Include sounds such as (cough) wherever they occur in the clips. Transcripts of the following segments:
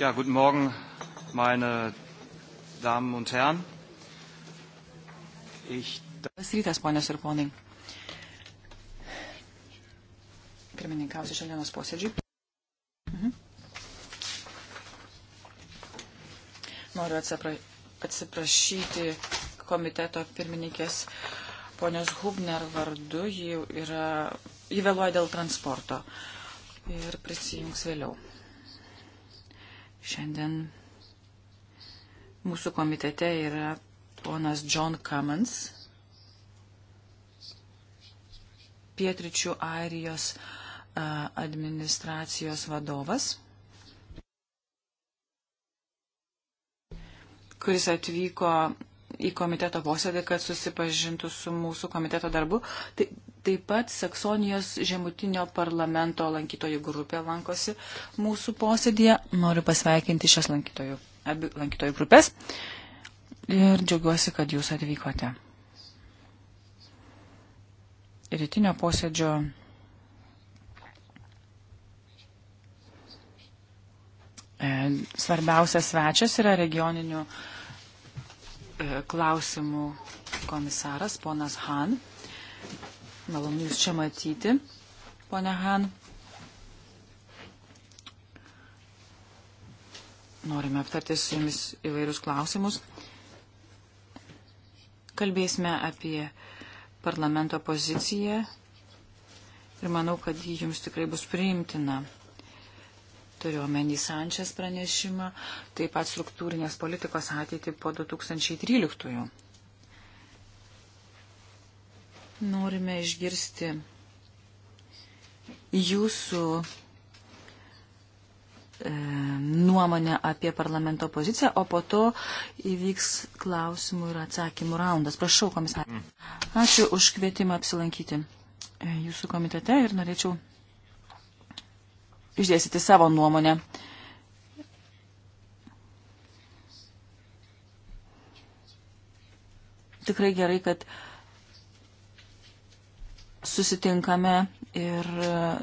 Ja, guten Morgen, meine Damen und Herren. Ich... Tas rytas, ponios ir ponai. Pirmininkausiu šiandienos posėdžiui. Mhm. Noriu atsipra... atsiprašyti komiteto pirmininkės ponios Hubner vardu. Ji, yra... Ji vėluoja dėl transporto ir prisijungs vėliau. Šiandien mūsų komitete yra ponas John Cummins, pietričių Airijos administracijos vadovas, kuris atvyko į komiteto posėdį, kad susipažintų su mūsų komiteto darbu. Tai Taip pat Saksonijos žemutinio parlamento lankytojų grupė lankosi mūsų posėdėje. Noriu pasveikinti šias lankytojų, abi lankytojų grupės ir džiaugiuosi, kad jūs atvykote. Rytinio posėdžio e, svarbiausias svečias yra regioninių e, klausimų komisaras ponas Han. Malonu Jūs čia matyti, ponia Han. Norime aptarti su Jumis įvairius klausimus. Kalbėsime apie parlamento poziciją ir manau, kad ji Jums tikrai bus priimtina. Turiu omeny Sančias pranešimą, taip pat struktūrinės politikos ateitį po 2013. -ųjų. Norime išgirsti jūsų e, nuomonę apie parlamento poziciją, o po to įvyks klausimų ir atsakymų raundas. Prašau, komisarė. Ačiū už kvietimą apsilankyti e, jūsų komitete ir norėčiau išdėsyti savo nuomonę. Tikrai gerai, kad uh, susitinkame ir e,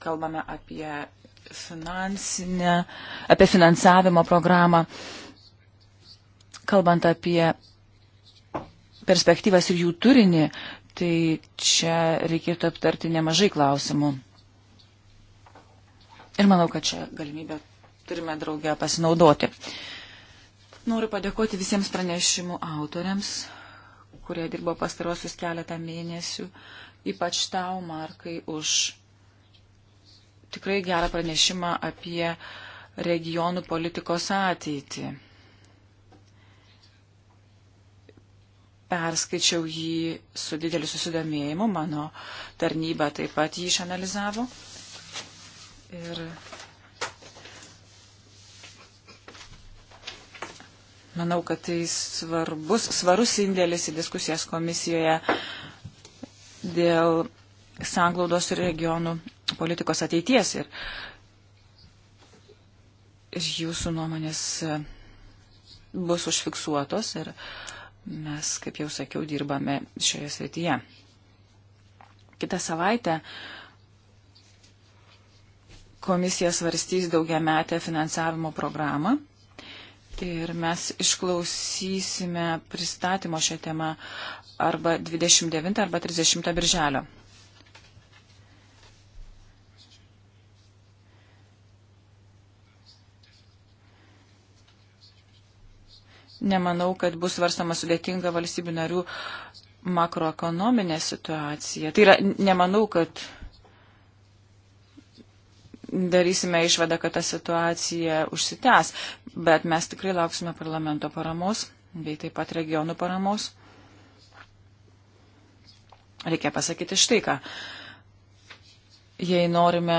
kalbame apie finansinę, apie finansavimo programą, kalbant apie perspektyvas ir jų turinį, tai čia reikėtų aptarti nemažai klausimų. Ir manau, kad čia galimybę turime draugę pasinaudoti. Noriu padėkoti visiems pranešimų autoriams, kurie dirbo pastarosius keletą mėnesių, ypač tau, Markai, už tikrai gerą pranešimą apie regionų politikos ateitį. Perskaičiau jį su dideliu susidomėjimu, mano tarnyba taip pat jį išanalizavo. Ir Manau, kad tai svarbus, svarus indėlis į diskusijas komisijoje dėl sanglaudos ir regionų politikos ateities. Ir, ir jūsų nuomonės e, bus užfiksuotos ir mes, kaip jau sakiau, dirbame šioje srityje. Kitą savaitę komisija svarstys daugiametę finansavimo programą Ir mes išklausysime pristatymo šią temą arba 29 arba 30 birželio. Nemanau, kad bus varstama sudėtinga valstybių narių makroekonominė situacija. Tai yra, nemanau, kad darysime išvadą, kad ta situacija užsitęs, bet mes tikrai lauksime parlamento paramos, bei taip pat regionų paramos. Reikia pasakyti štai ką. Jei norime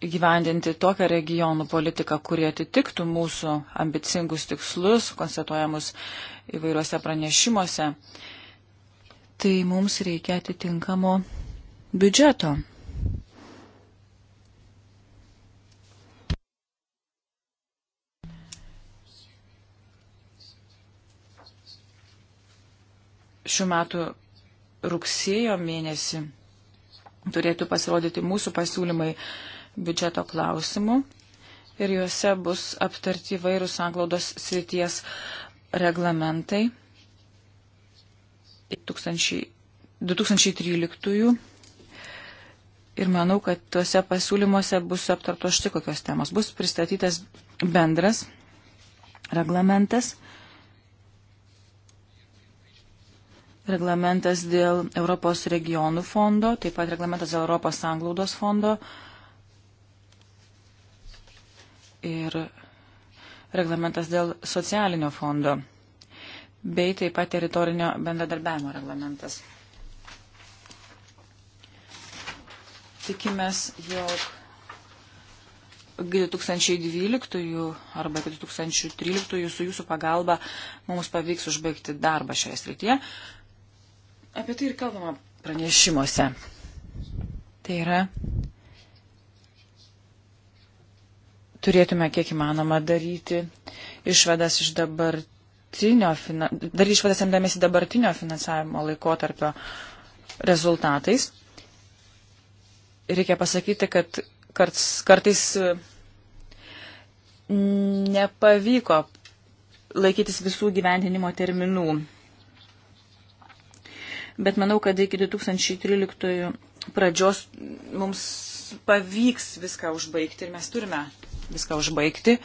gyvendinti tokią regionų politiką, kurie atitiktų mūsų ambicingus tikslus, konstatuojamus įvairiuose pranešimuose, tai mums reikia atitinkamo biudžeto. šių metų rugsėjo mėnesį turėtų pasirodyti mūsų pasiūlymai biudžeto klausimų ir juose bus aptarti vairūs anglaudos srities reglamentai 2013 ir manau, kad tuose pasiūlymuose bus aptarto štai kokios temos. Bus pristatytas bendras reglamentas reglamentas dėl Europos regionų fondo, taip pat reglamentas dėl Europos sanglaudos fondo ir reglamentas dėl socialinio fondo, bei taip pat teritorinio bendradarbiavimo reglamentas. Tikimės, jog 2012 arba 2013 su jūsų pagalba mums pavyks užbaigti darbą šioje srityje. Apie tai ir kalbama pranešimuose. Tai yra, turėtume kiek įmanoma daryti išvadas iš dabartinio, dar išvadas remdamėsi dabartinio finansavimo laikotarpio rezultatais. Reikia pasakyti, kad karts, kartais nepavyko laikytis visų gyvendinimo terminų bet manau, kad iki 2013 pradžios mums pavyks viską užbaigti ir mes turime viską užbaigti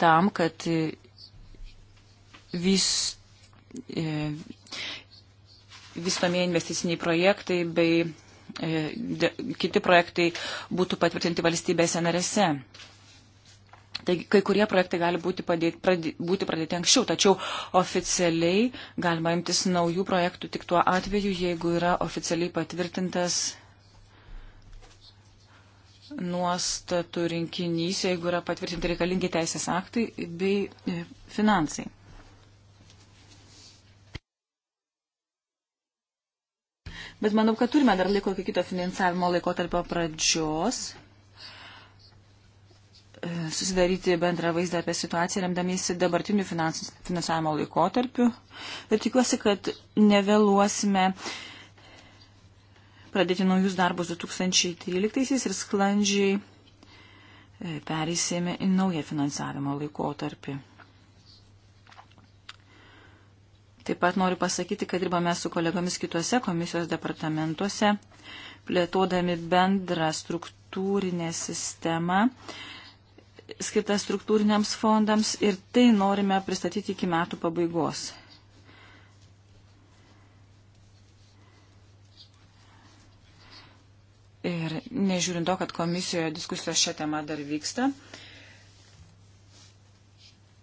tam, kad e, vis, e, vystomie investiciniai projektai bei e, kiti projektai būtų patvirtinti valstybėse narėse. Taigi kai kurie projektai gali būti, padėti, pradė, būti pradėti anksčiau, tačiau oficialiai galima imtis naujų projektų tik tuo atveju, jeigu yra oficialiai patvirtintas nuostatų rinkinys, jeigu yra patvirtinti reikalingi teisės aktai bei e, finansai. Bet manau, kad turime dar laiko iki kito finansavimo laiko tarp pradžios. E, susidaryti bendrą vaizdą apie situaciją, remdamiesi dabartiniu finansavimo laikotarpiu. Ir tikiuosi, kad nevėluosime pradėti naujus darbus 2013 ir sklandžiai e, perėsėme į naują finansavimo laikotarpį. Taip pat noriu pasakyti, kad dirbame su kolegomis kitose komisijos departamentuose, plėtodami bendrą struktūrinę sistemą, skirtas struktūriniams fondams ir tai norime pristatyti iki metų pabaigos. Ir nežiūrint to, kad komisijoje diskusijos šią temą dar vyksta,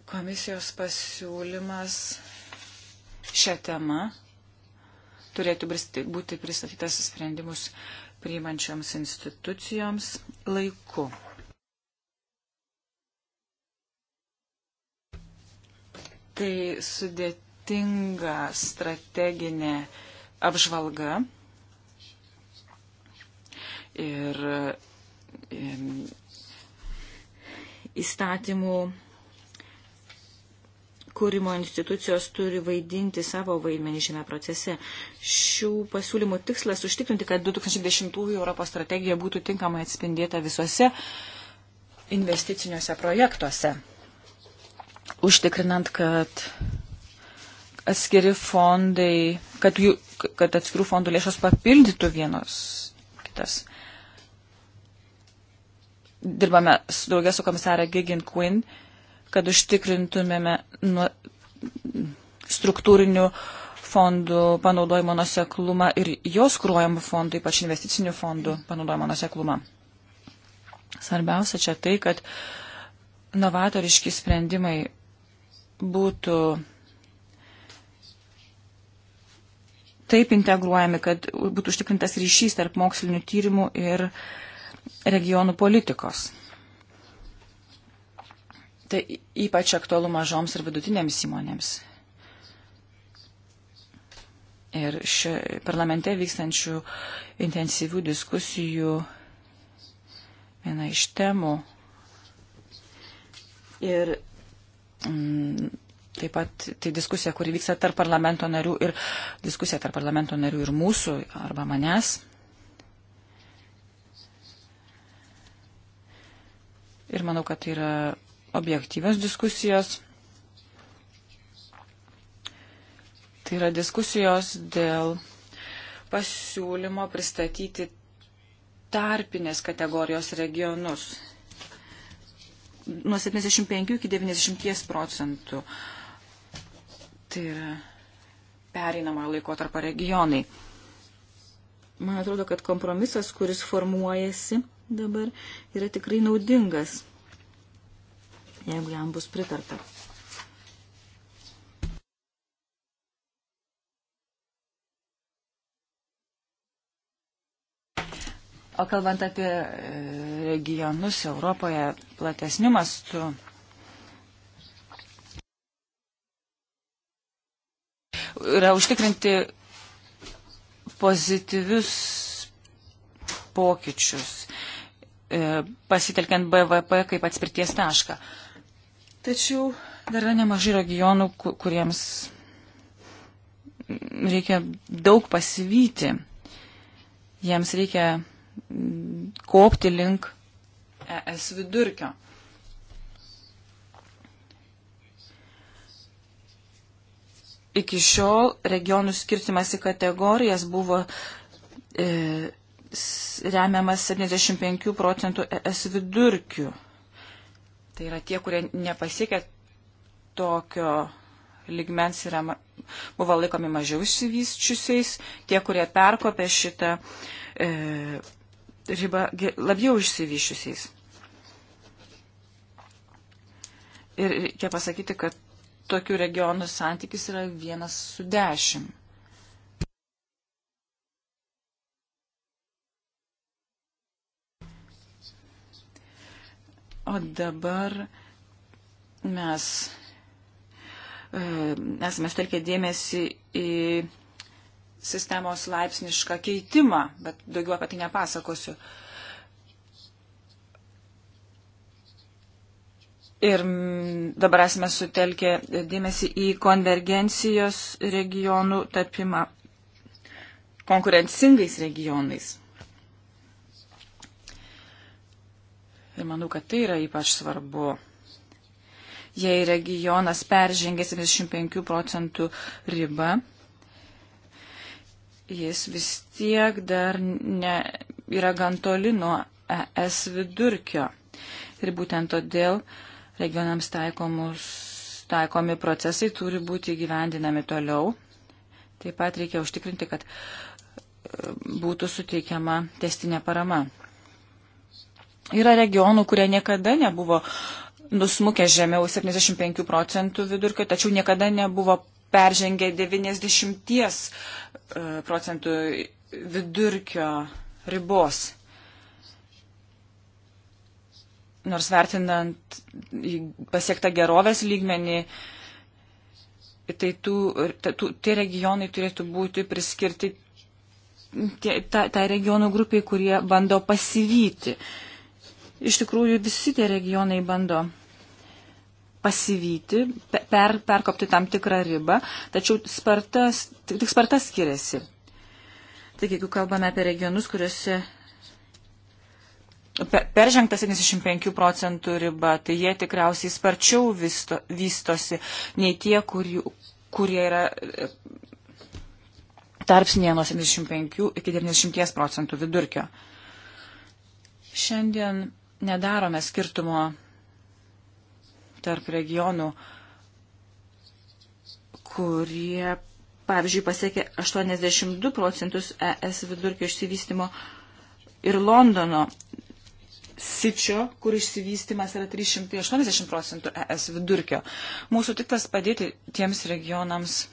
komisijos pasiūlymas šią temą turėtų būti pristatytas sprendimus priimančioms institucijoms laiku. tai sudėtinga strateginė apžvalga. Ir įstatymų kūrimo institucijos turi vaidinti savo vaidmenį šiame procese. Šių pasiūlymų tikslas užtikrinti, kad 2010-ųjų Europos strategija būtų tinkamai atspindėta visuose investiciniuose projektuose užtikrinant, kad atskiri fondai, kad, jų, kad atskirų fondų lėšos papildytų vienos kitas. Dirbame draugės su komisarė Gigin Quinn, kad užtikrintumėme nuo struktūrinių fondų panaudojimo nuseklumą ir jos kruojamų fondų, ypač investicinių fondų panaudojimo nuseklumą. Svarbiausia čia tai, kad novatoriški sprendimai būtų taip integruojami, kad būtų užtikrintas ryšys tarp mokslinių tyrimų ir regionų politikos. Tai ypač aktualu mažoms ir vidutinėms įmonėms. Ir ši, parlamente vykstančių intensyvių diskusijų viena iš temų. Ir Mm, taip pat tai diskusija, kuri vyksta tarp parlamento narių ir diskusija tarp parlamento narių ir mūsų arba manęs. Ir manau, kad tai yra objektyvios diskusijos. Tai yra diskusijos dėl pasiūlymo pristatyti tarpinės kategorijos regionus nuo 75 iki 90 procentų. Tai yra pereinamojo laiko tarp regionai. Man atrodo, kad kompromisas, kuris formuojasi dabar, yra tikrai naudingas, jeigu jam bus pritarta. O kalbant apie e, regionus Europoje platesnių mastų, yra užtikrinti pozityvius pokyčius, e, pasitelkiant BVP kaip atspirties tašką. Tačiau dar yra nemažai regionų, kuriems reikia daug pasivyti. Jiems reikia kopti link ES vidurkio. Iki šiol regionų skirtimas į kategorijas buvo e, remiamas 75 procentų ES vidurkių. Tai yra tie, kurie nepasiekė tokio ligmens yra, buvo laikomi mažiau išsivysčiusiais, tie, kurie perkopė šitą e, riba labiau išsivyšiusiais. Ir reikia pasakyti, kad tokių regionų santykis yra vienas su dešimt. O dabar mes e, esame stelkę dėmesį į sistemos laipsnišką keitimą, bet daugiau apie tai nepasakosiu. Ir mm, dabar esame sutelkę dėmesį į konvergencijos regionų tapimą konkurencingais regionais. Ir manau, kad tai yra ypač svarbu. Jei regionas peržengia 75 procentų ribą, jis vis tiek dar ne, yra gan toli nuo ES vidurkio. Ir būtent todėl regionams taikomus, taikomi procesai turi būti gyvendinami toliau. Taip pat reikia užtikrinti, kad e, būtų suteikiama testinė parama. Yra regionų, kurie niekada nebuvo nusmukę žemiau 75 procentų vidurkio, tačiau niekada nebuvo peržengę 90 E, procentų vidurkio ribos. Nors vertinant pasiektą gerovės lygmenį, tai tų, tų, tie regionai turėtų būti priskirti tai ta, ta regionų grupiai, kurie bando pasivyti. Iš tikrųjų, visi tie regionai bando pasivyti, per, perkopti tam tikrą ribą, tačiau spartas, tik, tik spartas skiriasi. Taigi, jeigu kalbame apie regionus, kuriuose peržengta 75 procentų riba, tai jie tikriausiai sparčiau vysto, vystosi nei tie, kur, kurie yra e, tarpsnėje nuo 75 iki 90 procentų vidurkio. Šiandien nedarome skirtumo tarp regionų, kurie, pavyzdžiui, pasiekė 82 procentus ES vidurkio išsivystimo ir Londono sičio, kur išsivystimas yra 380 procentų ES vidurkio. Mūsų tikslas padėti tiems regionams e,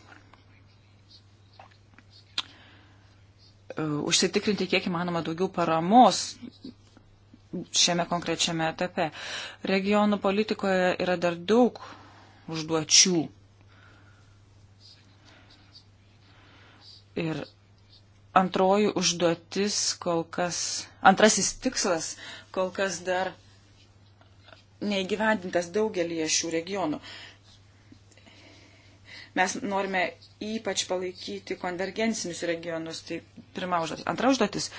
užsitikrinti kiek įmanoma daugiau paramos šiame konkrečiame etape. Regionų politikoje yra dar daug užduočių. Ir antroji užduotis kol kas, antrasis tikslas kol kas dar neįgyvendintas daugelį šių regionų. Mes norime ypač palaikyti konvergencinius regionus, tai pirma užduotis. Antra užduotis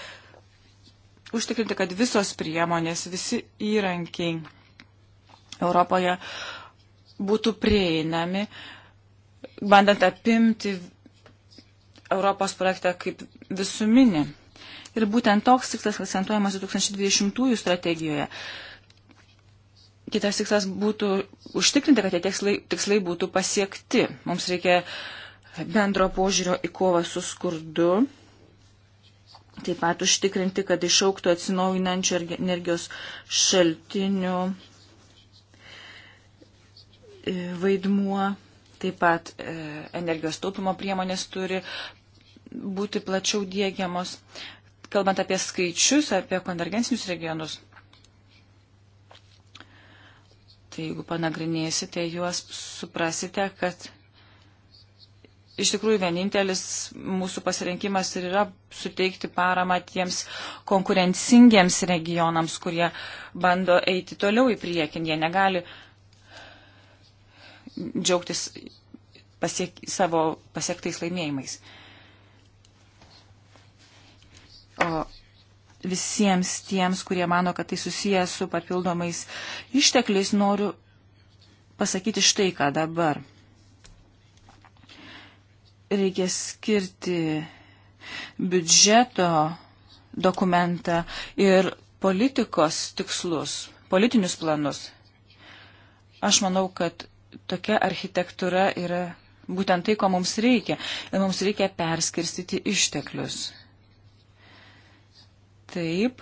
užtikrinti, kad visos priemonės, visi įrankiai Europoje būtų prieinami, bandant apimti Europos projektą kaip visuminį. Ir būtent toks tikslas akcentuojamas 2020 strategijoje. Kitas tikslas būtų užtikrinti, kad tie tikslai, tikslai būtų pasiekti. Mums reikia bendro požiūrio į kovą su skurdu taip pat užtikrinti, kad išauktų atsinaujinančių energijos šaltinių e, vaidmuo, taip pat e, energijos taupimo priemonės turi būti plačiau dėgiamos. Kalbant apie skaičius, apie konvergencinius regionus, tai jeigu panagrinėsite juos, suprasite, kad iš tikrųjų vienintelis mūsų pasirinkimas ir yra suteikti paramą tiems konkurencingiems regionams, kurie bando eiti toliau į priekį. Jie negali džiaugtis pasiek, savo pasiektais laimėjimais. O visiems tiems, kurie mano, kad tai susijęs su papildomais ištekliais, noriu pasakyti štai ką dabar – reikia skirti biudžeto dokumentą ir politikos tikslus, politinius planus. Aš manau, kad tokia architektūra yra būtent tai, ko mums reikia. Ir mums reikia perskirstyti išteklius. Taip,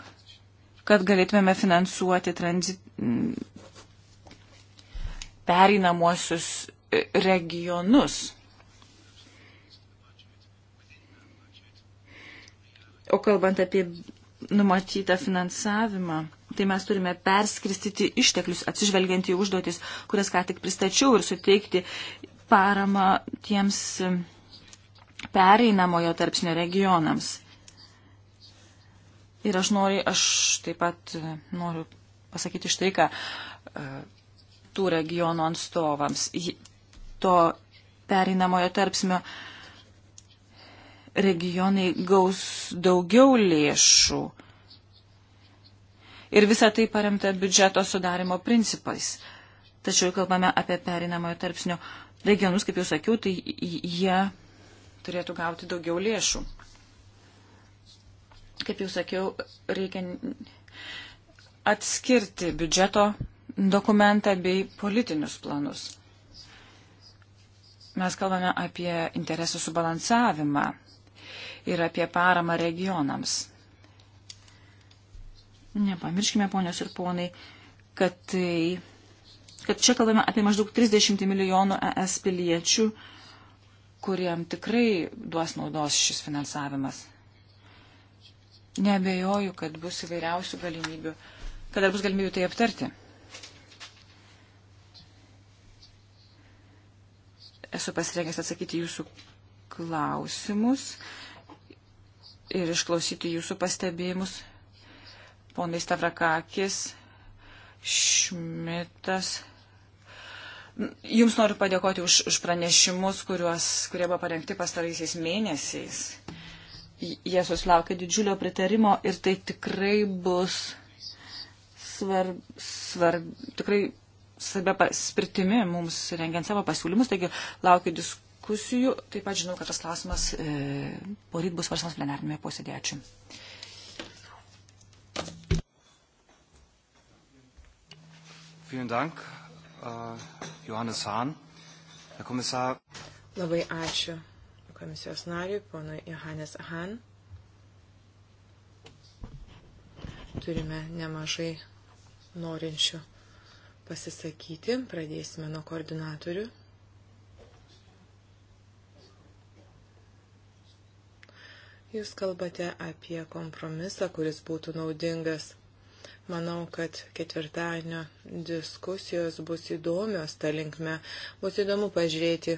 kad galėtume finansuoti tranzit... perinamuosius e, regionus O kalbant apie numatytą finansavimą, tai mes turime perskristyti išteklius, atsižvelgiant į užduotis, kurias ką tik pristačiau ir suteikti paramą tiems pereinamojo tarpsnio regionams. Ir aš noriu, aš taip pat noriu pasakyti štai ką e, tų regionų atstovams. To pereinamojo tarpsnio regionai gaus daugiau lėšų. Ir visa tai paremta biudžeto sudarimo principais. Tačiau, kalbame apie perinamojo tarpsnio regionus, kaip jau sakiau, tai jie turėtų gauti daugiau lėšų. Kaip jau sakiau, reikia atskirti biudžeto dokumentą bei politinius planus. Mes kalbame apie interesų subalansavimą ir apie paramą regionams. Nepamirškime, ponios ir ponai, kad, tai, kad čia kalbame apie maždaug 30 milijonų ES piliečių, kuriem tikrai duos naudos šis finansavimas. Nebejoju, kad bus įvairiausių galimybių, kad dar bus galimybių tai aptarti. Esu pasirengęs atsakyti jūsų klausimus ir išklausyti jūsų pastebėjimus. Ponai Stavrakakis, Šmitas. Jums noriu padėkoti už, už pranešimus, kuriuos, kurie buvo parengti pastaraisiais mėnesiais. Jie susilaukė didžiulio pritarimo ir tai tikrai bus svarb, svarb, tikrai svarbia paspirtimi mums rengiant savo pasiūlymus, taigi laukiu diskusijų diskusijų. Taip pat žinau, kad tas klausimas e, poryt bus svarstamas plenarinėme posėdėje. Ačiū. Dank, uh, Johannes Hahn. Herr Kommissar. Labai ačiū komisijos nariui, ponui Johannes Hahn. Turime nemažai norinčių pasisakyti. Pradėsime nuo koordinatorių. Jūs kalbate apie kompromisą, kuris būtų naudingas. Manau, kad ketvirtadienio diskusijos bus įdomios tą linkme. Bus įdomu pažiūrėti,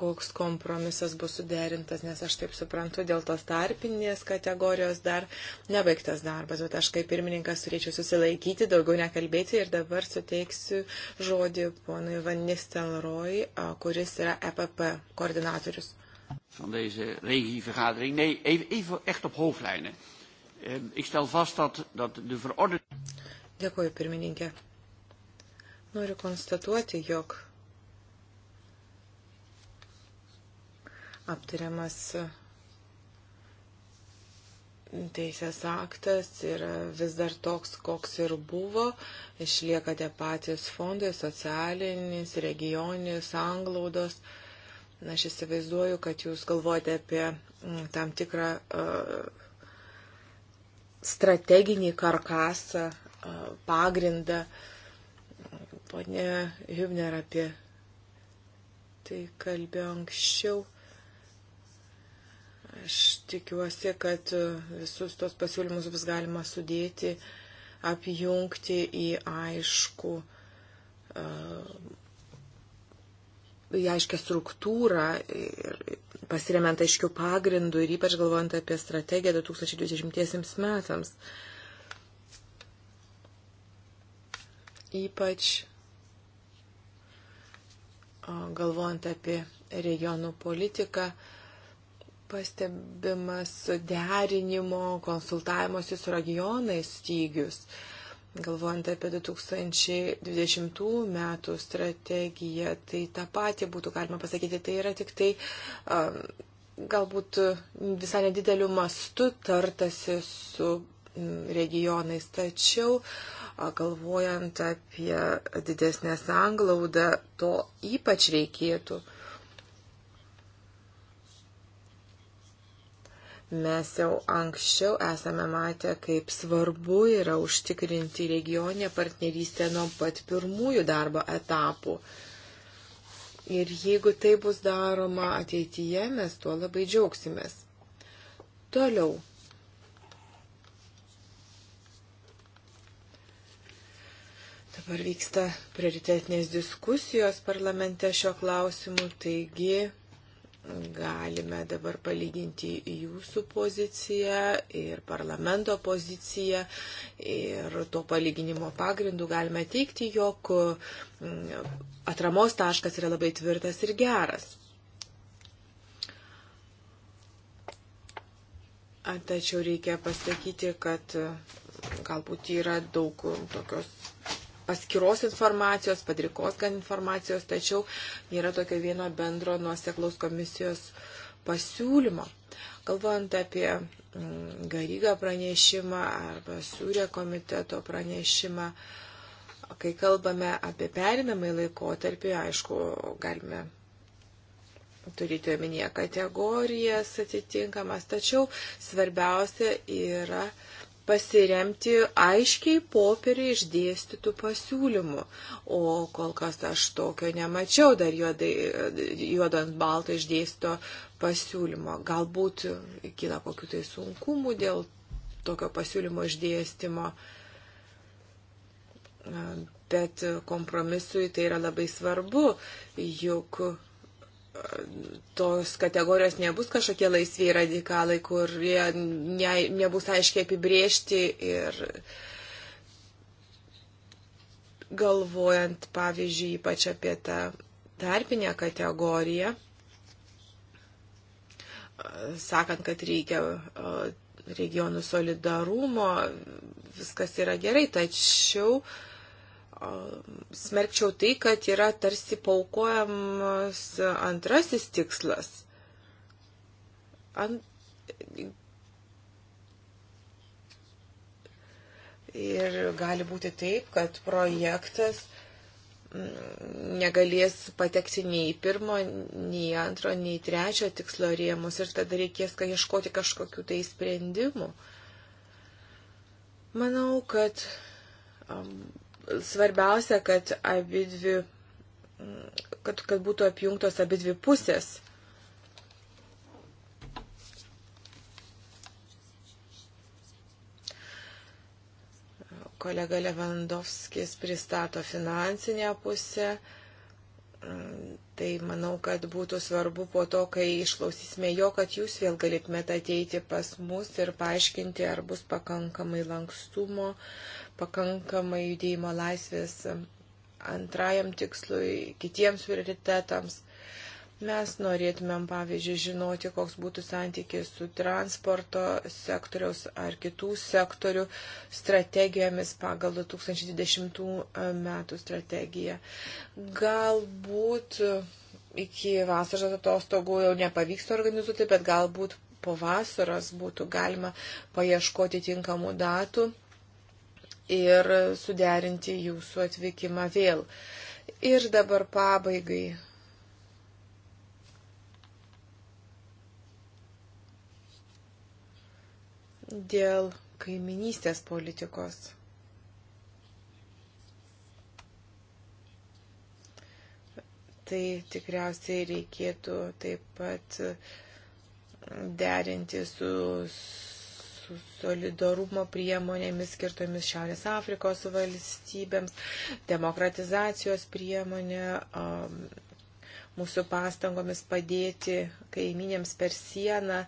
koks kompromisas bus suderintas, nes aš taip suprantu, dėl tos tarpinės kategorijos dar nebaigtas darbas, bet aš kaip pirmininkas turėčiau susilaikyti, daugiau nekalbėti ir dabar suteiksiu žodį ponui Van Nistelrooy, kuris yra EPP koordinatorius van deze regievergadering. Nee, even, even echt op hoofdlijnen. Uh, ik stel vast dat, dat de verordening. Dėkuoju, pirmininkė. Noriu konstatuoti, jog aptariamas teisės aktas yra vis dar toks, koks ir buvo. Išlieka tie patys fondai, socialinis, regioninis, anglaudos. Uh, Na, aš įsivaizduoju, kad jūs galvojate apie mm, tam tikrą uh, strateginį karkasą, uh, pagrindą. Pone Hübner apie tai kalbėjo anksčiau. Aš tikiuosi, kad visus tos pasiūlymus bus galima sudėti, apjungti į aišku uh, aiškę struktūrą ir pasiremiant aiškių pagrindų ir ypač galvojant apie strategiją 2020 metams. Ypač galvojant apie regionų politiką, pastebimas derinimo, konsultavimuose su regionais stygius. Uh, galvojant apie 2020 metų strategiją, tai tą patį būtų galima pasakyti. Tai yra tik tai um, galbūt visai nedideliu mastu tartasi su mm, regionais, tačiau galvojant apie didesnę sanglaudą, to ypač reikėtų. Mes jau anksčiau esame matę, kaip svarbu yra užtikrinti regioninę partnerystę nuo pat pirmųjų darbo etapų. Ir jeigu tai bus daroma ateityje, mes tuo labai džiaugsimės. Toliau. Dabar vyksta prioritetinės diskusijos parlamente šio klausimu, taigi Galime dabar palyginti jūsų poziciją ir parlamento poziciją ir to palyginimo pagrindų galime teikti, jog mm, atramos taškas yra labai tvirtas ir geras. Tačiau reikia pasakyti, kad mm, galbūt yra daug tokios paskiros informacijos, padrikos gan informacijos, tačiau nėra tokio vieno bendro nuoseklaus komisijos pasiūlymo. Kalbant apie mm, Garygą pranešimą arba Sūrė komiteto pranešimą, kai kalbame apie perinamąjį laikotarpį, aišku, galime turite omenyje kategorijas atitinkamas, tačiau svarbiausia yra uh, pasiremti aiškiai popieriai išdėstytų pasiūlymų. O kol kas aš tokio nemačiau dar juodai, juodant baltą išdėsto pasiūlymo. Galbūt kyla kokiu tai sunkumu dėl tokio pasiūlymo išdėstymo. Bet kompromisui tai yra labai svarbu, juk tos kategorijos nebus kažkokie laisvi radikalai, kurie ne, nebus aiškiai apibriežti ir galvojant, pavyzdžiui, ypač apie tą tarpinę kategoriją, sakant, kad reikia regionų solidarumo, viskas yra gerai, tačiau uh, Um, smerkčiau tai, kad yra tarsi paukojamas antrasis tikslas. Ant... Ir gali būti taip, kad projektas mm, negalės patekti nei pirmo, nei antro, nei trečio tikslo rėmus ir tada reikės ieškoti kažkokių tai sprendimų. Manau, kad um, Svarbiausia, kad abidvi, kad, kad būtų apjungtos abidvi pusės. Kolega Levandovskis pristato finansinę pusę. Tai manau, kad būtų svarbu po to, kai išklausysime jo, kad jūs vėl galėtumėte ateiti pas mus ir paaiškinti, ar bus pakankamai lankstumo, pakankamai judėjimo laisvės antrajam tikslui, kitiems prioritetams. Mes norėtumėm, pavyzdžiui, žinoti, koks būtų santykis su transporto sektoriaus ar kitų sektorių strategijomis pagal 2020 e, metų strategiją. Galbūt e, iki vasaros atostogų jau nepavyks organizuoti, bet galbūt po vasaros būtų galima paieškoti tinkamų datų ir suderinti jūsų atvykimą vėl. Ir dabar pabaigai. Dėl kaiminystės politikos. Tai tikriausiai reikėtų taip pat derinti su, su solidarumo priemonėmis skirtomis Šiaurės Afrikos valstybėms, demokratizacijos priemonė, mūsų pastangomis padėti kaiminėms per sieną.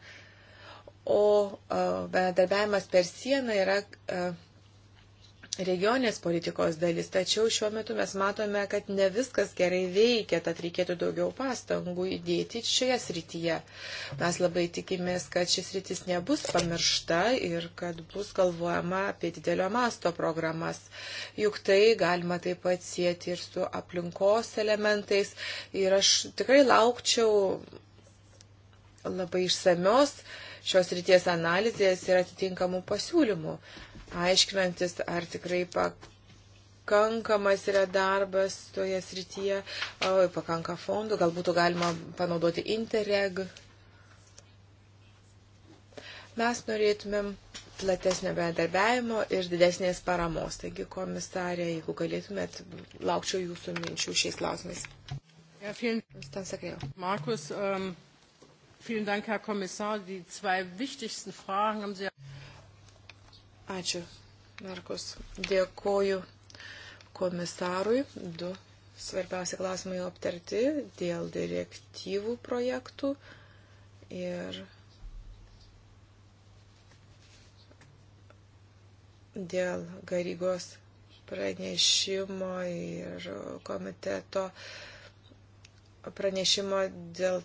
O bendradarbiavimas per sieną yra regionės politikos dalis, tačiau šiuo metu mes matome, kad ne viskas gerai veikia, tad reikėtų daugiau pastangų įdėti šioje srityje. Mes labai tikimės, kad šis rytis nebus pamiršta ir kad bus galvojama apie didelio masto programas. Juk tai galima taip pat sėti ir su aplinkos elementais. Ir aš tikrai laukčiau labai išsamios šios ryties analizės ir atitinkamų pasiūlymų aiškinantis, ar tikrai pakankamas yra darbas toje srityje, o, pakanka fondų, gal būtų galima panaudoti Interreg. Mes norėtumėm platesnio bendarbiavimo ir didesnės paramos. Taigi, komisarė, jeigu galėtumėt, laukčiau jūsų minčių šiais klausimais. Ja, vielen, Markus, um, vielen Dank, Herr Kommissar. Die zwei wichtigsten Fragen haben Sie. Ačiū, Markus. Dėkoju komisarui. Du svarbiausi klausimai aptarti dėl direktyvų projektų ir dėl garygos pranešimo ir komiteto pranešimo dėl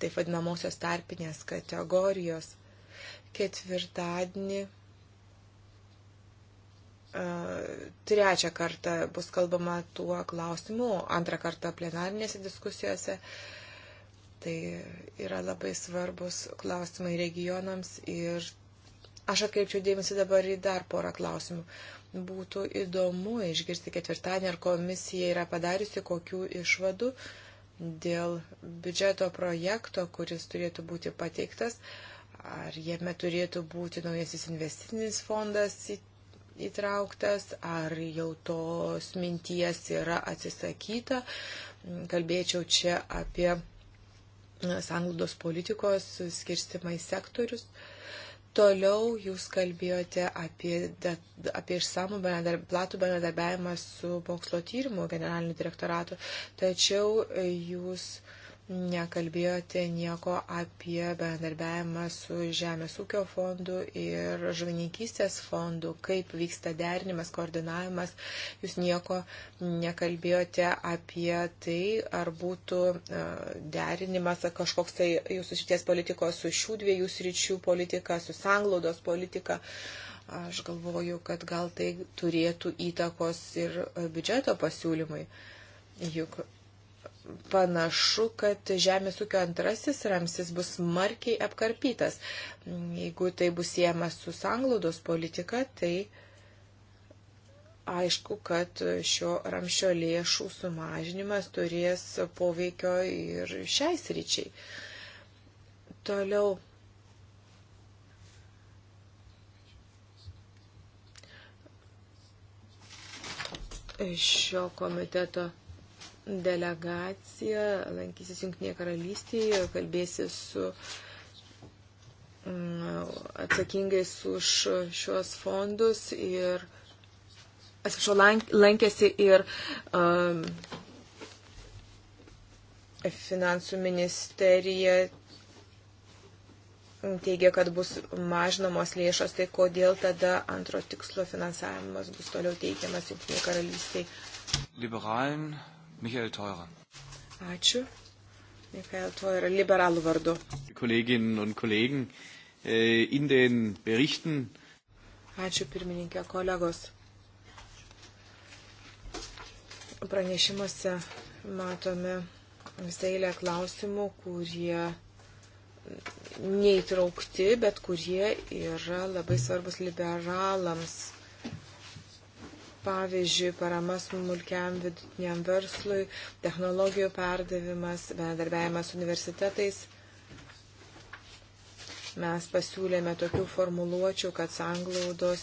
taip vadinamosios tarpinės kategorijos. Ketvirtadienį E, trečią kartą bus kalbama tuo klausimu, antrą kartą plenarinėse diskusijose. Tai yra labai svarbus klausimai regionams ir aš atkreipčiau dėmesį dabar į dar porą klausimų. Būtų įdomu išgirsti ketvirtadienį, ar komisija yra padariusi kokių išvadų dėl biudžeto projekto, kuris turėtų būti pateiktas, ar jame turėtų būti naujasis investicinis fondas įtrauktas, ar jau tos minties yra atsisakyta. Kalbėčiau čia apie sanglaudos politikos skirstimai sektorius. Toliau jūs kalbėjote apie, apie išsamų bendarb, platų bendradarbiavimą su mokslo tyrimų generaliniu direktoratu, tačiau jūs uh, nekalbėjote nieko apie bendarbiavimą su Žemės ūkio fondu ir žuvininkystės fondu, kaip vyksta derinimas, koordinavimas. Jūs nieko nekalbėjote apie tai, ar būtų e, derinimas kažkoks tai jūsų šities politikos su šių dviejų sričių politika, su sanglaudos politika. Aš galvoju, kad gal tai turėtų įtakos ir biudžeto pasiūlymui. Juk panašu, kad žemės ūkio antrasis ramsis bus markiai apkarpytas. Jeigu tai bus siejamas su sanglaudos politika, tai aišku, kad šio ramšio lėšų sumažinimas turės poveikio ir šiai sričiai. Toliau. Šio komiteto delegacija lankysis Junktinėje karalystėje, kalbėsis su mm, atsakingais už šios fondus ir atsiprašau, lankėsi ir um, finansų ministerija teigia, kad bus mažinamos lėšos, tai kodėl tada antro tikslo finansavimas bus toliau teikiamas Junktinėje karalystėje. Liberalen Michael Teurer. Ačiū. Michael Teurer, liberalų vardu. Kolegin un kolegin, äh, in den berichten. Ačiū pirmininkė, kolegos. Pranešimuose matome visą eilę klausimų, kurie neįtraukti, bet kurie yra labai svarbus liberalams pavyzdžiui, parama smulkiam vidutiniam verslui, technologijų perdavimas, bendarbiavimas universitetais. Mes pasiūlėme tokių formuluočių, kad sanglaudos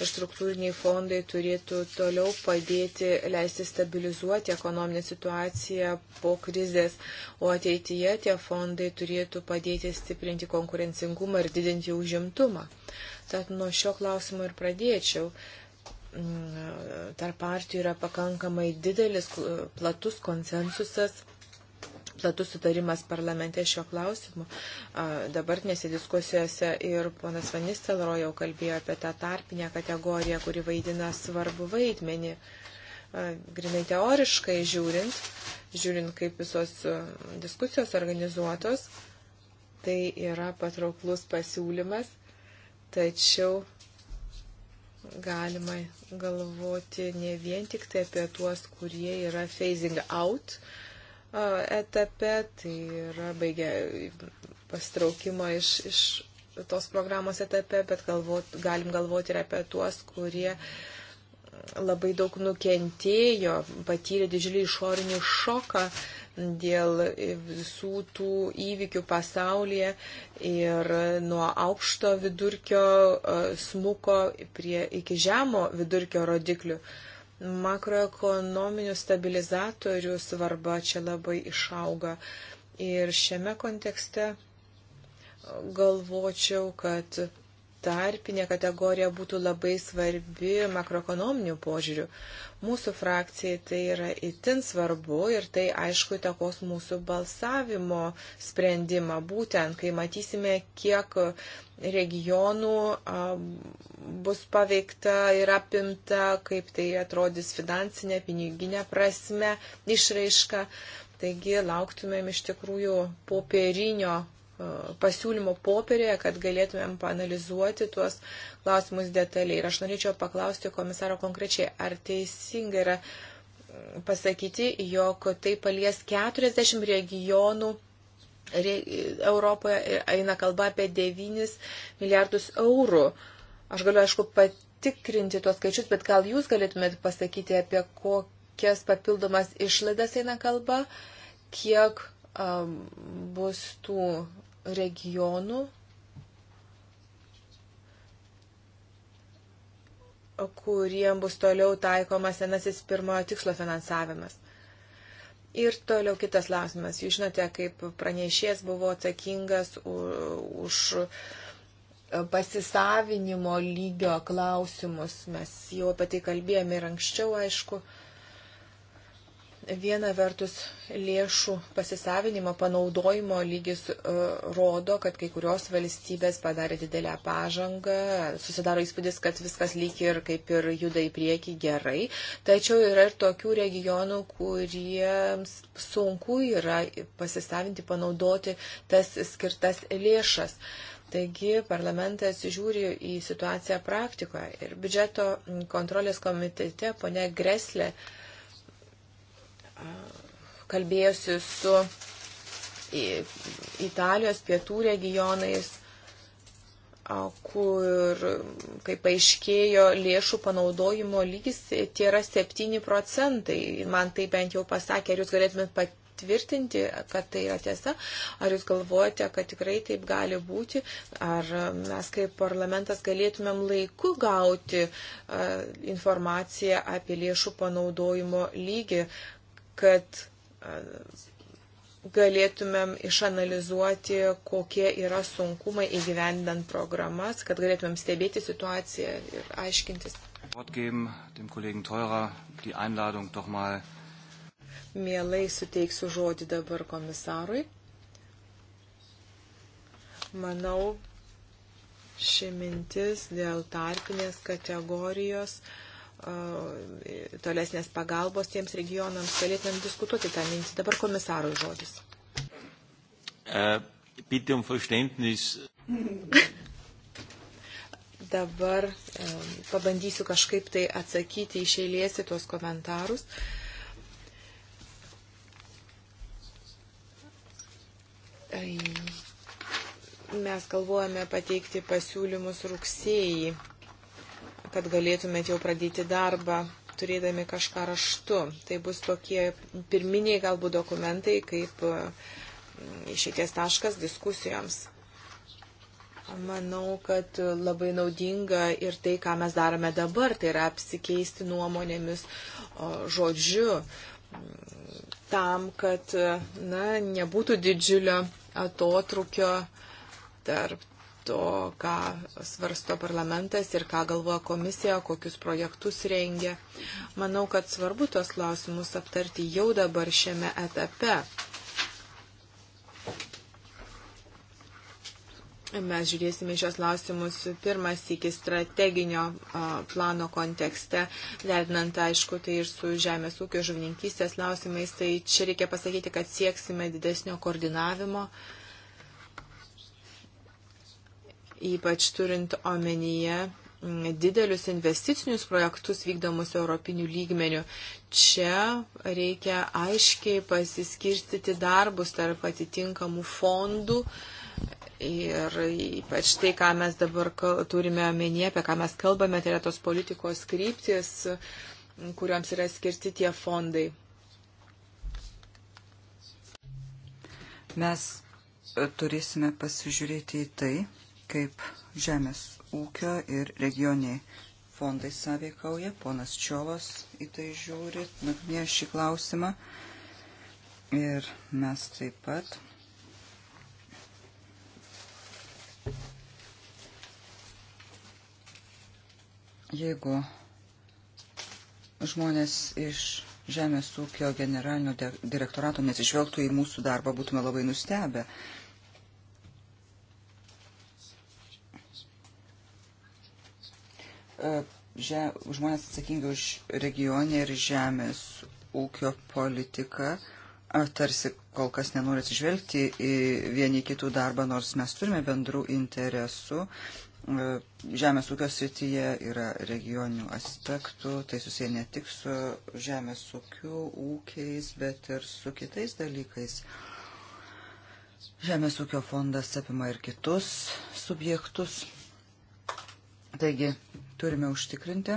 ir struktūriniai fondai turėtų toliau padėti leisti stabilizuoti ekonominę situaciją po krizės, o ateityje tie fondai turėtų padėti stiprinti konkurencingumą ir didinti užimtumą. Tad nuo šio klausimo ir pradėčiau. Uh, Mm, tarp partijų yra pakankamai didelis, platus konsensusas platus sutarimas parlamente šio klausimu. Dabartinėse diskusijose ir ponas Vanistelro jau kalbėjo apie tą tarpinę kategoriją, kuri vaidina svarbu vaidmenį. Grinai teoriškai žiūrint, žiūrint, kaip visos diskusijos organizuotos, tai yra patrauklus pasiūlymas, tačiau galima galvoti ne vien tik tai apie tuos, kurie yra phasing out etape, tai yra baigia pastraukimo iš, iš tos programos etape, bet galvot, galim galvoti ir apie tuos, kurie labai daug nukentėjo, patyrė didžiulį išorinį šoką dėl visų tų įvykių pasaulyje ir nuo aukšto vidurkio e, smuko prie, iki žemo vidurkio rodiklių. Makroekonominių stabilizatorių svarba čia labai išauga. Ir šiame kontekste galvočiau, kad tarpinė kategorija būtų labai svarbi makroekonominių požiūrių. Mūsų frakcijai tai yra itin svarbu ir tai aišku įtakos mūsų balsavimo sprendimą, būtent kai matysime, kiek regionų bus paveikta ir apimta, kaip tai atrodys finansinė, piniginė prasme, išraiška. Taigi lauktumėm iš tikrųjų popierinio E, pasiūlymo popierėje, kad galėtumėm panalizuoti tuos klausimus detaliai. Ir aš norėčiau paklausti komisaro konkrečiai, ar teisinga yra mm, pasakyti, jog tai palies 40 regionų re, Europoje, eina kalba apie 9 milijardus eurų. Aš galiu, aišku, patikrinti tuos skaičius, bet gal jūs galėtumėte pasakyti, apie kokias papildomas išlaidas eina kalba, kiek bus tų regionų, kuriem bus toliau taikomas senasis pirmojo tikslo finansavimas. Ir toliau kitas klausimas. Jūs žinote, kaip pranešės buvo atsakingas už pasisavinimo lygio klausimus. Mes jau apie tai kalbėjome ir anksčiau, aišku. Uh, Viena vertus lėšų pasisavinimo panaudojimo lygis e, rodo, kad kai kurios valstybės padarė didelę pažangą, susidaro įspūdis, kad viskas lyg ir kaip ir juda į priekį gerai, tačiau yra ir tokių regionų, kuriems sunku yra pasisavinti, panaudoti tas skirtas lėšas. Taigi parlamentas žiūri į situaciją praktikoje ir biudžeto kontrolės komitete ponia Greslė kalbėjusi su Italijos pietų regionais, kur, kaip aiškėjo, lėšų panaudojimo lygis tie yra 7 procentai. Man tai bent jau pasakė, ar jūs galėtumėt patvirtinti, kad tai yra tiesa, ar jūs galvojate, kad tikrai taip gali būti, ar mes kaip parlamentas galėtumėm laiku gauti informaciją apie lėšų panaudojimo lygį, kad galėtumėm išanalizuoti, kokie yra sunkumai įgyvendant programas, kad galėtumėm stebėti situaciją ir aiškintis. Mielai suteiksiu žodį dabar komisarui. Manau, ši mintis dėl tarpinės kategorijos uh, E, tolesnės pagalbos tiems regionams, galėtumėm diskutuoti tą mintį. Dabar komisarui žodis. Äh, bitte um Verständnis. (laughs) Dabar e, pabandysiu kažkaip tai atsakyti iš eilės į tuos komentarus. E, mes galvojame pateikti pasiūlymus rugsėjai kad galėtumėt jau pradėti darbą turėdami kažką raštu. Tai bus tokie pirminiai galbūt dokumentai kaip mm, išėties taškas diskusijoms. Manau, kad labai naudinga ir tai, ką mes darome dabar, tai yra apsikeisti nuomonėmis žodžiu mm, tam, kad na, nebūtų didžiulio atotrukio tarp to, ką svarsto parlamentas ir ką galvoja komisija, kokius projektus rengia. Manau, kad svarbu tuos klausimus aptarti jau dabar šiame etape. Mes žiūrėsime šios lausimus pirmas iki strateginio plano kontekste, derinant, aišku, tai ir su žemės ūkio žuvininkystės lausimais, tai čia reikia pasakyti, kad sieksime didesnio koordinavimo. Uh, ypač turint omenyje mm, didelius investicinius projektus vykdomus europinių lygmenių. Čia reikia aiškiai pasiskirstyti darbus tarp atitinkamų fondų. Ir ypač tai, ką mes dabar turime omenyje, apie ką mes kalbame, tai yra tos politikos kryptis, kuriuoms yra skirti tie fondai. Mes e, turėsime pasižiūrėti į tai, kaip žemės ūkio ir regioniai fondai sąveikauja. Ponas Čiovas į tai žiūri, nagrinėja šį klausimą. Ir mes taip pat. Jeigu žmonės iš Žemės ūkio generalinio direktorato nesižvelgtų į mūsų darbą, būtume labai nustebę. E, žmonės atsakingi už regionį ir žemės ūkio politiką tarsi kol kas nenori atsižvelgti į vieni kitų darbą, nors mes turime bendrų interesų. E, žemės ūkio srityje yra regioninių aspektų, tai susiję ne tik su žemės ūkiu, ūkiais, bet ir su kitais dalykais. Žemės ūkio fondas apima ir kitus subjektus. Taigi, Turime užtikrinti,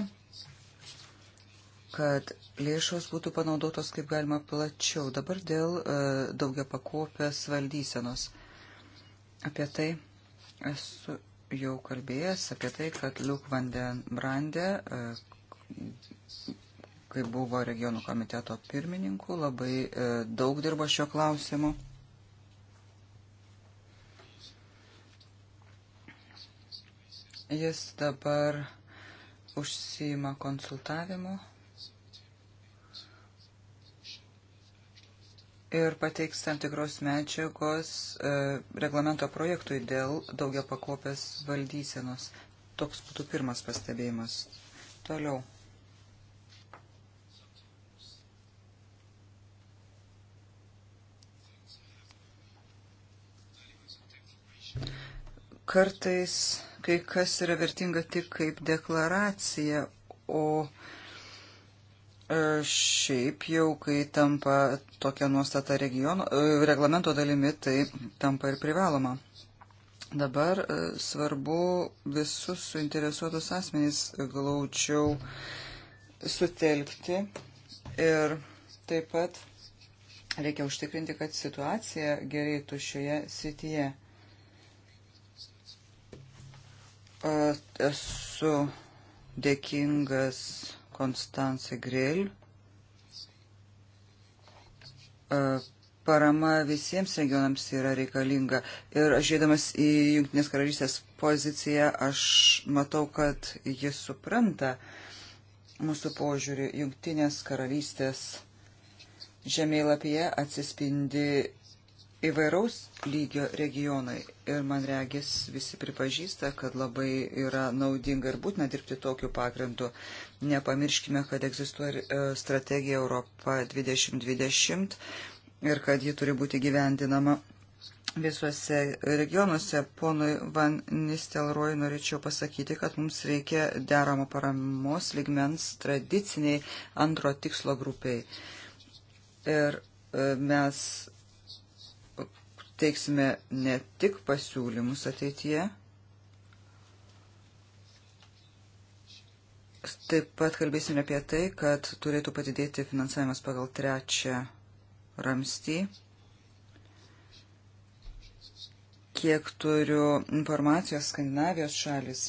kad lėšos būtų panaudotos kaip galima plačiau. Dabar dėl e, daugia pakopės valdysenos. Apie tai esu jau kalbėjęs, apie tai, kad Liuk Vanden Brandė, e, kai buvo regionų komiteto pirmininku, labai e, daug dirbo šio klausimu. Jis dabar užsima konsultavimu ir pateiks tam tikros medžiagos e, reglamento projektui dėl daugia pakopės valdysenos. Toks būtų pirmas pastebėjimas. Toliau. Kartais kai kas yra vertinga tik kaip deklaracija, o e, šiaip jau, kai tampa tokia nuostata regiono, e, reglamento dalimi, tai tampa ir privaloma. Dabar e, svarbu visus suinteresuotus asmenys glaučiau sutelkti ir taip pat reikia užtikrinti, kad situacija gerėtų šioje sityje. Esu dėkingas Konstancijai Grėl. E, parama visiems regionams yra reikalinga. Ir aš žiūrėdamas į Junktinės karalystės poziciją, aš matau, kad jis supranta mūsų požiūrį. Junktinės karalystės žemėlapyje atsispindi įvairaus lygio regionai ir man regis visi pripažįsta, kad labai yra naudinga ir būtina dirbti tokiu pagrindu. Nepamirškime, kad egzistuoja e, strategija Europa 2020 ir kad ji turi būti gyvendinama visuose regionuose. Ponui Van Nistelroj norėčiau pasakyti, kad mums reikia deramo paramos ligmens tradiciniai antro tikslo grupiai. Ir e, mes teiksime ne tik pasiūlymus ateityje, taip pat kalbėsime apie tai, kad turėtų padidėti finansavimas pagal trečią ramstį. Kiek turiu informacijos Skandinavijos šalis.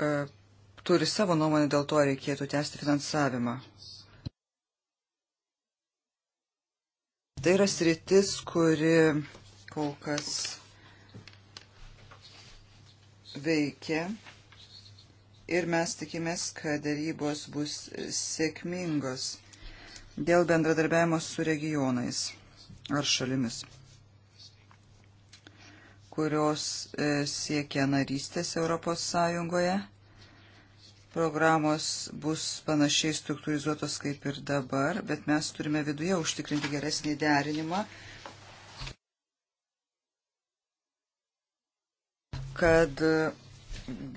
E, turi savo nuomonę dėl to reikėtų tęsti finansavimą. Tai yra sritis, kuri kol kas veikia ir mes tikimės, kad darybos bus sėkmingos dėl bendradarbiavimo su regionais ar šalimis, kurios e, siekia narystės Europos Sąjungoje programos bus panašiai struktūrizuotos kaip ir dabar, bet mes turime viduje užtikrinti geresnį derinimą, kad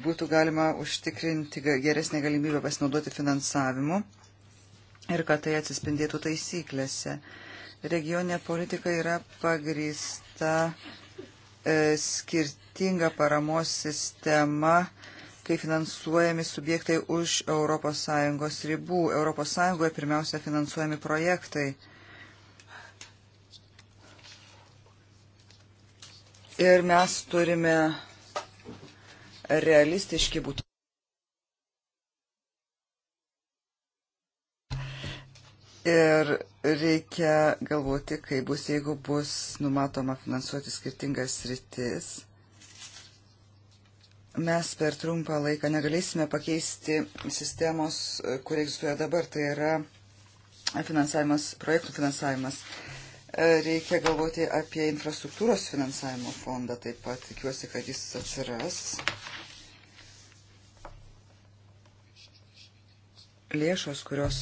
būtų galima užtikrinti geresnį galimybę pasinaudoti finansavimu ir kad tai atsispindėtų taisyklėse. Regioninė politika yra pagrįsta e, skirtinga paramos sistema, e, kai finansuojami subjektai už ES ribų. ES pirmiausia finansuojami projektai. Ir mes turime realistiški būti. Ir reikia galvoti, kaip bus, jeigu bus numatoma finansuoti skirtingas rytis mes per trumpą laiką negalėsime pakeisti sistemos, e, kur egzistuoja dabar, tai yra finansavimas, projektų finansavimas. E, reikia galvoti apie infrastruktūros finansavimo fondą taip pat. Tikiuosi, kad jis atsiras. Lėšos, kurios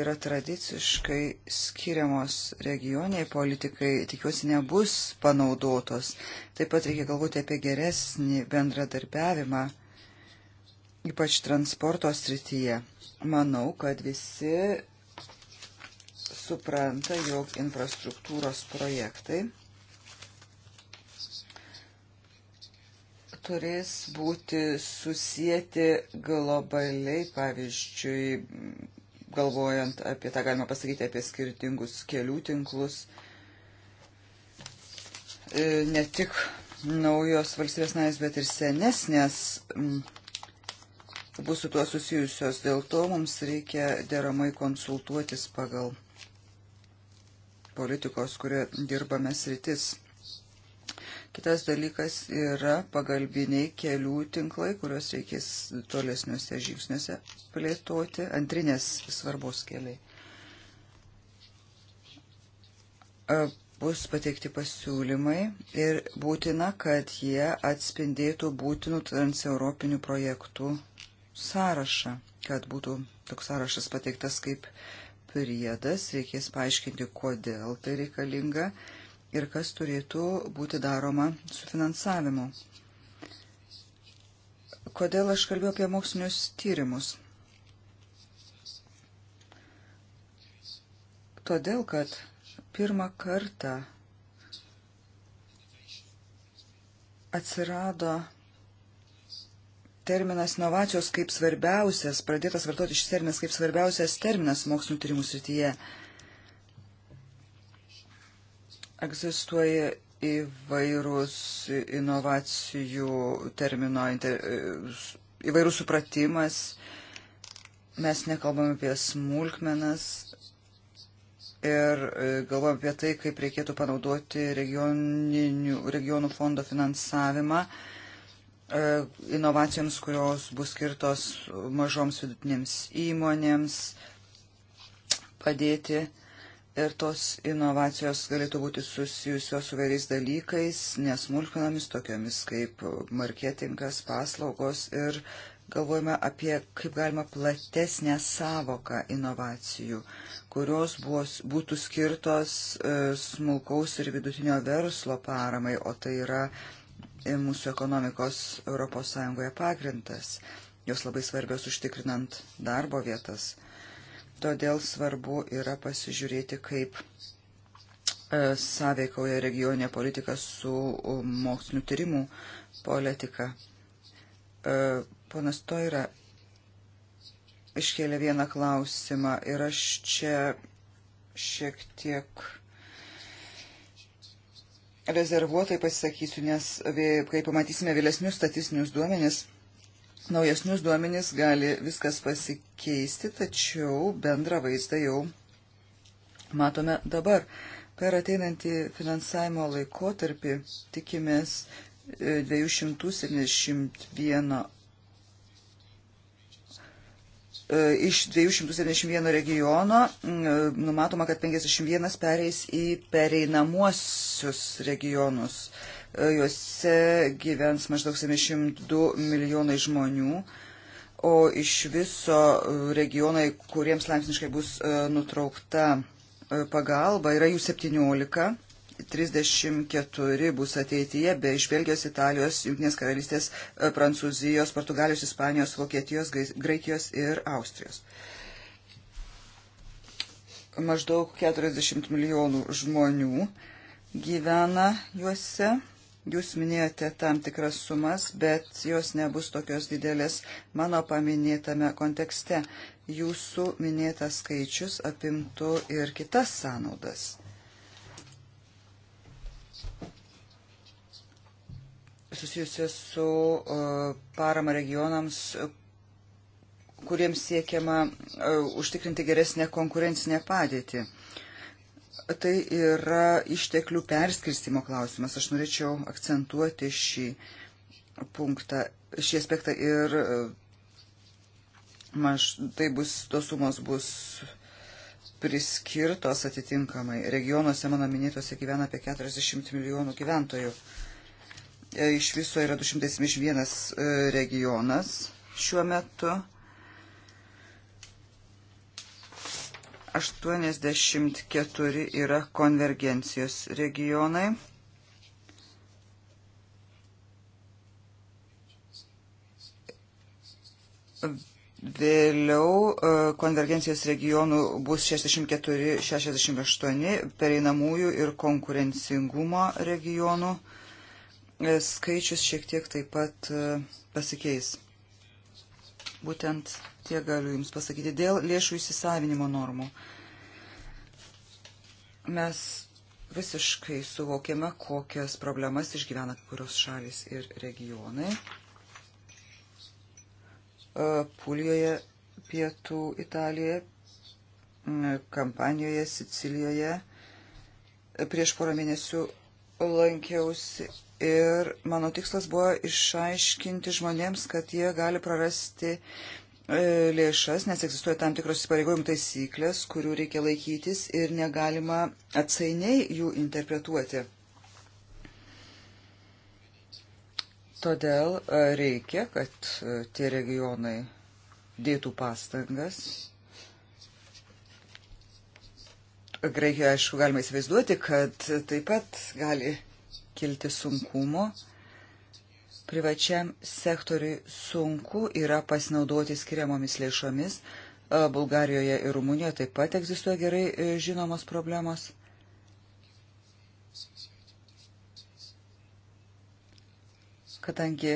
yra tradiciškai skiriamos regioniai politikai, tikiuosi, nebus panaudotos. Taip pat reikia galvoti apie geresnį bendradarbiavimą, ypač transporto srityje. Manau, kad visi supranta, jog infrastruktūros projektai turės būti susijęti globaliai, pavyzdžiui, galvojant apie tą, galima pasakyti, apie skirtingus kelių tinklus. E, ne tik naujos valstybės narės, bet ir senesnės bus su tuo susijusios. Dėl to mums reikia deramai konsultuotis pagal politikos, kurio dirbame sritis. Kitas dalykas yra pagalbiniai kelių tinklai, kuriuos reikės tolesniuose žingsniuose plėtoti, antrinės svarbos keliai. Bus pateikti pasiūlymai ir būtina, kad jie atspindėtų būtinų transeuropinių projektų sąrašą, kad būtų toks sąrašas pateiktas kaip priedas, reikės paaiškinti, kodėl tai reikalinga ir kas turėtų būti daroma su finansavimu. Kodėl aš kalbėjau apie mokslinius tyrimus? Todėl, kad pirmą kartą atsirado terminas inovacijos kaip svarbiausias, pradėtas vartoti šis terminas kaip svarbiausias terminas mokslinio tyrimų srityje. Tai Egzistuoja įvairūs inovacijų termino, e, įvairūs supratimas. Mes nekalbam apie smulkmenas ir e, galvojam apie tai, kaip reikėtų panaudoti regionų fondo finansavimą e, inovacijoms, kurios bus skirtos mažoms vidutinėms įmonėms, padėti uh, ir tos inovacijos galėtų būti susijusios su vairiais dalykais, nesmulkinomis tokiamis kaip marketingas, paslaugos ir galvojame apie kaip galima platesnę savoką inovacijų, kurios buvo, būtų skirtos e, smulkaus ir vidutinio verslo paramai, o tai yra e, mūsų ekonomikos ES pagrindas. Jos labai svarbios užtikrinant darbo vietas todėl svarbu yra pasižiūrėti, kaip e, sąveikauja regioninė politika su mokslinių tyrimų politika. E, ponas Toira iškėlė vieną klausimą ir aš čia šiek tiek rezervuotai pasisakysiu, nes kai pamatysime vėlesnius statistinius duomenis, naujesnius duomenys gali viskas pasikeisti, tačiau bendrą vaizdą jau matome dabar. Per ateinantį finansavimo laikotarpį tikimės 271 e, e, iš 271 regiono e, numatoma, kad 51 pereis į pereinamuosius regionus juose gyvens maždaug 72 milijonai žmonių, o iš viso regionai, kuriems laipsniškai bus e, nutraukta e, pagalba, yra jų 17. 34 bus ateityje, be iš Belgijos, Italijos, Junktinės karalystės, e, Prancūzijos, Portugalijos, Ispanijos, Vokietijos, Graikijos ir Austrijos maždaug 40 milijonų žmonių gyvena juose. Jūs minėjote tam tikras sumas, bet jos nebus tokios didelės mano paminėtame kontekste. Jūsų minėtas skaičius apimtų ir kitas sąnaudas. Susijusios su uh, parama regionams, kuriems siekiama uh, užtikrinti geresnę konkurencinę padėtį. Uh, tai yra išteklių perskirstimo klausimas. Aš norėčiau akcentuoti šį punktą, šį aspektą ir e, maž, tai bus, tos sumos bus priskirtos atitinkamai. Regionuose, mano minėtose, gyvena apie 40 milijonų gyventojų. E, iš viso yra 271 e, regionas šiuo metu 84 yra konvergencijos regionai. Vėliau e, konvergencijos regionų bus 64-68 pereinamųjų ir konkurencingumo regionų. E, skaičius šiek tiek taip pat e, pasikeis. Būtent Tiek galiu Jums pasakyti dėl lėšų įsisavinimo normų. Mes visiškai suvokiame, kokias problemas išgyvena kurios šalis ir regionai. E, Pulijoje, Pietų Italijoje, Kampanijoje, Sicilijoje. E, prieš porą mėnesių lankiausi ir mano tikslas buvo išaiškinti žmonėms, kad jie gali prarasti E, lėšas, nes egzistuoja tam tikros įsipareigojimų taisyklės, kurių reikia laikytis ir negalima atsainiai jų interpretuoti. Todėl e, reikia, kad e, tie regionai dėtų pastangas. Graikijoje, aišku, galima įsivaizduoti, kad taip pat gali kilti sunkumo privačiam sektoriui sunku yra pasinaudoti skiriamomis lėšomis. Bulgarijoje ir Rumunijoje taip pat egzistuoja gerai e, žinomos problemos. Kadangi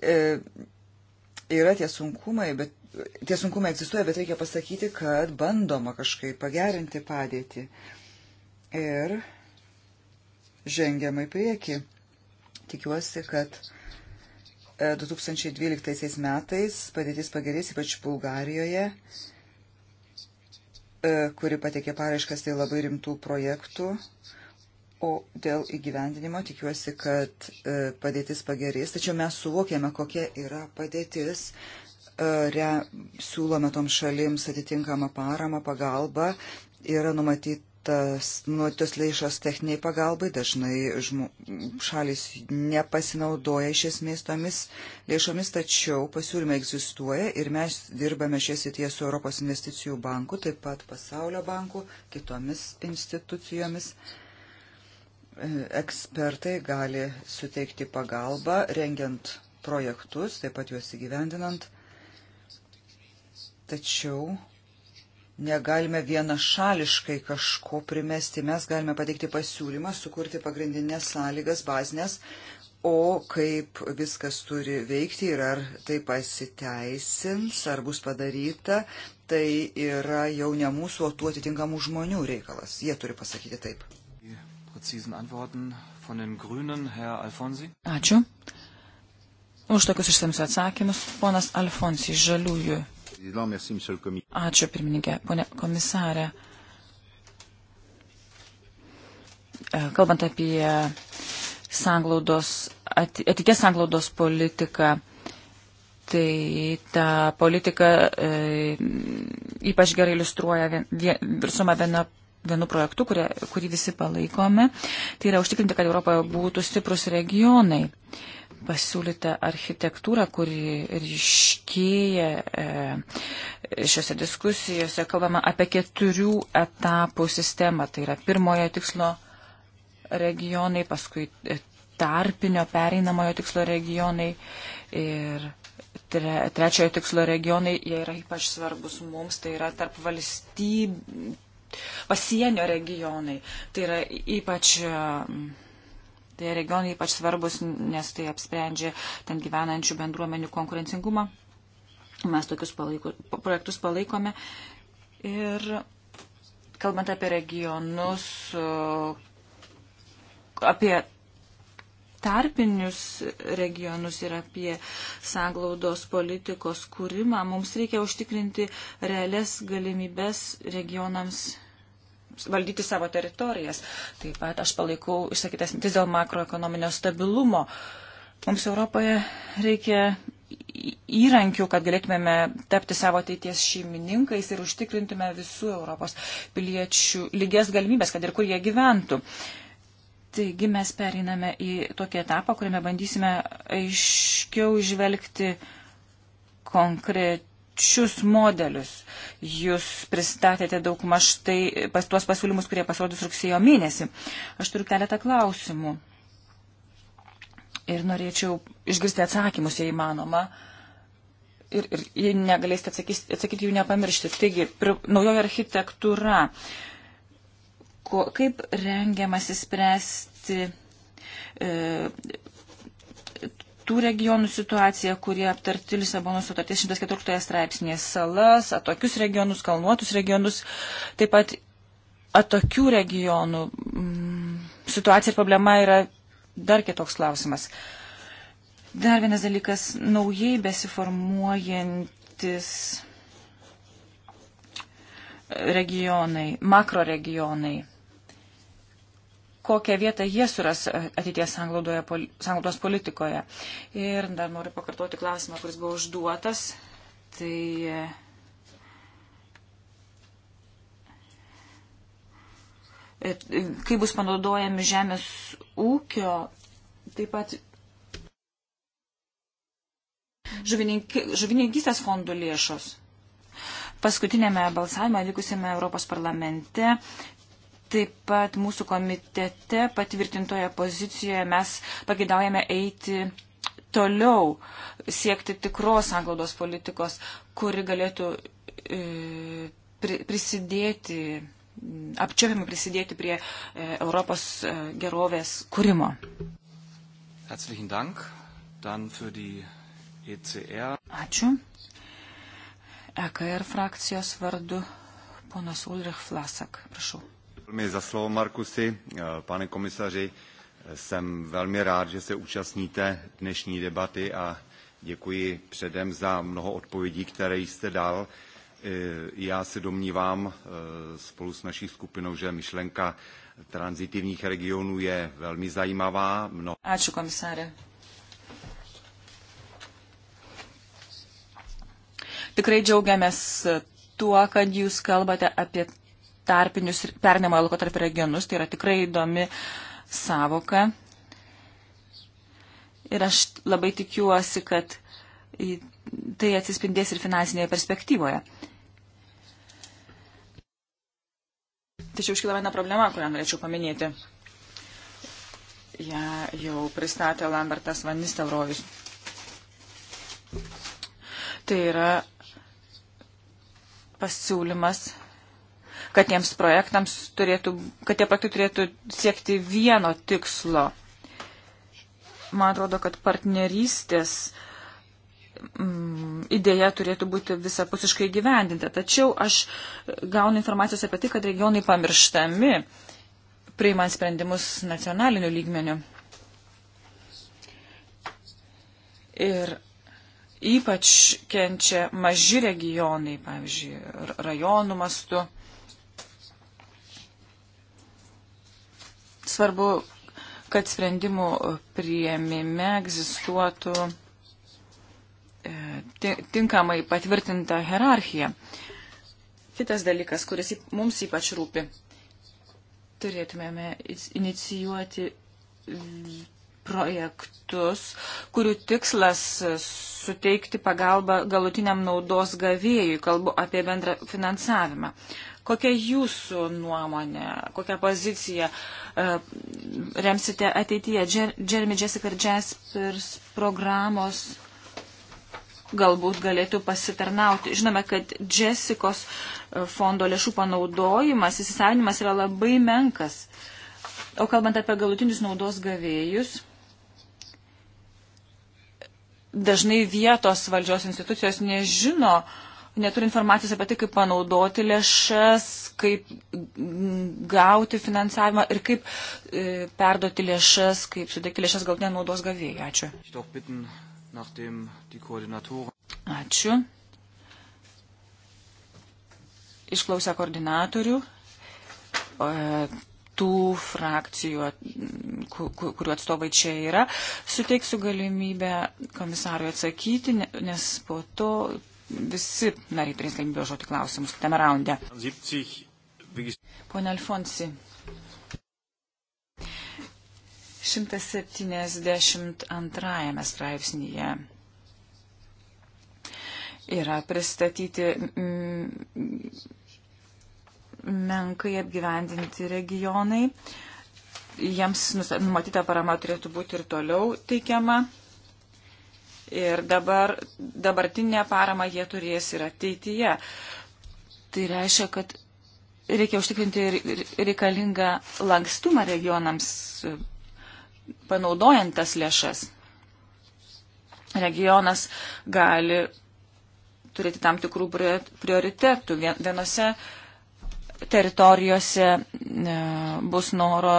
e, yra tie sunkumai, bet tie sunkumai egzistuoja, bet reikia pasakyti, kad bandoma kažkaip pagerinti padėtį. Ir žengiamai prieki tikiuosi, kad 2012 e, metais padėtis pagerės, ypač Bulgarijoje, e, kuri patekė paraiškas dėl tai labai rimtų projektų. O dėl įgyvendinimo tikiuosi, kad e, padėtis pagerės. Tačiau mes suvokėme, kokia yra padėtis. Re, siūlome tom šalims atitinkamą paramą, pagalbą. Yra numatyta tas, nu, tas lėšas techniniai pagalbai, dažnai žmo, šalis nepasinaudoja iš esmės tomis lėšomis, tačiau pasiūlymai egzistuoja ir mes dirbame šią sitiją su Europos investicijų banku, taip pat pasaulio banku, kitomis institucijomis. E, ekspertai gali suteikti pagalbą, rengiant projektus, taip pat juos įgyvendinant. Tačiau negalime vienašališkai kažko primesti. Mes galime pateikti pasiūlymą, sukurti pagrindinės sąlygas, bazinės, o kaip viskas turi veikti ir ar tai pasiteisins, ar bus padaryta, tai yra jau ne mūsų, o tų atitinkamų žmonių reikalas. Jie turi pasakyti taip. Ačiū. Už tokius išsamius atsakymus, ponas Alfonsi, žaliųjų Ačiū, pirmininkė. Pone komisarė, e, kalbant apie sanglaudos, ateities sanglaudos politiką, tai ta politika e, ypač gerai iliustruoja vien, vien, virsumą viena vienu projektu, kurie, kurį visi palaikome, tai yra užtikrinti, kad Europoje būtų stiprus regionai pasiūlytą architektūrą, kuri ryškėja e, šiuose diskusijose. Kalbama apie keturių etapų sistemą. Tai yra pirmojo tikslo regionai, paskui tarpinio pereinamojo tikslo regionai ir tre, trečiojo tikslo regionai. Jie yra ypač svarbus mums. Tai yra tarp valstybių pasienio regionai. Tai yra ypač. Uh, Tai regionai ypač svarbus, nes tai apsprendžia ten gyvenančių bendruomenių konkurencingumą. Mes tokius palaiko, projektus palaikome. Ir kalbant apie regionus, apie tarpinius regionus ir apie sanglaudos politikos kūrimą, mums reikia užtikrinti realias galimybes regionams valdyti savo teritorijas. Taip pat aš palaikau išsakytas mintis dėl makroekonominio stabilumo. Mums Europoje reikia įrankių, kad galėtumėme tapti savo ateities šeimininkais ir užtikrintume visų Europos piliečių lygias galimybės, kad ir kur jie gyventų. Taigi mes pereiname į tokį etapą, kuriame bandysime aiškiau žvelgti konkrečiai konkrečius modelius. Jūs pristatėte daug maž tai pas tuos pasiūlymus, kurie pasirodys rugsėjo mėnesį. Aš turiu keletą klausimų. Ir norėčiau išgirsti atsakymus, jei įmanoma. Ir, ir jei negalėsite atsakyti, atsakyti jų nepamiršti. Taigi, pr, naujoji architektūra. Ko, kaip rengiamasi spręsti e, tų regionų situaciją, kurie aptarti Lisabono sutarties 114 straipsnėje salas, atokius regionus, kalnuotus regionus, taip pat atokių regionų mm, situacija ir problema yra dar kitoks klausimas. Dar vienas dalykas - naujai besiformuojantis regionai, makro regionai kokią vietą jie suras ateities sanglaudos politikoje. Ir dar noriu pakartoti klausimą, kuris buvo užduotas. Tai e, e, kaip bus panaudojami žemės ūkio, taip pat žuvininkystės fondų lėšos. Paskutinėme balsavime likusime Europos parlamente Taip pat mūsų komitete patvirtintoje pozicijoje mes pagidaujame eiti toliau, siekti tikros anglodos politikos, kuri galėtų e, prisidėti, apčiopiamai prisidėti prie e, Europos e, gerovės kūrimo. Herzlichen Dank. Dann für die ECR. Ačiū. EKR frakcijos vardu ponas Ulrich Flasak. Prašau. Velmi za slovo, Markusi. Eh, pane komisaři, eh, jsem velmi rád, že se účastníte dnešní debaty a děkuji předem za mnoho odpovědí, které jste dal. Eh, já se domnívám spolu s naší skupinou, že myšlenka tranzitivních regionů je velmi zajímavá. Mno... Ačiū, komisarė. Tikrai džiaugiamės tuo, kad jūs kalbate apie tarpinius pernemojo laikotarpio regionus. Tai yra tikrai įdomi savoka. Ir aš labai tikiuosi, kad tai atsispindės ir finansinėje perspektyvoje. Tačiau iškyla viena problema, kurią norėčiau paminėti. Ja jau pristatė Lambertas Van Nistelrojus. Tai yra pasiūlymas kad tiems projektams turėtų, kad tie projektai turėtų siekti vieno tikslo. Man atrodo, kad partnerystės mm, idėja turėtų būti visapusiškai gyvendinta. Tačiau aš gaunu informacijos apie tai, kad regionai pamirštami, priimant sprendimus nacionaliniu lygmeniu. Ir ypač kenčia maži regionai, pavyzdžiui, rajonų mastu. Svarbu, kad sprendimų prieimime egzistuotų e, tinkamai patvirtinta hierarchija. Kitas dalykas, kuris mums ypač rūpi, turėtumėme inicijuoti projektus, kurių tikslas suteikti pagalbą galutiniam naudos gavėjui, kalbu apie bendrą finansavimą. Uh, Kokia jūsų nuomonė, kokią poziciją e, remsite ateityje? Jeremy Jessica ir Jaspers programos galbūt galėtų pasitarnauti. Žinome, kad Jessicos e, fondo lėšų panaudojimas, įsisavinimas yra labai menkas. O kalbant apie galutinius naudos gavėjus, dažnai vietos valdžios institucijos nežino, uh, neturi informacijos apie tai, kaip panaudoti lėšas, kaip gauti finansavimą ir kaip e, perduoti lėšas, kaip suteikti lėšas galtinę naudos gavėjai. Ačiū. Ačiū. Išklausę koordinatorių, e, tų frakcijų, kurių atstovai čia yra, suteiksiu galimybę komisarui atsakyti, nes po to visi nariai turės galimybę žodį klausimus kitame raunde. Pone Alfonsi, 172 straipsnėje yra pristatyti menkai apgyvendinti regionai. Jiems numatyta parama turėtų būti ir toliau teikiama ir dabar, dabartinę paramą jie turės ir ateityje. Tai reiškia, kad reikia užtikrinti reikalingą lankstumą regionams, panaudojant tas lėšas. Regionas gali turėti tam tikrų prioritetų. Vienose teritorijose e, bus noro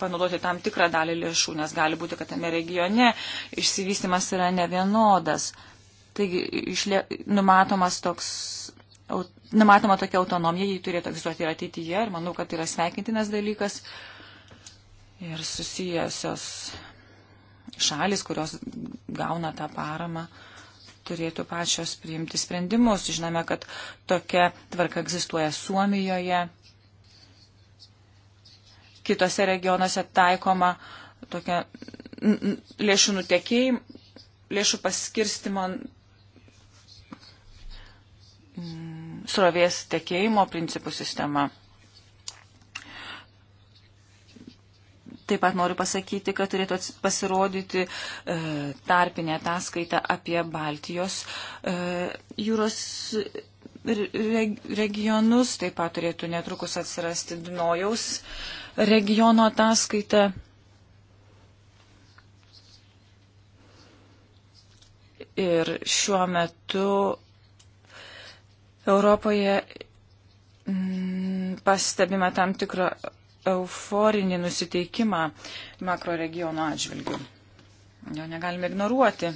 panaudoti tam tikrą dalį lėšų, nes gali būti, kad tame regione išsivystimas yra nevienodas. Taigi išlė, numatomas toks, numatoma tokia autonomija, jį turėtų egzistuoti ir ateityje, ir manau, kad tai yra sveikintinas dalykas. Ir susijęsios šalis, kurios gauna tą paramą, turėtų pačios priimti sprendimus. Žinome, kad tokia tvarka egzistuoja Suomijoje, kitose regionuose taikoma tokia lėšų nutekėjim, lėšų paskirstimo srovės tekėjimo principų sistema. Taip pat noriu pasakyti, kad turėtų pasirodyti e, tarpinė ataskaita apie Baltijos e, jūros re, regionus, taip pat turėtų netrukus atsirasti Dunojaus e, regiono ataskaitą. Ir šiuo metu Europoje mm, pastebime tam tikrą euforinį nusiteikimą makro regiono atžvilgių. Jo negalime ignoruoti.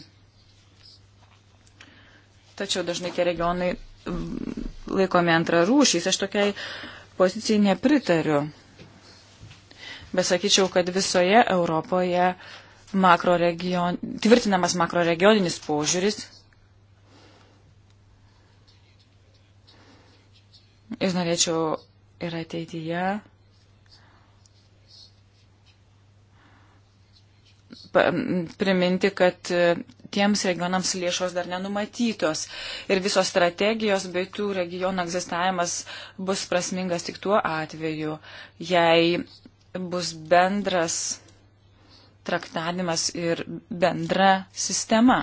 Tačiau dažnai tie regionai mm, laikomi antrarūšiais. Aš tokiai pozicijai nepritariu besakyčiau, kad visoje Europoje makro region, tvirtinamas makroregioninis požiūris. Ir norėčiau ir ateityje priminti, kad e, tiems regionams lėšos dar nenumatytos ir visos strategijos bei tų regionų egzistavimas bus prasmingas tik tuo atveju, jei bus bendras traktavimas ir bendra sistema,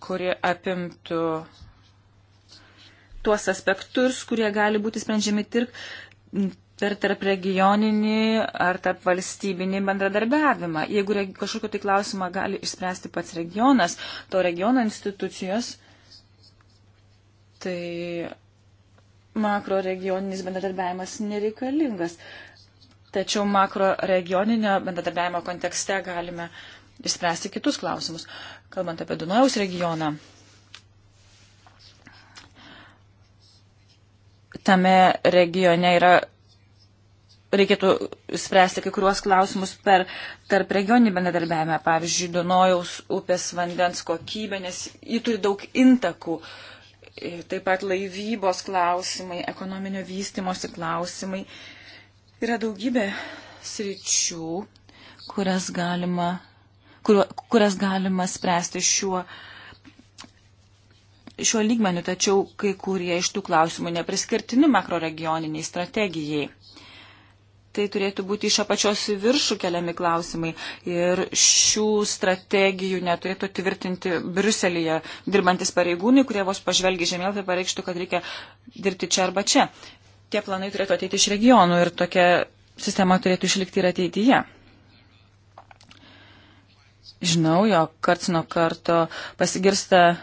kuri apimtų tuos aspektus, kurie gali būti sprendžiami tik per tarp regioninį ar tarp valstybinį bendradarbiavimą. Jeigu kažkokio tai klausimą gali išspręsti pats regionas, to regiono institucijos, tai makro regioninis bendradarbiavimas nereikalingas. Tačiau makro regioninio bendradarbiavimo kontekste galime išspręsti kitus klausimus. Kalbant apie Dunojaus regioną, tame regione yra, reikėtų spręsti kai kuriuos klausimus per tarp regioninį bendradarbiavimą, pavyzdžiui, Dunojaus upės vandens kokybę, nes ji turi daug intakų. Uh, taip pat laivybos klausimai, ekonominio vystimosi klausimai. Yra daugybė sričių, kurias galima, kur, kurias galima spręsti šiuo, šiuo lygmeniu, tačiau kai kurie iš tų klausimų nepriskirtini makroregioniniai strategijai tai turėtų būti iš apačios į viršų keliami klausimai ir šių strategijų neturėtų tvirtinti Briuselėje dirbantis pareigūnai, kurie vos pažvelgia žemėlapį tai pareikštų, kad reikia dirbti čia arba čia. Tie planai turėtų ateiti iš regionų ir tokia sistema turėtų išlikti ir ateityje. Žinau, jog karts nuo karto pasigirsta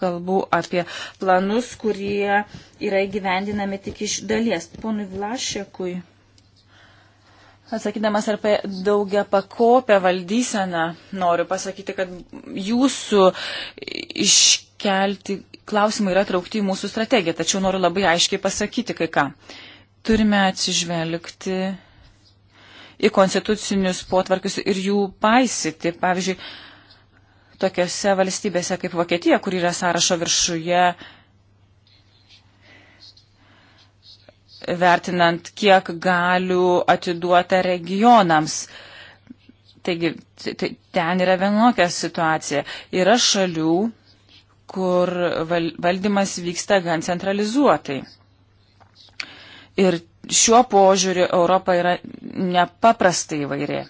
kalbu apie planus, kurie yra įgyvendinami tik iš dalies. Ponui Vlašekui Atsakydamas apie daugia pakopę valdyseną, noriu pasakyti, kad jūsų iškelti klausimai yra traukti į mūsų strategiją, tačiau noriu labai aiškiai pasakyti kai ką. Turime atsižvelgti į konstitucinius potvarkius ir jų paisyti. Pavyzdžiui, tokiose valstybėse kaip Vokietija, kur yra sąrašo viršuje, vertinant, kiek galių atiduota regionams. Taigi, ten yra vienokia situacija. Yra šalių, kur valdymas vyksta gan centralizuotai. Ir šiuo požiūriu Europa yra nepaprastai vairi.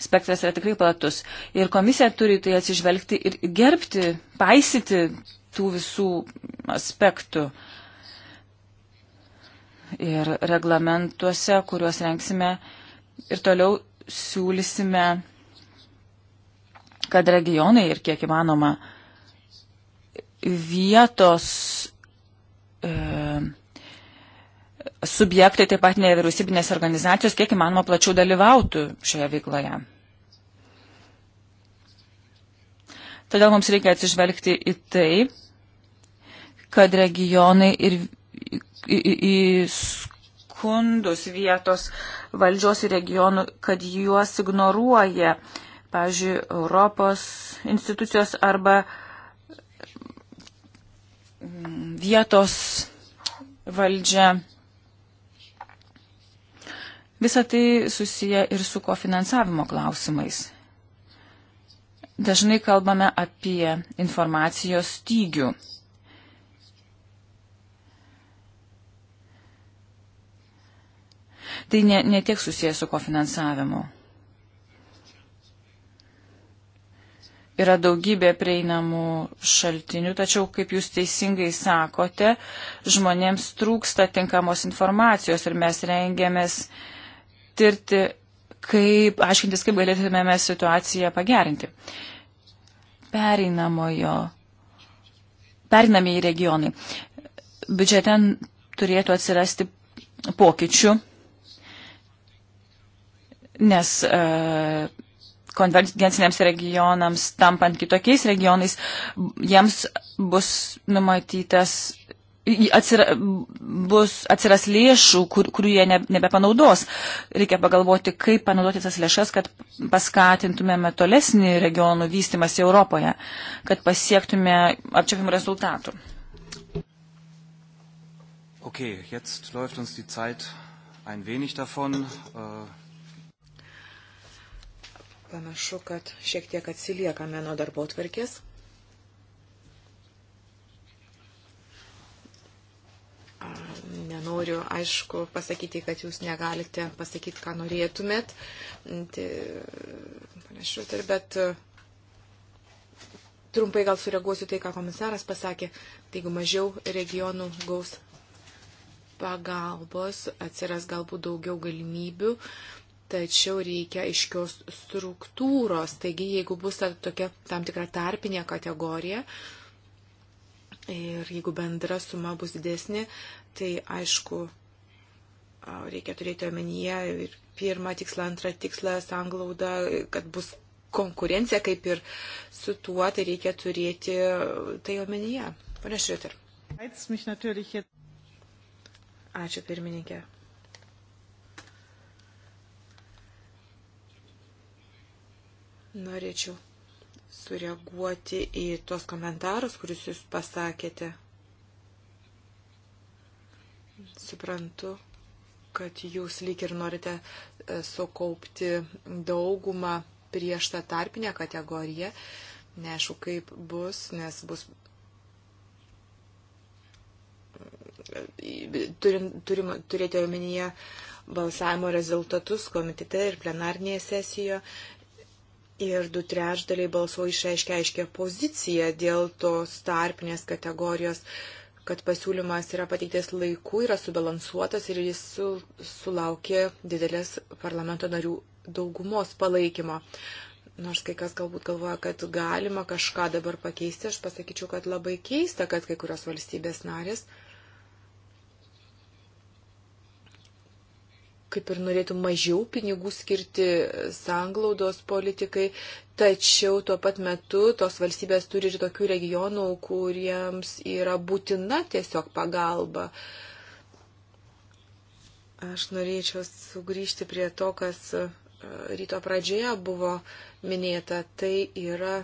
Spektras yra tikrai platus. Ir komisija turi tai atsižvelgti ir gerbti, paisyti tų visų aspektų. Uh, ir reglamentuose, kuriuos renksime ir toliau siūlysime, kad regionai ir kiek įmanoma vietos e, subjektai, taip pat nevyriausybinės organizacijos, kiek įmanoma plačiau dalyvautų šioje veikloje. Todėl mums reikia atsižvelgti į tai, kad regionai ir į, į skundus vietos valdžios ir regionų, kad juos ignoruoja, pavyzdžiui, Europos institucijos arba mm, vietos valdžia. Visą tai susiję ir su kofinansavimo klausimais. Dažnai kalbame apie informacijos stygių. tai ne, ne tiek susijęs su kofinansavimu. Yra daugybė prieinamų šaltinių, tačiau, kaip jūs teisingai sakote, žmonėms trūksta tinkamos informacijos ir mes rengiamės tirti, kaip, aiškintis, kaip galėtumėme situaciją pagerinti. Pereinamojo, pereinamieji regionai. Biudžete turėtų atsirasti pokyčių nes e, konvergenciniams regionams, tampant kitokiais regionais, jiems bus numatytas, atsira, bus, atsiras lėšų, kur, kurių jie ne, nebepanaudos. Reikia pagalvoti, kaip panaudoti tas lėšas, kad paskatintumėme tolesnį regionų vystimas Europoje, kad pasiektume apčiopimų rezultatų. Okay, jetzt läuft uns die Zeit ein wenig davon. Äh Panašu, kad šiek tiek atsiliekame nuo darbo tvarkės. Nenoriu, aišku, pasakyti, kad jūs negalite pasakyti, ką norėtumėt. Tai, panašu, tai, bet trumpai gal sureaguosiu tai, ką komisaras pasakė. Tai jeigu mažiau regionų gaus pagalbos, atsiras galbūt daugiau galimybių tačiau reikia aiškios struktūros. Taigi, jeigu bus ta, tokia tam tikra tarpinė kategorija ir jeigu bendra suma bus didesnė, tai aišku, reikia turėti omenyje ir pirmą tikslą, antrą tikslą, sanglaudą, kad bus konkurencija kaip ir su tuo, tai reikia turėti tai omenyje. Pane Šriter. Ačiū pirmininkė. Norėčiau sureaguoti į tuos komentarus, kuriuos jūs pasakėte. Suprantu, kad jūs lyg ir norite e, sukaupti daugumą prieš tą tarpinę kategoriją. Neaišku, kaip bus, nes bus turim, turim turėti omenyje balsavimo rezultatus komitete ir plenarnėje sesijoje ir du trečdaliai balsų išreiškė aiškę poziciją dėl tos tarpinės kategorijos, kad pasiūlymas yra pateiktas laiku, yra subalansuotas ir jis su, sulaukė didelės parlamento narių daugumos palaikymo. Nors kai kas galbūt galvoja, kad galima kažką dabar pakeisti, aš pasakyčiau, kad labai keista, kad kai kurios valstybės narės kaip ir norėtų mažiau pinigų skirti sanglaudos politikai, tačiau tuo pat metu tos valstybės turi ir tokių regionų, kuriems yra būtina tiesiog pagalba. Aš norėčiau sugrįžti prie to, kas e, ryto pradžioje buvo minėta. Tai yra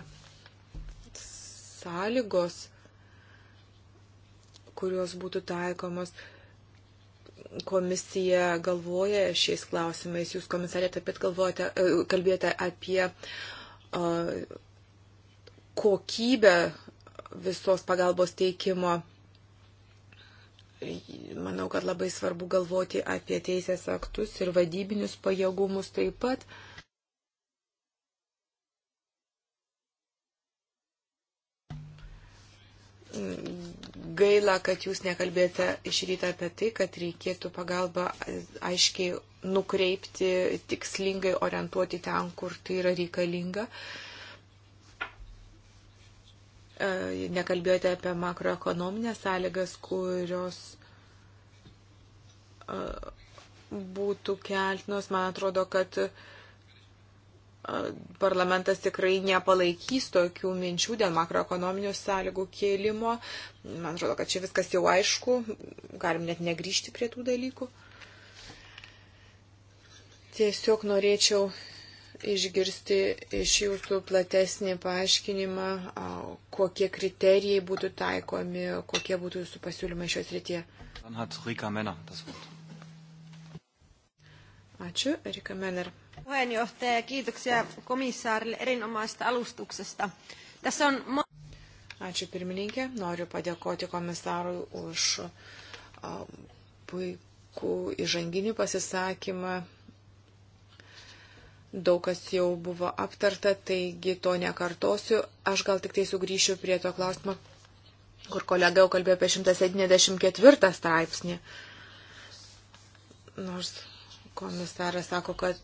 sąlygos, kurios būtų taikomos komisija galvoja šiais klausimais. Jūs, komisarė, taip pat galvojate, e, kalbėjote apie kokybę visos pagalbos teikimo. Manau, kad labai svarbu galvoti apie teisės aktus ir vadybinius pajėgumus taip pat gaila, kad jūs nekalbėjote iš ryto apie tai, kad reikėtų pagalbą aiškiai nukreipti, tikslingai orientuoti ten, kur tai yra reikalinga. E, nekalbėjote apie makroekonominės sąlygas, kurios e, būtų keltinos. Man atrodo, kad uh, parlamentas tikrai nepalaikys tokių minčių dėl makroekonominių sąlygų kėlimo. Man atrodo, kad čia viskas jau aišku, galim net negryžti prie tų dalykų. Tiesiog norėčiau išgirsti iš jūsų platesnį paaiškinimą, kokie kriterijai būtų taikomi, kokie būtų jūsų pasiūlymai šios rytie. Ačiū, Erika Mener. Puheenjohtaja, kiitoksia komissaarille erinomaista alustuksesta. Tässä on... Ačiū pirmininkė, noriu padėkoti komisarui už puikų įžanginį pasisakymą. Daug kas jau buvo aptarta, taigi to nekartosiu. Aš gal tik tai sugrįšiu prie to klausimo, kur kolega jau kalbėjo apie 174 straipsnį. Nors komisaras sako, kad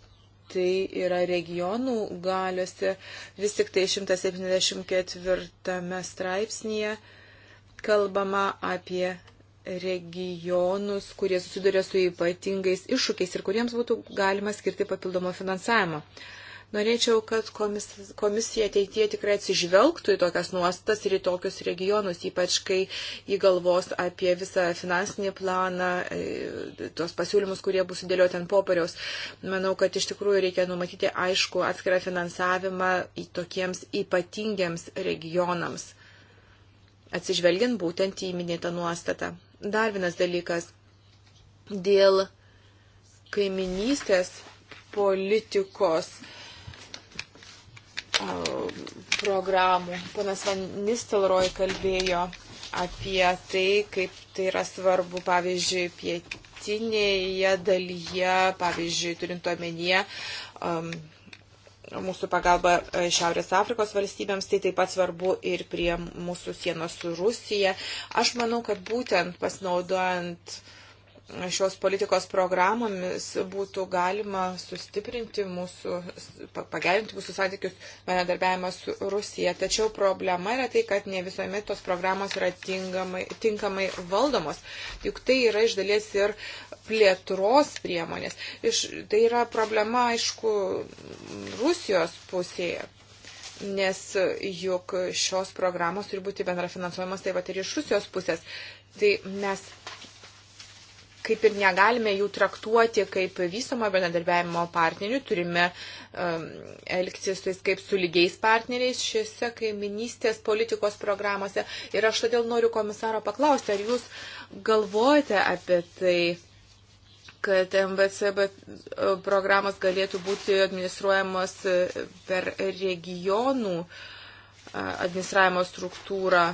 tai yra regionų galiuose, vis tik tai 174 straipsnėje kalbama apie regionus, kurie susiduria su ypatingais iššūkiais ir kuriems būtų galima skirti papildomo finansavimo. Uh, Norėčiau, kad komisija ateitie tikrai atsižvelgtų į tokias nuostatas ir į tokius regionus, ypač kai įgalvos apie visą finansinį planą, e, tos pasiūlymus, kurie bus sudėlioti ant popieriaus. Manau, kad iš tikrųjų reikia numatyti aišku atskirą finansavimą į tokiems ypatingiams regionams, atsižvelgiant būtent į minėtą nuostatą. Dar vienas dalykas dėl kaiminystės politikos. Uh, programų. Panas Van Nistelroj kalbėjo apie tai, kaip tai yra svarbu, pavyzdžiui, pietinėje dalyje, pavyzdžiui, turint omenyje um, mūsų pagalba e, Šiaurės Afrikos valstybėms, tai taip pat svarbu ir prie mūsų sienos su Rusija. Aš manau, kad būtent pasinaudojant uh, šios politikos programomis būtų galima sustiprinti mūsų, pagerinti mūsų santykius bendradarbiavimą su Rusija. Tačiau problema yra tai, kad ne visuomet tos programos yra tinkamai, tinkamai valdomos. Juk tai yra iš dalies ir plėtros priemonės. Iš, tai yra problema, aišku, Rusijos pusėje. Nes juk šios programos turi būti bendrafinansuojamos taip pat ir iš Rusijos pusės. Tai mes kaip ir negalime jų traktuoti kaip vystomo bendradarbiavimo partnerių, turime um, elgtis su jais kaip su lygiais partneriais šiuose kaiminystės politikos programuose. Ir aš todėl noriu komisaro paklausti, ar jūs galvojate apie tai, kad MVCB e, programos galėtų būti administruojamos e, per regionų e, administravimo struktūrą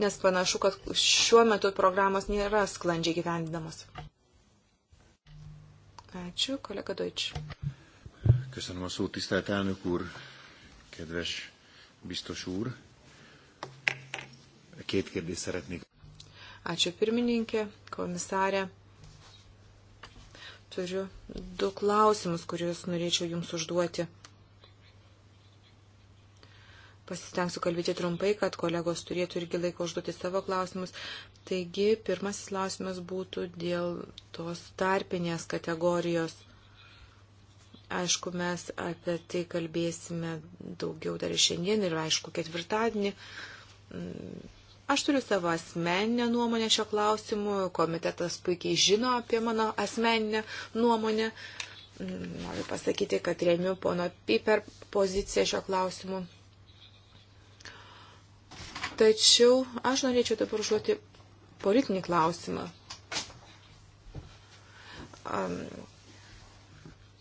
nes panašu, kad šiuo metu programos nėra sklandžiai gyvendinamos. Ačiū, kolega Deutsch. Köszönöm a szót, tisztelt elnök úr, kedves biztos úr. Két kérdést szeretnék. Ačiū pirmininkė, komisarė. Turiu du klausimus, kuriuos norėčiau Jums užduoti. Pasistengsiu kalbėti trumpai, kad kolegos turėtų irgi laiko užduoti savo klausimus. Taigi, pirmasis klausimas būtų dėl tos tarpinės kategorijos. Aišku, mes apie tai kalbėsime daugiau dar ir šiandien ir, aišku, ketvirtadienį. Mm, aš turiu savo asmeninę nuomonę šio klausimu, komitetas puikiai žino apie mano asmeninę nuomonę. Mm, noriu pasakyti, kad remiu pono Piper poziciją šio klausimu. Tačiau aš norėčiau dabar užduoti politinį klausimą.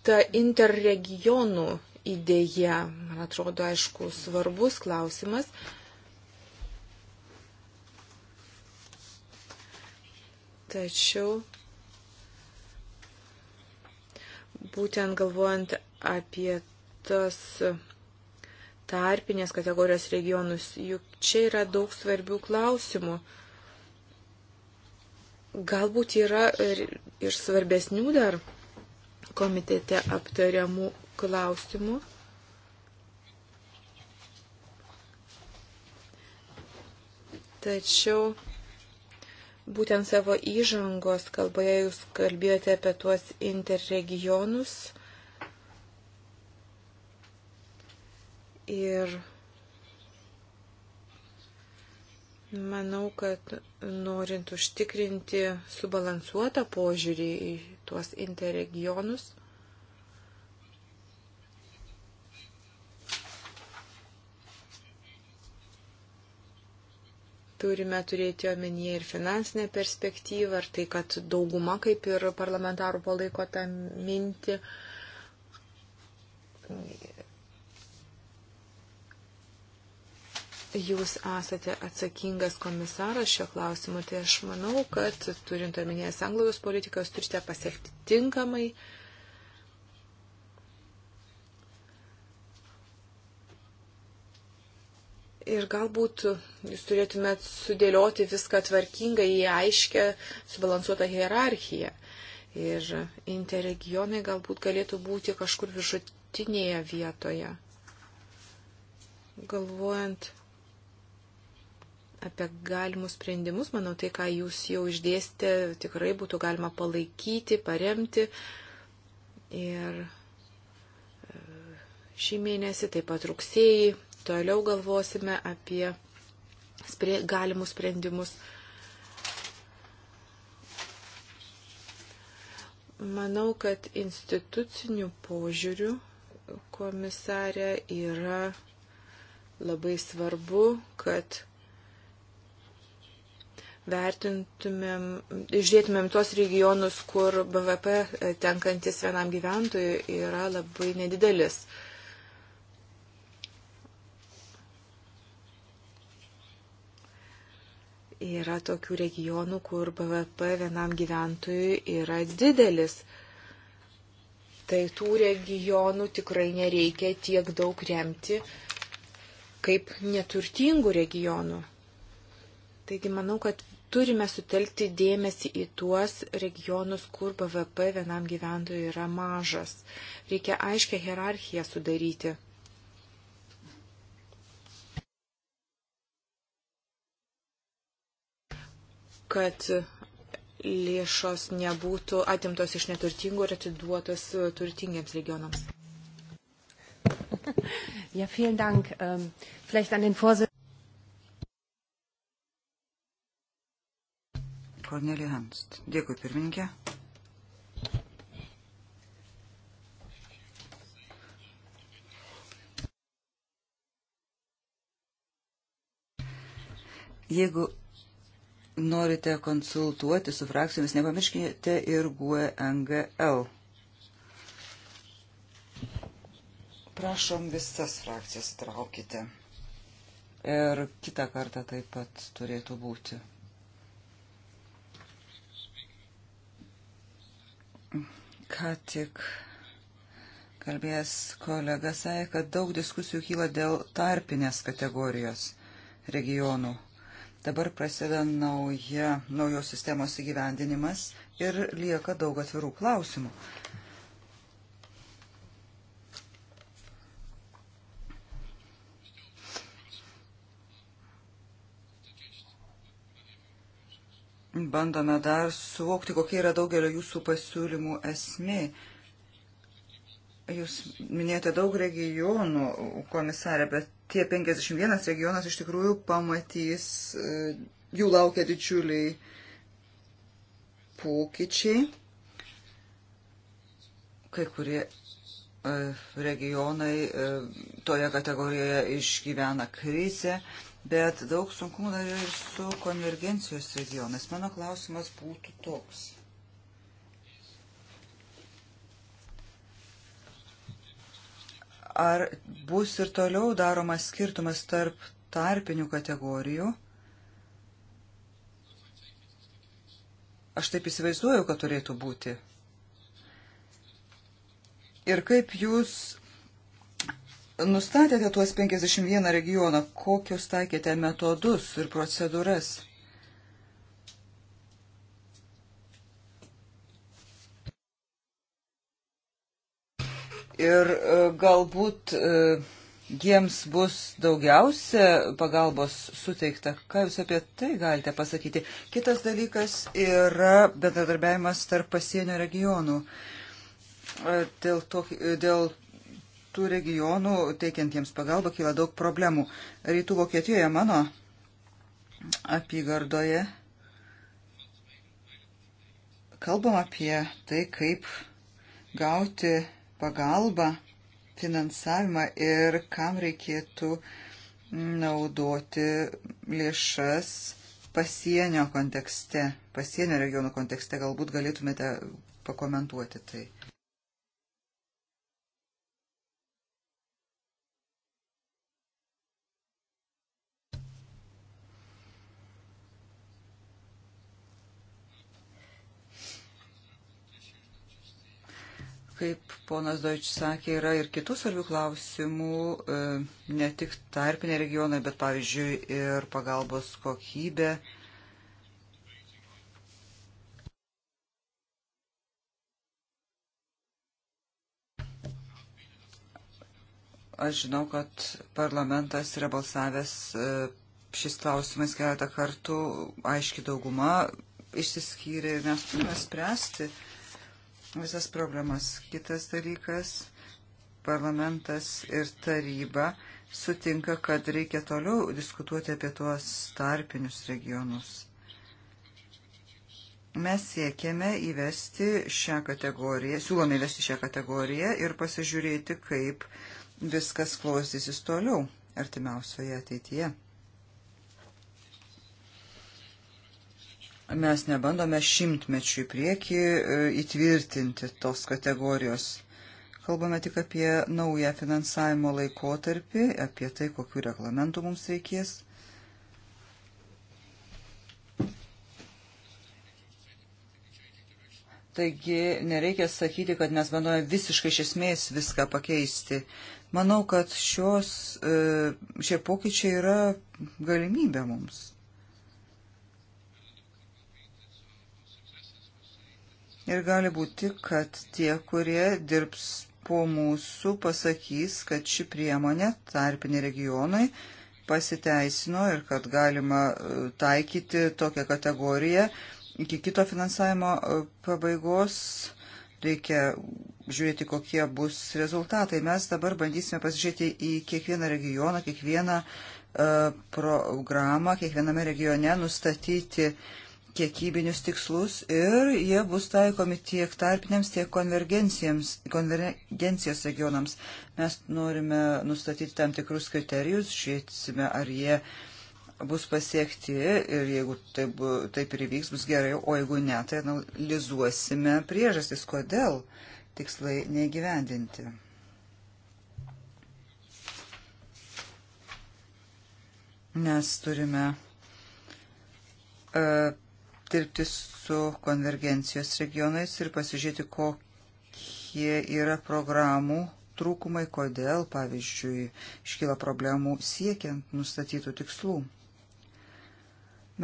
Ta interregionų idėja, man atrodo, aišku, svarbus klausimas. Tačiau būtent galvojant apie tas tarpinės kategorijos regionus, juk čia yra daug svarbių klausimų. Galbūt yra ir, ir svarbesnių dar komitete aptariamų klausimų. Tačiau būtent savo įžangos kalboje jūs kalbėjote apie tuos interregionus Ir Manau, kad norint užtikrinti subalansuotą požiūrį į tuos interregionus, turime turėti omenyje ir finansinę perspektyvą, ir tai, kad dauguma, kaip ir parlamentarų, palaiko tą mintį jūs esate atsakingas komisaras šio klausimu, tai aš manau, kad turint omenyje sanglaudos politikos turite pasiekti tinkamai. Ir galbūt jūs turėtumėt sudėlioti viską tvarkingai į aiškę, subalansuotą hierarchiją. Ir interregionai galbūt galėtų būti kažkur viršutinėje vietoje. Galvojant apie galimus sprendimus. Manau, tai, ką jūs jau išdėstė, tikrai būtų galima palaikyti, paremti. Ir e, šį mėnesį, taip pat rugsėjį, toliau galvosime apie spre, galimus sprendimus. Manau, kad institucinių požiūrių komisarė yra labai svarbu, kad vertintumėm, žiūrėtumėm tuos regionus, kur BVP tenkantis vienam gyventojui yra labai nedidelis. Yra tokių regionų, kur BVP vienam gyventojui yra didelis tai tų regionų tikrai nereikia tiek daug remti kaip neturtingų regionų. Taigi manau, kad turime sutelkti dėmesį į tuos regionus, kur BVP vienam gyventojui yra mažas. Reikia aiškę hierarchiją sudaryti. kad lėšos nebūtų atimtos iš neturtingų ir atiduotos turtingiems regionams. Ja, vielen Dank. Ähm, vielleicht an den Vorsitzenden. Kornelija Hanst. Dėkui, pirmininkė. Jeigu norite konsultuoti su frakcijomis, nepamirškite ir GUE-NGL. Prašom visas frakcijas traukite. Ir kitą kartą taip pat turėtų būti. Ką tik kalbėjęs kolega sąja, kad daug diskusijų kyla dėl tarpinės kategorijos regionų. Dabar prasideda nauja, naujos sistemos įgyvendinimas ir lieka daug atvirų klausimų. bandome dar suvokti, kokia yra daugelio jūsų pasiūlymų esmė. Jūs minėjote daug regionų, komisarė, bet tie 51 regionas iš tikrųjų pamatys, e, jų laukia didžiuliai pokyčiai. Kai kurie e, regionai e, toje kategorijoje išgyvena krizę bet daug sunkumų dar yra ir su konvergencijos regionais. Mano klausimas būtų toks. Ar bus ir toliau daromas skirtumas tarp tarpinių kategorijų? Aš taip įsivaizduoju, kad turėtų būti. Ir kaip jūs nustatėte tuos 51 regioną, kokius taikėte metodus ir procedūras? Ir e, galbūt e, jiems bus daugiausia pagalbos suteikta. Ką Jūs apie tai galite pasakyti? Kitas dalykas yra bendradarbiavimas tarp pasienio regionų. E, dėl, to, dėl tų regionų teikiantiems pagalbą kyla daug problemų. Rytų Vokietijoje mano apygardoje kalbam apie tai, kaip gauti pagalbą, finansavimą ir kam reikėtų naudoti lėšas pasienio kontekste, pasienio regionų kontekste. Galbūt galėtumėte pakomentuoti tai. Kaip ponas Deutsch sakė, yra ir kitų svarbių klausimų, e, ne tik tarpinė regionai, bet pavyzdžiui ir pagalbos kokybė. Aš žinau, kad parlamentas yra balsavęs e, šis klausimas keletą kartų, aiški dauguma išsiskyrė ir mes turime spręsti. Uh, visas problemas. Kitas dalykas, parlamentas ir taryba sutinka, kad reikia toliau diskutuoti apie tuos tarpinius regionus. Mes siekiame įvesti šią kategoriją, siūlome įvesti šią kategoriją ir pasižiūrėti, kaip viskas klostysis toliau artimiausioje ateityje. Mes nebandome šimtmečių į priekį e, įtvirtinti tos kategorijos. Kalbame tik apie naują finansavimo laikotarpį, apie tai, kokiu reglamentu mums reikės. Taigi nereikia sakyti, kad mes bandome visiškai iš esmės viską pakeisti. Manau, kad šios, e, šie pokyčiai yra galimybė mums. Ir gali būti, kad tie, kurie dirbs po mūsų, pasakys, kad ši priemonė tarpinė regionai pasiteisino ir kad galima e, taikyti tokią kategoriją iki kito finansavimo e, pabaigos. Reikia žiūrėti, kokie bus rezultatai. Mes dabar bandysime pasižiūrėti į kiekvieną regioną, kiekvieną e, programą, kiekviename regione nustatyti uh, kiekybinius tikslus ir jie bus taikomi tiek tarpiniams, tiek konvergencijos regionams. Mes norime nustatyti tam tikrus kriterijus, žiūrėsime, ar jie bus pasiekti ir jeigu taip, taip ir įvyks, bus gerai, o jeigu ne, tai analizuosime priežastis, kodėl tikslai neįgyvendinti. Nes turime uh, dirbti su konvergencijos regionais ir pasižiūrėti, kokie yra programų trūkumai, kodėl, pavyzdžiui, iškyla problemų siekiant nustatytų tikslų.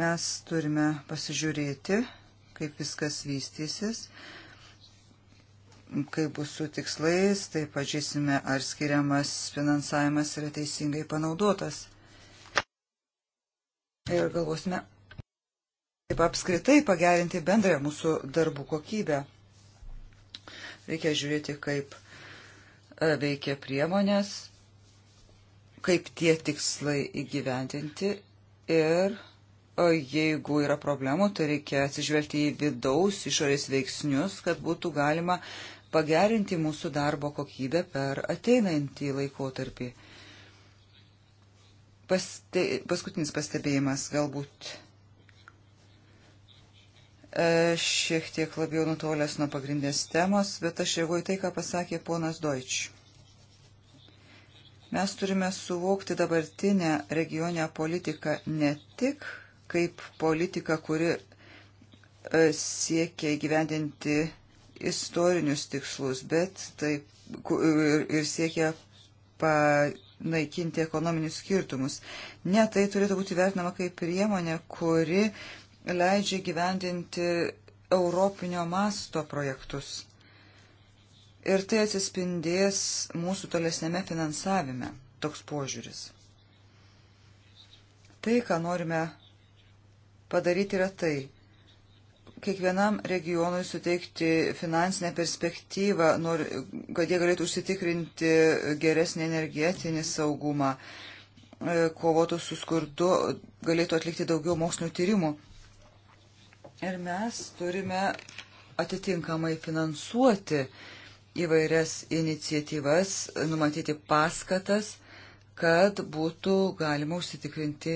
Mes turime pasižiūrėti, kaip viskas vystysis, kaip bus su tikslais, tai pažiūrėsime, ar skiriamas finansavimas yra teisingai panaudotas. Ir galvosime, kaip apskritai pagerinti bendrąją mūsų darbų kokybę. Reikia žiūrėti, kaip e, veikia priemonės, kaip tie tikslai įgyvendinti ir e, jeigu yra problemų, tai reikia atsižvelgti į vidaus išorės veiksnius, kad būtų galima pagerinti mūsų darbo kokybę per ateinantį laikotarpį. Paste, paskutinis pastebėjimas galbūt šiek tiek labiau nutolęs nuo pagrindinės temos, bet aš reaguoju tai, ką pasakė ponas Deutsch. Mes turime suvokti dabartinę regionę politiką ne tik kaip politiką, kuri e, siekia įgyvendinti istorinius tikslus, bet taip ir, ir siekia panaikinti ekonominius skirtumus. Ne, tai turėtų būti vertinama kaip priemonė, kuri uh, leidžia gyvendinti europinio masto projektus. Ir tai atsispindės mūsų tolesnėme finansavime toks požiūris. Tai, ką norime padaryti, yra tai. Kiekvienam regionui suteikti finansinę perspektyvą, nor, kad jie galėtų užsitikrinti geresnį energetinį saugumą, e, kovotų su skurdu, galėtų atlikti daugiau mokslinio tyrimų Ir mes turime atitinkamai finansuoti įvairias iniciatyvas, numatyti paskatas, kad būtų galima užsitikrinti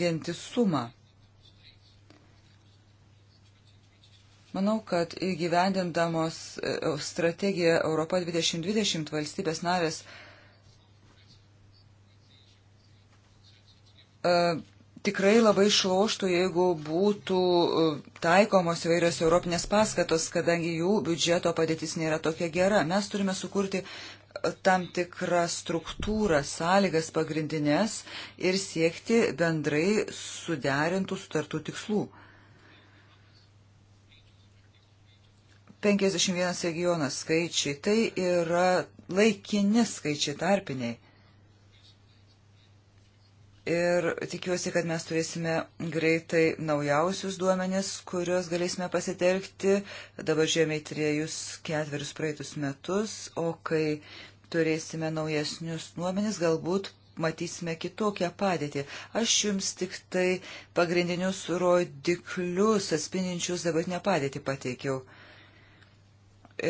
vientisumą. Manau, kad įgyvendindamos e, e, strategiją Europa 2020 valstybės narės e, tikrai labai šloštų, jeigu būtų e, taikomos įvairios europinės paskatos, kadangi jų biudžeto padėtis nėra tokia gera. Mes turime sukurti e, tam tikrą struktūrą, sąlygas pagrindinės ir siekti bendrai suderintų sutartų tikslų. 51 regionas skaičiai tai yra laikini skaičiai tarpiniai ir tikiuosi, kad mes turėsime greitai naujausius duomenis, kuriuos galėsime pasitelkti. Dabar žiemė į trejus ketverius praeitus metus, o kai turėsime naujesnius duomenis, galbūt matysime kitokią padėtį. Aš jums tik tai pagrindinius rodiklius atspindinčius dabartinę padėtį pateikiau.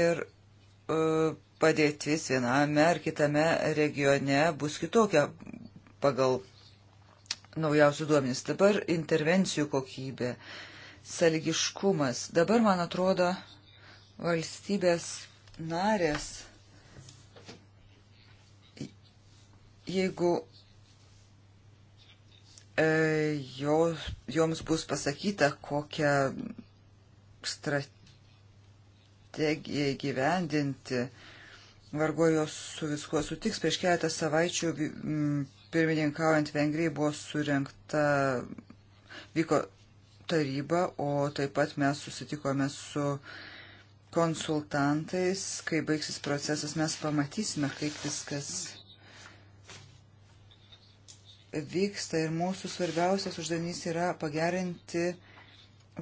Ir uh, padėtis viename ar kitame regione bus kitokia pagal naujausių duomenys. Dabar intervencijų kokybė, saligiškumas. Dabar, man atrodo, valstybės narės, jeigu e, jo, joms bus pasakyta, kokią strategiją įgyvendinti, vargu jos su viskuo sutiks. Prieš keletą savaičių. M, pirmininkaujant Vengrijai buvo surinkta, vyko taryba, o taip pat mes susitikome su konsultantais. Kai baigsis procesas, mes pamatysime, kaip viskas vyksta ir mūsų svarbiausias uždavinys yra pagerinti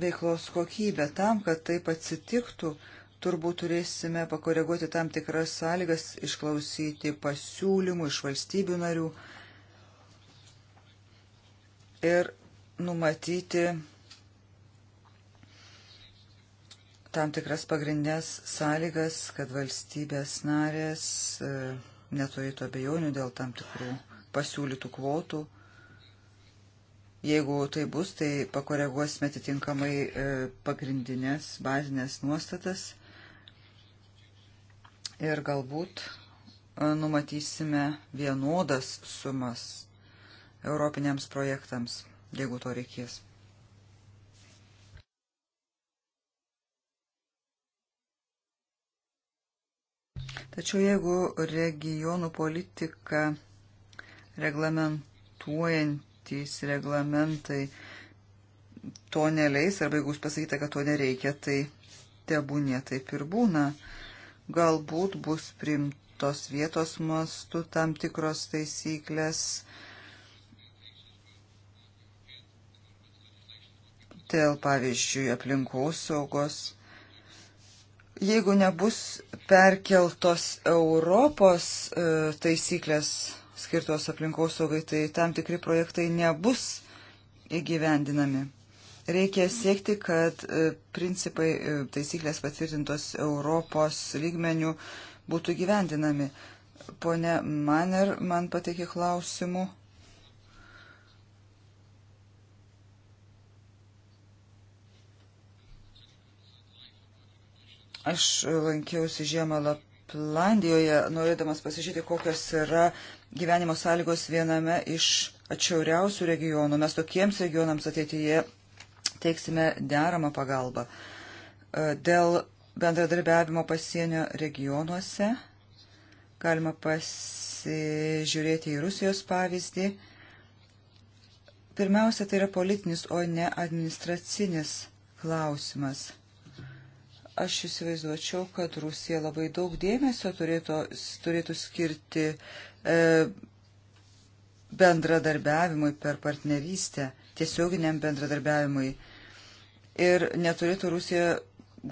veiklos kokybę. Tam, kad taip atsitiktų, turbūt turėsime pakoreguoti tam tikras sąlygas, išklausyti pasiūlymų iš valstybių narių ir numatyti tam tikras pagrindinės sąlygas, kad valstybės narės e, neturėtų abejonių dėl tam tikrų pasiūlytų kvotų. Jeigu tai bus, tai pakoreguosime atitinkamai e, pagrindinės bazinės nuostatas ir galbūt e, numatysime vienodas sumas europiniams projektams, jeigu to reikės. Tačiau jeigu regionų politika reglamentuojantys reglamentai to neleis, arba jeigu jūs pasakyte, kad to nereikia, tai tebūnė taip ir būna. Galbūt bus primtos vietos mastu tam tikros taisyklės, dėl, pavyzdžiui, aplinkos saugos. Jeigu nebus perkeltos Europos e, taisyklės skirtos aplinkos saugai, tai tam tikri projektai nebus įgyvendinami. Reikia siekti, kad e, principai e, taisyklės patvirtintos Europos lygmenių būtų gyvendinami. Pone Maner man pateikė klausimų Aš lankiausi žiemą Laplandijoje, norėdamas pasižiūrėti, kokios yra gyvenimo sąlygos viename iš atšiauriausių regionų. Mes tokiems regionams ateityje teiksime deramą pagalbą. E, dėl bendradarbiavimo pasienio regionuose galima pasižiūrėti į Rusijos pavyzdį. Pirmiausia, tai yra politinis, o ne administracinis klausimas. Aš įsivaizduočiau, kad Rusija labai daug dėmesio turėtų, turėtų skirti e, bendradarbiavimui per partnerystę, tiesioginiam bendradarbiavimui. Ir neturėtų Rusija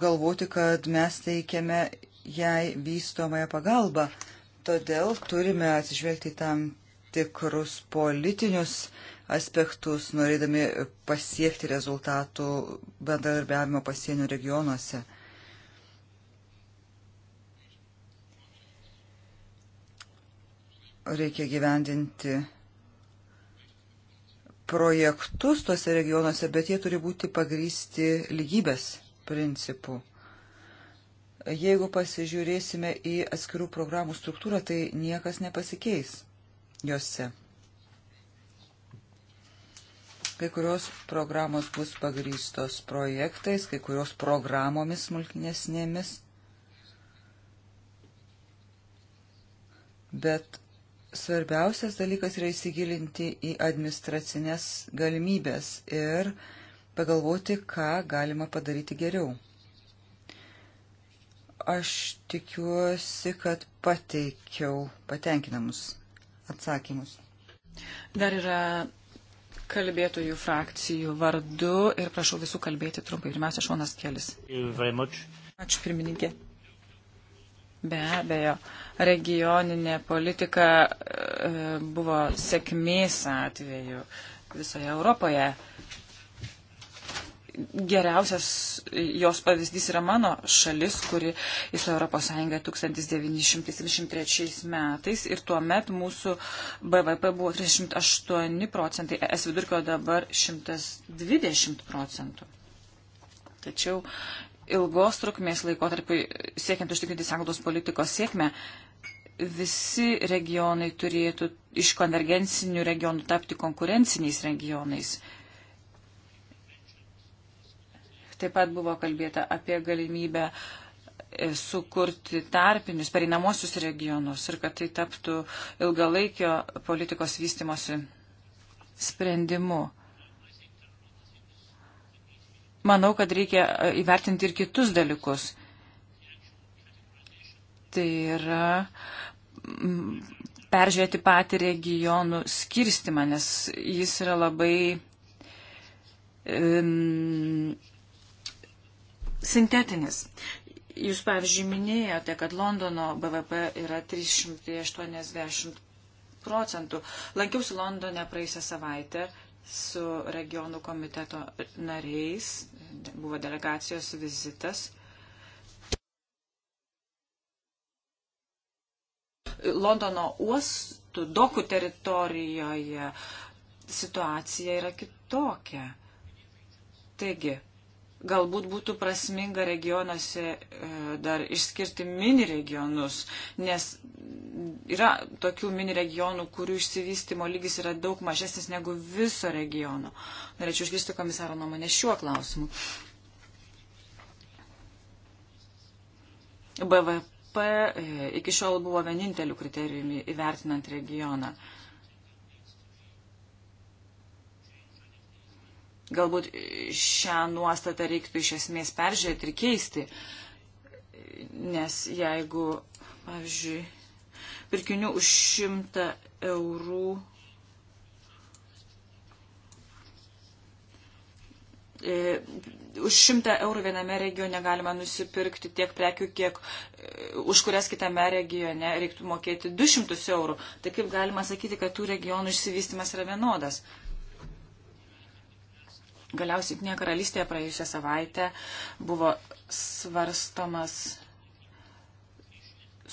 galvoti, kad mes teikiame jai vystomąją pagalbą. Todėl turime atsižvelgti tam tikrus politinius aspektus, norėdami pasiekti rezultatų bendradarbiavimo pasienio regionuose. reikia gyvendinti projektus tuose regionuose, bet jie turi būti pagrysti lygybės principų. Jeigu pasižiūrėsime į atskirų programų struktūrą, tai niekas nepasikeis juose. Kai kurios programos bus pagrystos projektais, kai kurios programomis smulkinesnėmis. Bet Svarbiausias dalykas yra įsigilinti į administracinės galimybės ir pagalvoti, ką galima padaryti geriau. Aš tikiuosi, kad pateikiau patenkinamus atsakymus. Dar yra kalbėtojų frakcijų vardu ir prašau visų kalbėti trumpai. Pirmiausia, Šonas Kelis. Ačiū pirmininkė. Be abejo, regioninė politika e, buvo sėkmės atveju visoje Europoje. Geriausias jos pavyzdys yra mano šalis, kuri įstojo Europos Sąjungą 1973 metais ir tuo met mūsų BVP buvo 38 procentai, es vidurkio dabar 120 procentų. Tačiau ilgos trukmės laikotarpiu, siekiant užtikrinti sąnaudos politikos sėkmę, visi regionai turėtų iš konvergencinių regionų tapti konkurenciniais regionais. Taip pat buvo kalbėta apie galimybę e, sukurti tarpinius pereinamosius regionus ir kad tai taptų ilgalaikio politikos vystimosi sprendimu manau, kad reikia e, įvertinti ir kitus dalykus. Tai yra peržiūrėti patį regionų skirstimą, nes jis yra labai um, sintetinis. Jūs, pavyzdžiui, minėjote, kad Londono BVP yra 380 procentų. Lankiausi Londone praeisę savaitę su regionų komiteto nariais, buvo delegacijos vizitas. Londono uostų, dokų teritorijoje situacija yra kitokia. Taigi, galbūt būtų prasminga regionuose e, dar išskirti mini regionus, nes yra tokių mini regionų, kurių išsivystimo lygis yra daug mažesnis negu viso regiono. Norėčiau išgirsti komisaro nuomonę šiuo klausimu. BVP e, iki šiol buvo vieninteliu kriterijumi įvertinant regioną. Galbūt šią nuostatą reiktų iš esmės peržiūrėti ir keisti, nes jeigu, pavyzdžiui, pirkinių už 100 eurų e, už 100 eurų viename regione galima nusipirkti tiek prekių, kiek e, už kurias kitame regione reiktų mokėti 200 eurų. Tai kaip galima sakyti, kad tų regionų išsivystimas yra vienodas? Galiausiai Junktinėje karalystėje praėjusią savaitę buvo svarstomas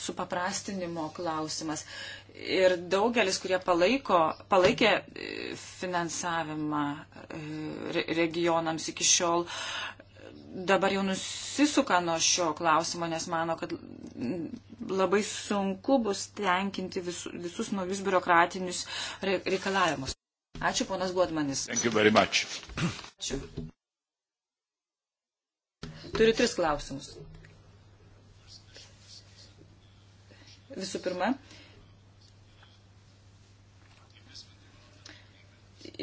supaprastinimo klausimas. Ir daugelis, kurie palaiko, palaikė e, finansavimą e, regionams iki šiol, dabar jau nusisuka nuo šio klausimo, nes mano, kad labai sunku bus tenkinti vis, visus naujus biurokratinius reikalavimus. Ačiū, ponas Godmanis. Ačiū. Turiu tris klausimus. Visų pirma,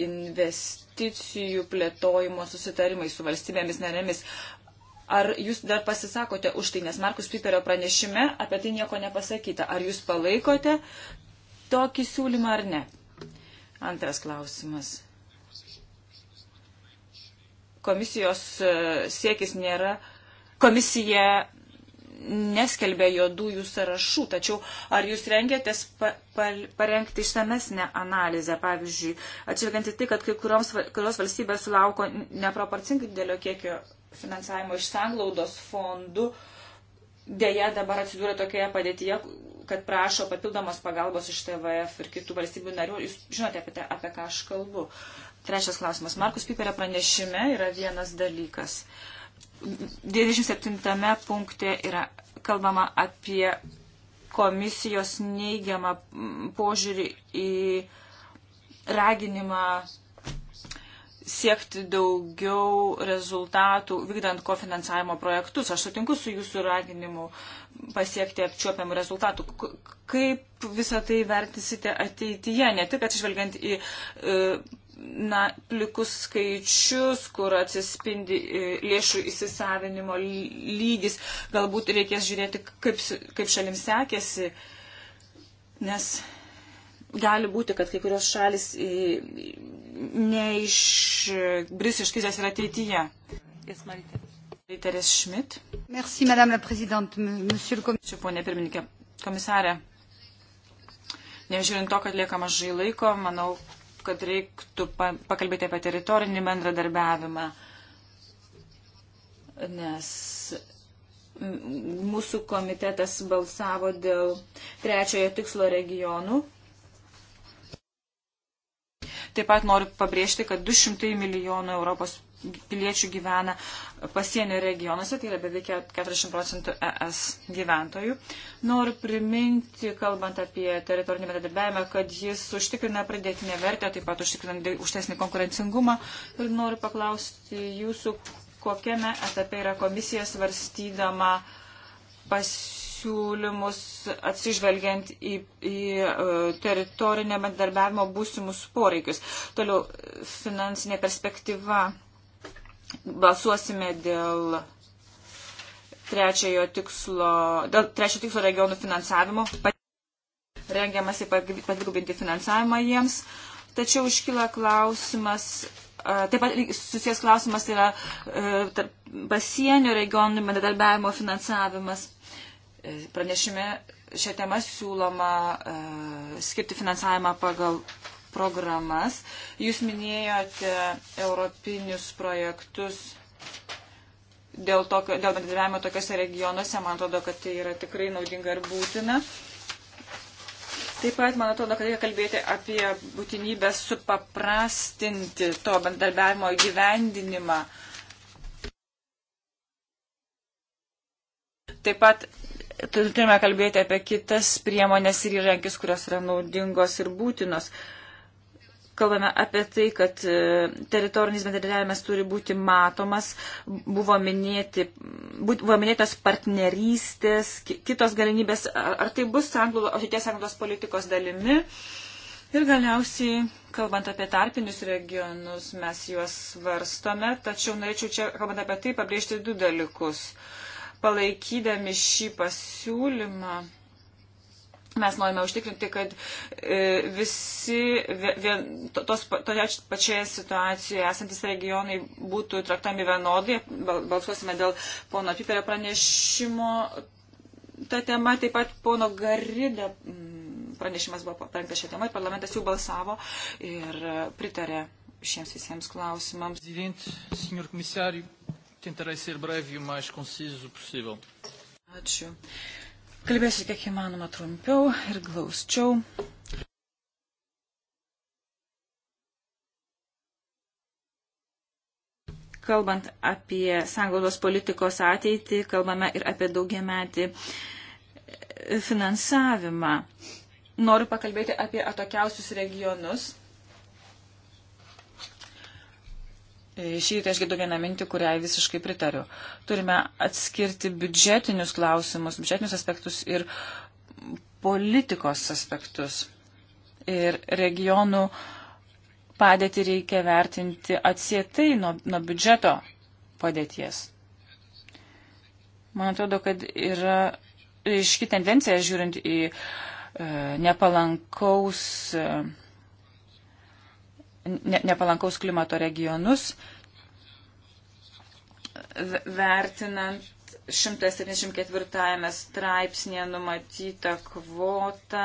investicijų plėtojimo susitarimai su valstybėmis narėmis. Ar jūs dar pasisakote už tai, nes Markus Piperio pranešime apie tai nieko nepasakyta. Ar jūs palaikote tokį siūlymą ar ne? Antras klausimas. Komisijos e, siekis nėra. Komisija neskelbė juodųjų sąrašų, tačiau ar jūs rengiatės pa, pa, parengti išsamesnę analizę, pavyzdžiui, atšvelgiant į tai, kad kai kurioms, kurios valstybės sulauko neproporcingai didelio kiekio finansavimo iš sanglaudos fondų, uh, dėja dabar atsidūrė tokioje padėtyje, kad prašo papildomos pagalbos iš TVF ir kitų valstybių narių. Jūs žinote, apie, te, apie ką aš kalbu. Trečias klausimas. Markus Piperio pranešime yra vienas dalykas. 27 punkte yra kalbama apie komisijos neigiamą požiūrį į raginimą siekti daugiau rezultatų vykdant kofinansavimo projektus. Aš sutinku su jūsų raginimu pasiekti apčiuopiamų rezultatų. Kaip visą tai vertisite ateityje, ne tik atsižvelgiant į e, na, plikus skaičius, kur atsispindi e, lėšų įsisavinimo lygis, galbūt reikės žiūrėti, kaip, kaip šalim sekėsi, nes gali būti, kad kai kurios šalis neišbris iš krizės ir ateityje. Yes, Reiteris Šmit. Merci, madame la prezidente, monsieur le komisarė. Čia, ponė pirmininkė, komisarė, nežiūrint to, kad lieka mažai laiko, manau, kad reiktų pa pakalbėti apie teritorinį bendradarbiavimą, nes mūsų komitetas balsavo dėl trečiojo tikslo regionų Taip pat noriu pabrėžti, kad 200 milijonų Europos piliečių gyvena pasienio regionuose, tai yra beveik 40 procentų ES gyventojų. Noriu priminti, kalbant apie teritorinį bendradarbiavimą, kad jis užtikrina pridėtinę vertę, taip pat užtikrina užtesnį konkurencingumą. Ir noriu paklausti jūsų, kokiame etape yra komisija svarstydama pas pasiūlymus atsižvelgiant į, į e, teritorinio bendarbiavimo būsimus poreikius. Toliau finansinė perspektyva. Balsuosime dėl trečiojo tikslo, dėl trečiojo tikslo regionų finansavimo. Rengiamasi padvigubinti finansavimą jiems. Tačiau iškyla klausimas, e, taip pat susijęs klausimas yra e, pasienio regionų bendradarbiavimo finansavimas. Pranešime šią temą siūloma uh, skirti finansavimą pagal programas. Jūs minėjote europinius projektus dėl, tokio, dėl bendradarbiavimo tokiuose regionuose. Man atrodo, kad tai yra tikrai naudinga ir būtina. Taip pat, man atrodo, kad reikia kalbėti apie būtinybę supaprastinti to bendarbiavimo įgyvendinimą. Uh, Taip pat turime kalbėti apie kitas priemonės ir įrankis, kurios yra naudingos ir būtinos. Kalbame apie tai, kad e, teritorinis bendradarbiavimas turi būti matomas, buvo, minėti, buvo minėtos partnerystės, kitos galimybės, ar tai bus ateities anglos politikos dalimi. Ir galiausiai, kalbant apie tarpinius regionus, mes juos svarstome, tačiau norėčiau čia, kalbant apie tai, pabrėžti du dalykus. Uh, palaikydami šį pasiūlymą mes norime užtikrinti, kad e, visi vien, tos toje pačioje situacijoje esantis regionai būtų traktami vienodai. Balsuosime dėl pono Piperio pranešimo. Ta tema taip pat pono Garida mm, pranešimas buvo parengtas šią temą ir parlamentas jau balsavo ir e, pritarė šiems visiems klausimams. Dvint, Tentarei ser breve e o mais conciso possível. Ačiū. Kalbėsiu kiek įmanoma trumpiau ir glausčiau. Kalbant apie sanglaudos politikos ateitį, kalbame ir apie daugiametį finansavimą. Noriu pakalbėti apie atokiausius regionus Šį rytą aš gidu vieną mintį, kuriai visiškai pritariu. Turime atskirti biudžetinius klausimus, biudžetinius aspektus ir politikos aspektus. Ir regionų padėtį reikia vertinti atsietai nuo, nuo biudžeto padėties. Man atrodo, kad yra iški tendencija žiūrint į e, nepalankaus. E, ne, nepalankaus klimato regionus, vertinant 174 straipsnėje numatytą kvotą.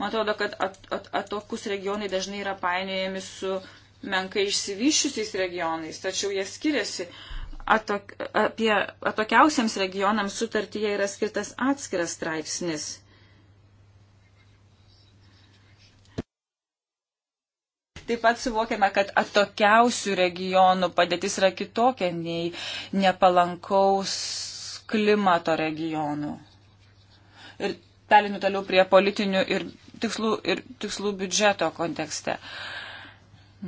Man atrodo, kad at, at, atokus regionai dažnai yra painiojami su menkai išsivyščiusiais regionais, tačiau jie skiriasi. Atok, apie atokiausiams regionams sutartyje yra skirtas atskiras straipsnis. Taip pat suvokiame, kad atokiausių regionų padėtis yra kitokia nei nepalankaus klimato regionų. Ir perinu toliau prie politinių ir tikslų, ir tikslų biudžeto kontekste.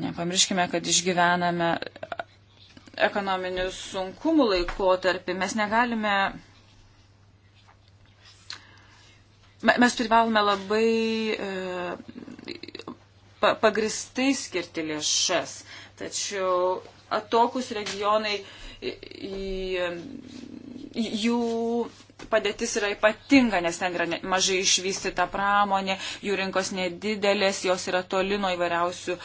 Nepamirškime, kad išgyvename ekonominių sunkumų laikotarpį. Mes negalime. Mes privalome labai e, pa, pagristai skirti lėšas. Tačiau atokus regionai, jų padėtis yra ypatinga, nes ten yra mažai išvystyta pramonė, jų rinkos nedidelės, jos yra toli nuo įvairiausių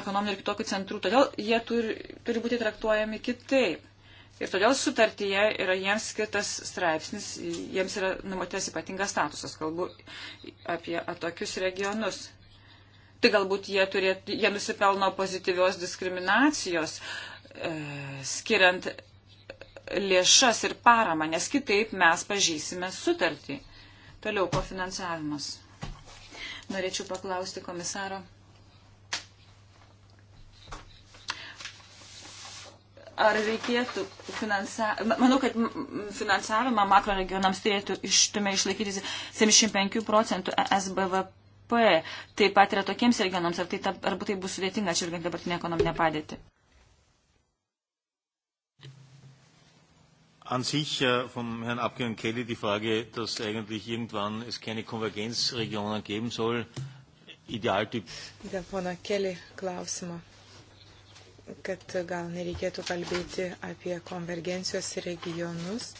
ekonominių ir kitokių centrų, todėl jie turi, turi būti traktuojami kitaip. Ir todėl sutartyje yra jiems skirtas straipsnis, jiems yra numatęs ypatingas statusas, kalbu apie tokius regionus tai galbūt jie, turėt, jie nusipelno pozityvios diskriminacijos, e, skiriant lėšas ir paramą, nes kitaip mes pažysime sutartį. Toliau kofinansavimas. Norėčiau paklausti komisaro. Ar reikėtų finansavimą, manau, kad finansavimą makroregionams turėtų ištume išlaikyti 75 procentų e SBVP BŽUP taip pat yra tokiems regionams, ar tai, ta, ar tai bus sudėtinga, atsižvelgiant dabartinę ekonominę padėtį? An sich äh, vom Herrn Abgeordneten Kelly die Frage, dass eigentlich irgendwann es keine Konvergenzregionen geben soll. Idealtyp. Dėl pono Kelly klausimo, kad gal nereikėtų kalbėti apie konvergencijos regionus,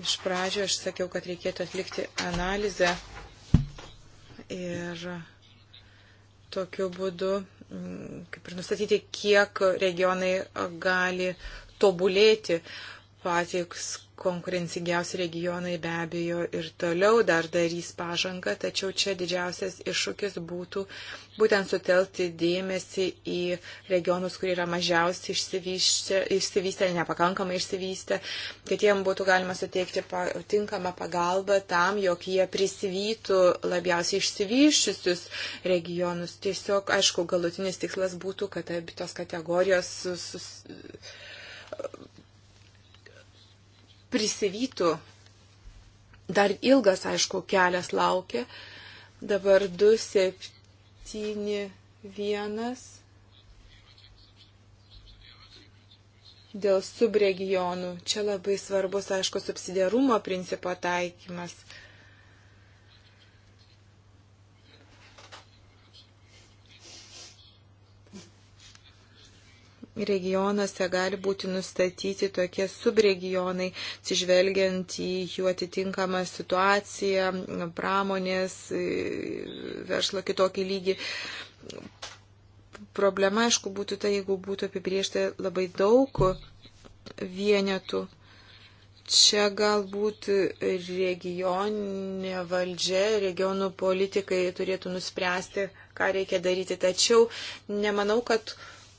Iš pradžio aš sakiau, kad reikėtų atlikti analizę ir tokiu būdu, mm, kaip ir nustatyti, kiek regionai gali tobulėti. Uh, patys konkurencingiausi regionai be abejo ir toliau dar darys pažangą, tačiau čia didžiausias iššūkis būtų būtent sutelkti dėmesį į regionus, kurie yra mažiausiai išsivystę, išsivystę nepakankamai išsivystę, kad jiem būtų galima suteikti pa, tinkamą pagalbą tam, jog jie prisivytų labiausiai išsivyščiusius regionus. Tiesiog, aišku, galutinis tikslas būtų, kad abi tos kategorijos sus, prisivytų. Dar ilgas, aišku, kelias laukia. Dabar 2, 7, 1. Dėl subregionų. Čia labai svarbus, aišku, subsidiarumo principo taikymas. regionuose gali būti nustatyti tokie subregionai, atsižvelgiant į jų atitinkamą situaciją, pramonės, e, verslo kitokį lygį. Problema, aišku, būtų tai, jeigu būtų apibriežta labai daug vienetų čia galbūt regioninė valdžia, regionų politikai turėtų nuspręsti, ką reikia daryti. Tačiau nemanau, kad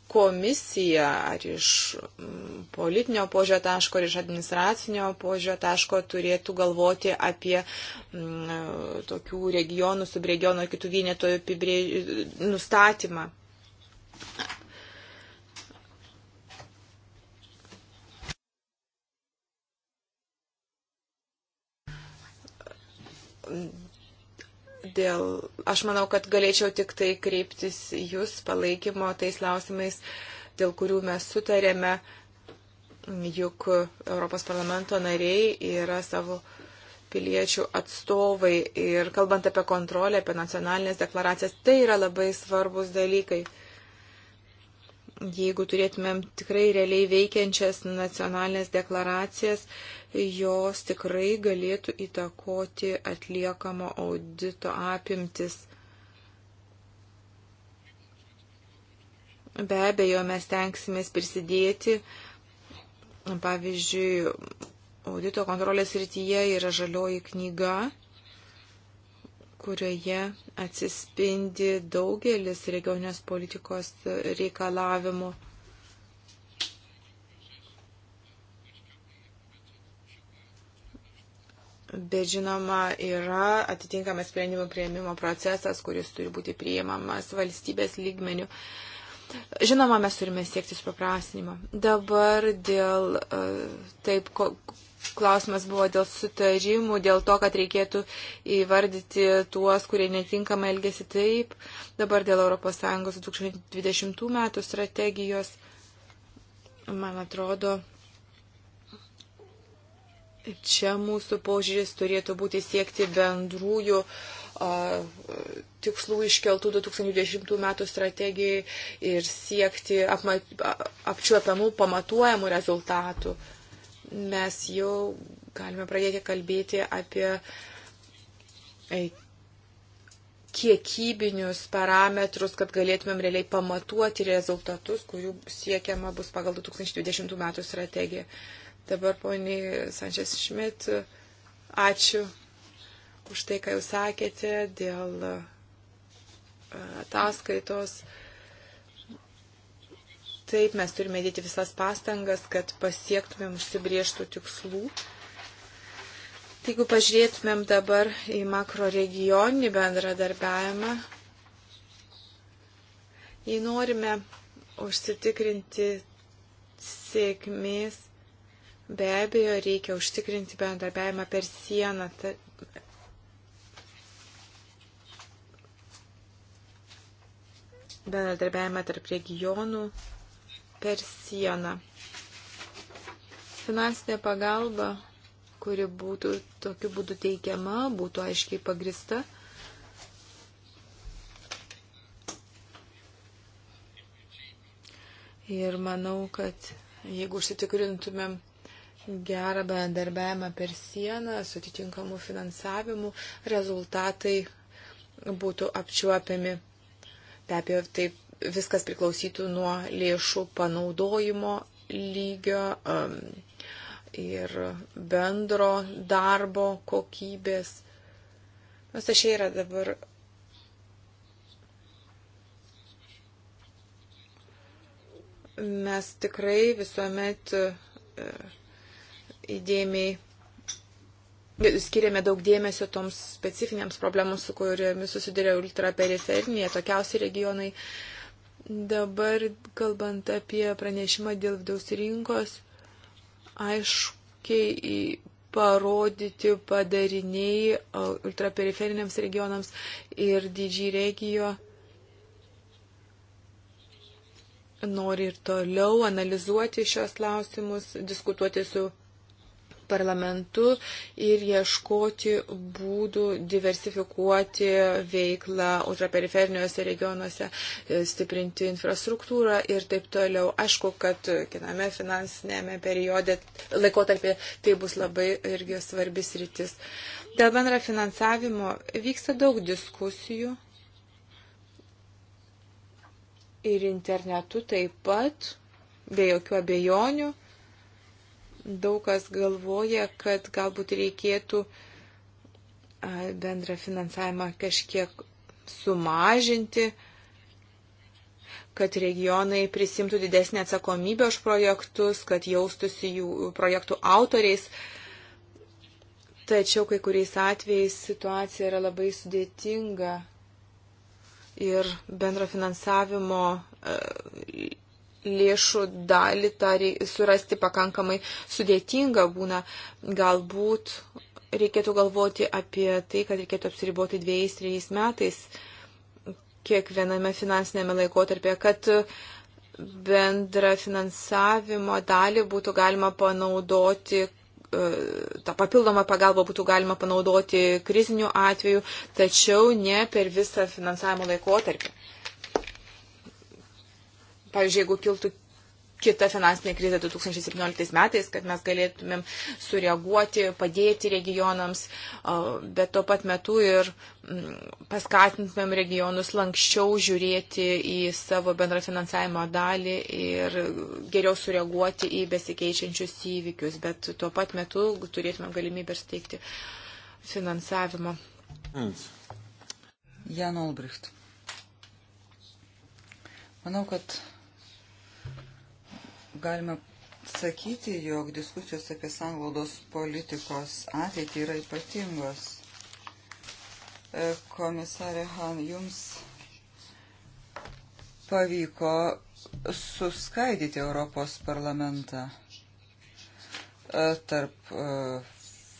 komisija ar iš mm, politinio požio taško, ar iš administracinio požio taško turėtų galvoti apie m, mm, tokių regionų, subregionų ar kitų vienetojų apibrė... nustatymą. Mm Dėl, aš manau, kad galėčiau tik tai kreiptis jūs palaikymo tais klausimais, dėl kurių mes sutarėme, juk Europos parlamento nariai yra savo piliečių atstovai ir kalbant apie kontrolę, apie nacionalinės deklaracijas, tai yra labai svarbus dalykai. Jeigu turėtumėm tikrai realiai veikiančias nacionalinės deklaracijas, jos tikrai galėtų įtakoti atliekamo audito apimtis. Be abejo, mes tenksimės prisidėti, pavyzdžiui, audito kontrolės rytyje yra žalioji knyga, kurioje atsispindi daugelis regioninės politikos reikalavimų. Bet žinoma, yra atitinkamas sprendimų prieimimo procesas, kuris turi būti prieimamas valstybės lygmenių. Žinoma, mes turime siekti supaprastinimo. Dabar dėl, e, taip, klausimas buvo dėl sutarimų, dėl to, kad reikėtų įvardyti tuos, kurie netinkamai elgesi taip. Dabar dėl ES 2020 metų strategijos, man atrodo, Čia mūsų požiūris turėtų būti siekti bendrųjų tikslų iškeltų 2010 metų strategijai ir siekti apma, apčiuopiamų, pamatuojamų rezultatų. Mes jau galime pradėti kalbėti apie kiekybinius parametrus, kad galėtumėm realiai pamatuoti rezultatus, kurių siekiama bus pagal 2020 metų strategiją. Dabar poniai Sančias Šmit, ačiū už tai, ką jūs sakėte dėl e, ataskaitos. Taip, mes turime dėti visas pastangas, kad pasiektumėm užsibrieštų tikslų. Tai jeigu pažiūrėtumėm dabar į makro regioninį bendradarbiavimą, jei norime užsitikrinti sėkmės Be abejo, reikia užtikrinti bendarbiavimą per sieną. Bendradarbiavimą tarp regionų per sieną. Finansinė pagalba, kuri būtų tokiu būdu teikiama, būtų aiškiai pagrista. Ir manau, kad jeigu užsitikrintumėm gerą bendarbiavimą per sieną, su atitinkamu finansavimu, rezultatai būtų apčiuopiami. Be abejo, taip viskas priklausytų nuo lėšų panaudojimo lygio um, ir bendro darbo kokybės. Nors aš yra dabar. Mes tikrai visuomet uh, įdėmiai e, skiriame daug dėmesio toms specifinėms problemams, su kuriomis susiduria ultraperiferinėje, tokiausi regionai. Dabar, kalbant apie pranešimą dėl vidaus rinkos, aiškiai parodyti padariniai e, ultraperiferiniams regionams ir didžiai regijo nori ir toliau analizuoti šios klausimus, diskutuoti su parlamentu ir ieškoti būdų diversifikuoti veiklą ultraperiferiniuose regionuose, e, stiprinti infrastruktūrą ir taip toliau. Aišku, kad kitame finansinėme periode laikotarpė tai bus labai irgi svarbis rytis. Dėl bendra finansavimo vyksta daug diskusijų. Ir internetu taip pat, be jokių abejonių daug kas galvoja, kad galbūt reikėtų bendrą finansavimą kažkiek sumažinti, kad regionai prisimtų didesnį atsakomybę už projektus, kad jaustųsi jų projektų autoriais. Tačiau kai kuriais atvejais situacija yra labai sudėtinga ir bendro finansavimo lėšų dalį tarį, surasti pakankamai sudėtinga būna. Galbūt reikėtų galvoti apie tai, kad reikėtų apsiriboti dviejais, trejais metais kiekviename finansinėme laikotarpėje, kad bendrą finansavimo dalį būtų galima panaudoti e, tą papildomą pagalbą būtų galima panaudoti krizinių atvejų, tačiau ne per visą finansavimo laikotarpį pavyzdžiui, jeigu kiltų kita finansinė krizė 2017 metais, kad mes galėtumėm sureaguoti, padėti regionams, bet tuo pat metu ir mm, paskatintumėm regionus lankščiau žiūrėti į savo bendrafinansavimo dalį ir geriau sureaguoti į besikeičiančius įvykius, bet tuo pat metu turėtumėm galimybę steigti finansavimo. Jan Olbricht. Manau, kad galima sakyti, jog diskusijos apie sanglaudos politikos ateitį yra ypatingos. E, komisarė Han, jums pavyko suskaidyti Europos parlamentą e, tarp e,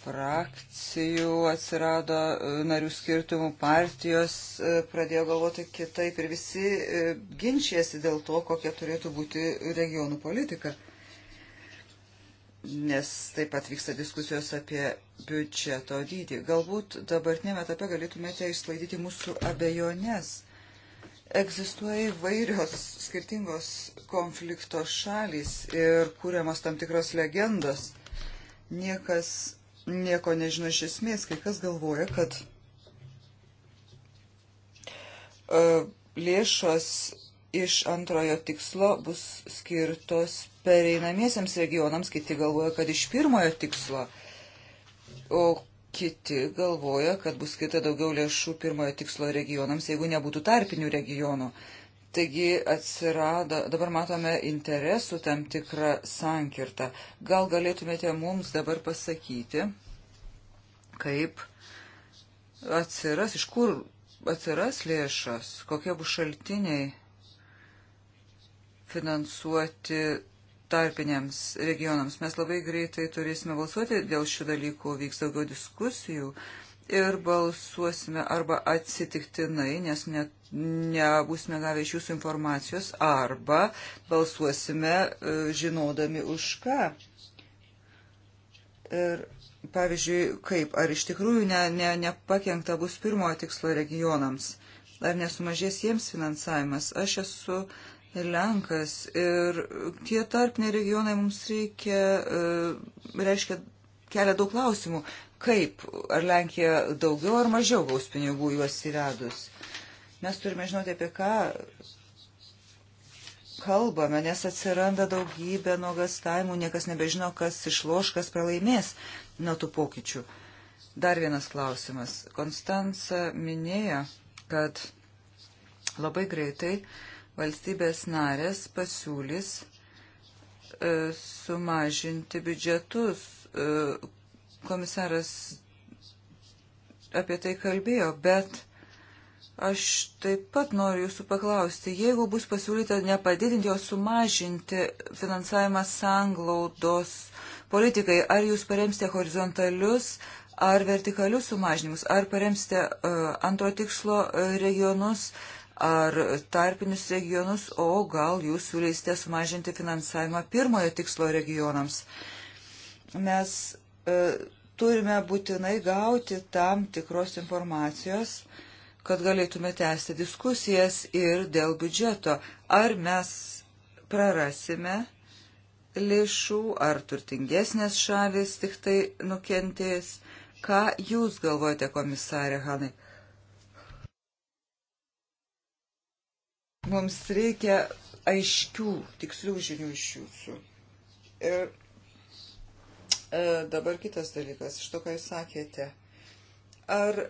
frakcijų atsirado e, narių skirtumų, partijos e, pradėjo galvoti kitaip ir visi e, ginčijasi dėl to, kokia turėtų būti regionų politika. Nes taip pat vyksta diskusijos apie biudžeto dydį. Galbūt dabartinėme etape galėtumėte išsklaidyti mūsų abejonės. Egzistuoja įvairios skirtingos konflikto šalys ir kūriamas tam tikros legendos niekas nieko nežino iš esmės, kai kas galvoja, kad e, lėšos iš antrojo tikslo bus skirtos pereinamiesiams regionams, kiti galvoja, kad iš pirmojo tikslo, o kiti galvoja, kad bus skirta daugiau lėšų pirmojo tikslo regionams, jeigu nebūtų tarpinių regionų. Uh, Taigi atsirado, dabar matome interesų tam tikrą sankirtą. Gal galėtumėte mums dabar pasakyti, kaip atsiras, iš kur atsiras lėšas, kokie bus šaltiniai finansuoti tarpiniams regionams. Mes labai greitai turėsime balsuoti dėl šių dalykų, vyks daugiau diskusijų ir balsuosime arba atsitiktinai, nes net nebusime gavę iš jūsų informacijos arba balsuosime e, žinodami už ką. Ir pavyzdžiui, kaip, ar iš tikrųjų ne, ne, nepakengta bus pirmojo tikslo regionams, ar nesumažės jiems finansavimas. Aš esu Lenkas ir tie tarpiniai regionai mums reikia, e, reiškia, kelia daug klausimų. Kaip, ar Lenkija daugiau ar mažiau gaus pinigų juos įvedus? Mes turime žinoti, apie ką kalbame, nes atsiranda daugybė nuogastavimų, niekas nebežino, kas išloš, kas pralaimės nuo tų pokyčių. Dar vienas klausimas. Konstanca minėjo, kad labai greitai valstybės narės pasiūlys e, sumažinti biudžetus. E, komisaras apie tai kalbėjo, bet Aš taip pat noriu jūsų paklausti, jeigu bus pasiūlyta nepadidinti, o sumažinti finansavimą sanglaudos politikai, ar jūs paremsite horizontalius, ar vertikalius sumažinimus, ar paremsite uh, antro tikslo regionus, ar tarpinius regionus, o gal jūs siūlysite sumažinti finansavimą pirmojo tikslo regionams. Mes uh, turime būtinai gauti tam tikros informacijos. Uh, kad galėtume tęsti diskusijas ir dėl biudžeto. Ar mes prarasime lėšų, ar turtingesnės šalis tik tai nukentės? Ką Jūs galvojate, komisarė Hanai? Mums reikia aiškių, tikslių žinių iš Jūsų. Ir e, dabar kitas dalykas, iš to, ką Jūs sakėte. Ar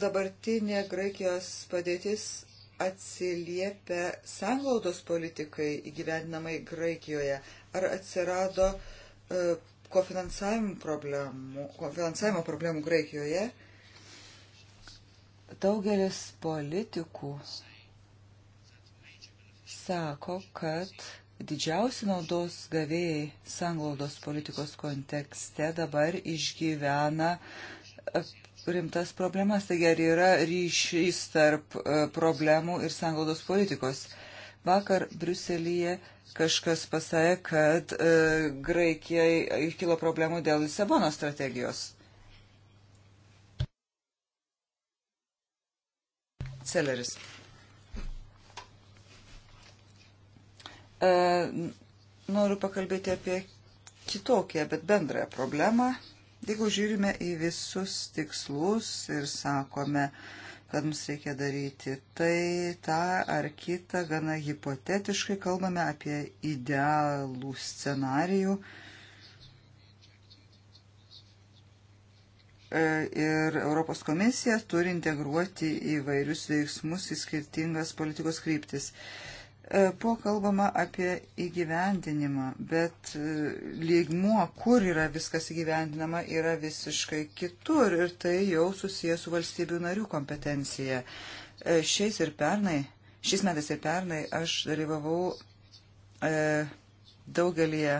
dabartinė Graikijos padėtis atsiliepia sanglaudos politikai įgyvendinamai Graikijoje? Ar atsirado e, kofinansavimo problemų, kofinansavimo problemų Graikijoje? Daugelis politikų sako, kad didžiausi naudos gavėjai sanglaudos politikos kontekste dabar išgyvena rimtas problemas. Taigi ar yra ryšys tarp e, problemų ir sanglaudos politikos? Vakar Briuselyje kažkas pasakė, kad e, Graikijai iškilo problemų dėl Lisabono strategijos. Celeris. E, noriu pakalbėti apie kitokią, bet bendrąją problemą Jeigu žiūrime į visus tikslus ir sakome, kad mums reikia daryti tai, tą ar kitą, gana hipotetiškai kalbame apie idealų scenarijų. E, ir Europos komisija turi integruoti įvairius veiksmus į skirtingas politikos kryptis. Buvo e, kalbama apie įgyvendinimą, bet e, lygmuo, kur yra viskas įgyvendinama, yra visiškai kitur ir tai jau susijęs su valstybių narių kompetencija. E, šiais ir pernai, šiais metais ir pernai aš dalyvavau e, daugelie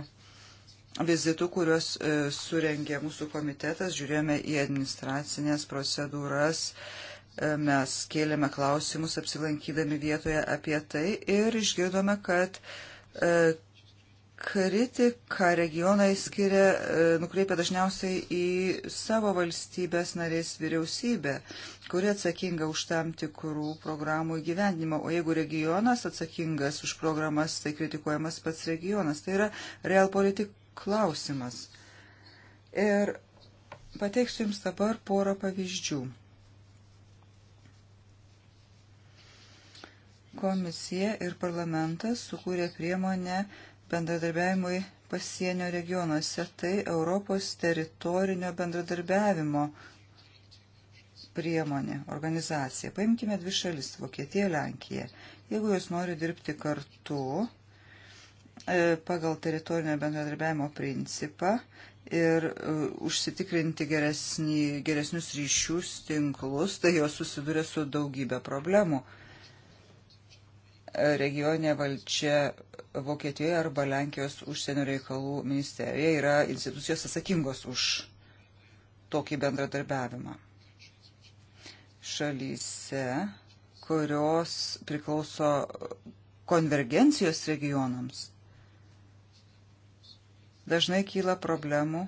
vizitų, kuriuos e, surengė mūsų komitetas, žiūrėjome į administracinės procedūras. E, E, mes kėlėme klausimus apsilankydami vietoje apie tai ir išgirdome, kad e, kritiką regionai skiria, e, nukreipia dažniausiai į savo valstybės narės vyriausybę, kuri atsakinga už tam tikrų programų įgyvendinimą. O jeigu regionas atsakingas už programas, tai kritikuojamas pats regionas. Tai yra real politik klausimas. Ir pateiksiu Jums dabar porą pavyzdžių. Komisija ir parlamentas sukūrė priemonę bendradarbiavimui pasienio regionuose. Tai Europos teritorinio bendradarbiavimo priemonė, organizacija. Paimkime dvi šalis - Vokietiją, Lenkiją. Jeigu jos nori dirbti kartu e, pagal teritorinio bendradarbiavimo principą ir e, užsitikrinti geresnį, geresnius ryšius, tinklus, tai jos susiduria su daugybė problemų regioninė valdžia Vokietijoje arba Lenkijos užsienio reikalų ministerija yra institucijos atsakingos už tokį bendradarbiavimą. Šalyse, kurios priklauso konvergencijos regionams, dažnai kyla problemų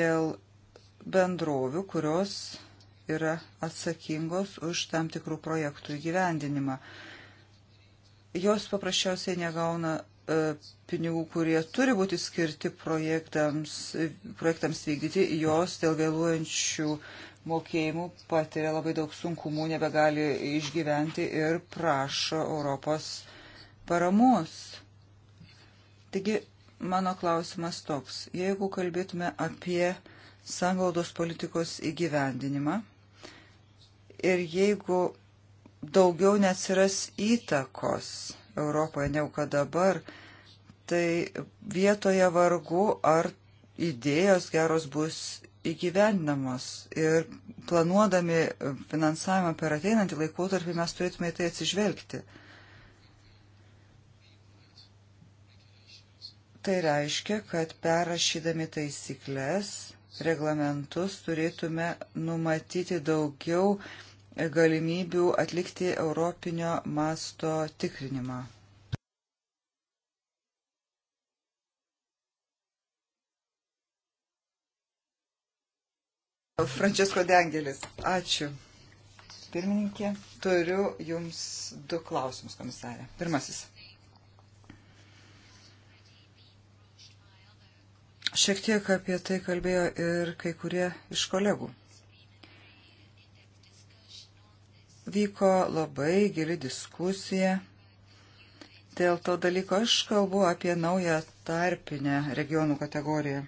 dėl bendrovių, kurios yra atsakingos už tam tikrų projektų įgyvendinimą. Jos paprasčiausiai negauna e, pinigų, kurie turi būti skirti projektams, projektams vykdyti, jos dėl vėluojančių mokėjimų patiria labai daug sunkumų, nebegali išgyventi ir prašo Europos paramos. Taigi, mano klausimas toks. Jeigu kalbėtume apie sanglaudos politikos įgyvendinimą, Ir jeigu daugiau neatsiras įtakos Europoje negu kad dabar, tai vietoje vargu ar idėjos geros bus įgyvendinamos. Ir planuodami finansavimą per ateinantį laikotarpį mes turėtume į tai atsižvelgti. Tai reiškia, kad perrašydami taisyklės, reglamentus turėtume numatyti daugiau galimybių atlikti europinio masto tikrinimą. Frančisko Dengelis, ačiū. Pirmininkė, turiu Jums du klausimus, komisarė. Pirmasis. Šiek tiek apie tai kalbėjo ir kai kurie iš kolegų. Vyko labai gili diskusija. Dėl to dalyko aš kalbu apie naują tarpinę regionų kategoriją.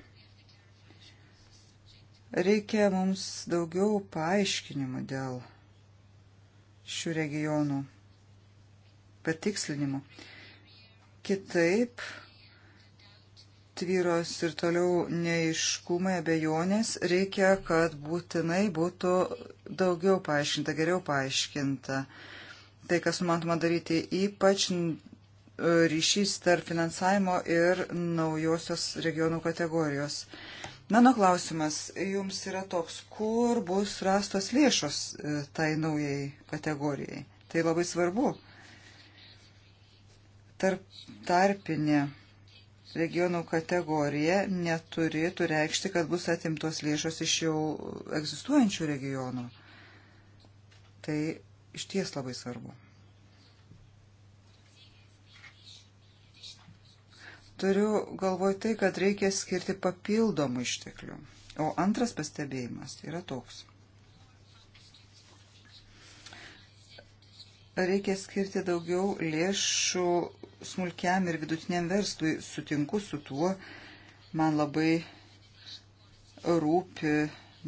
Reikia mums daugiau paaiškinimų dėl šių regionų patikslinimų. Kitaip tvyros ir toliau neiškumai, abejonės, reikia, kad būtinai būtų daugiau paaiškinta, geriau paaiškinta. Tai, kas numatoma daryti, ypač e, ryšys tarp finansavimo ir naujosios regionų kategorijos. Mano klausimas jums yra toks, kur bus rastos lėšos e, tai naujai kategorijai. Tai labai svarbu. Tarp, tarpinė regionų kategorija neturėtų reikšti, kad bus atimtos lėšos iš jau egzistuojančių regionų. Tai iš ties labai svarbu. Turiu galvoj tai, kad reikia skirti papildomų išteklių. O antras pastebėjimas yra toks – Reikia skirti daugiau lėšų smulkiam ir vidutiniam verslui. Sutinku su tuo. Man labai rūpi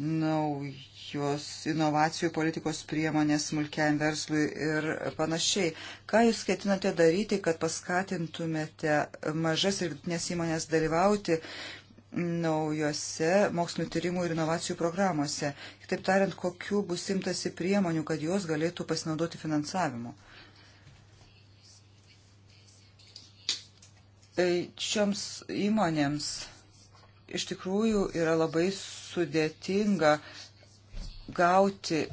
naujos inovacijų politikos priemonės smulkiam verslui ir panašiai. Ką jūs ketinate daryti, kad paskatintumėte mažas ir vidutinės įmonės dalyvauti naujose mokslinio tyrimų ir inovacijų programuose. Kitaip tariant, kokiu bus imtasi priemonių, kad jos galėtų pasinaudoti finansavimu. E, šioms įmonėms iš tikrųjų yra labai sudėtinga gauti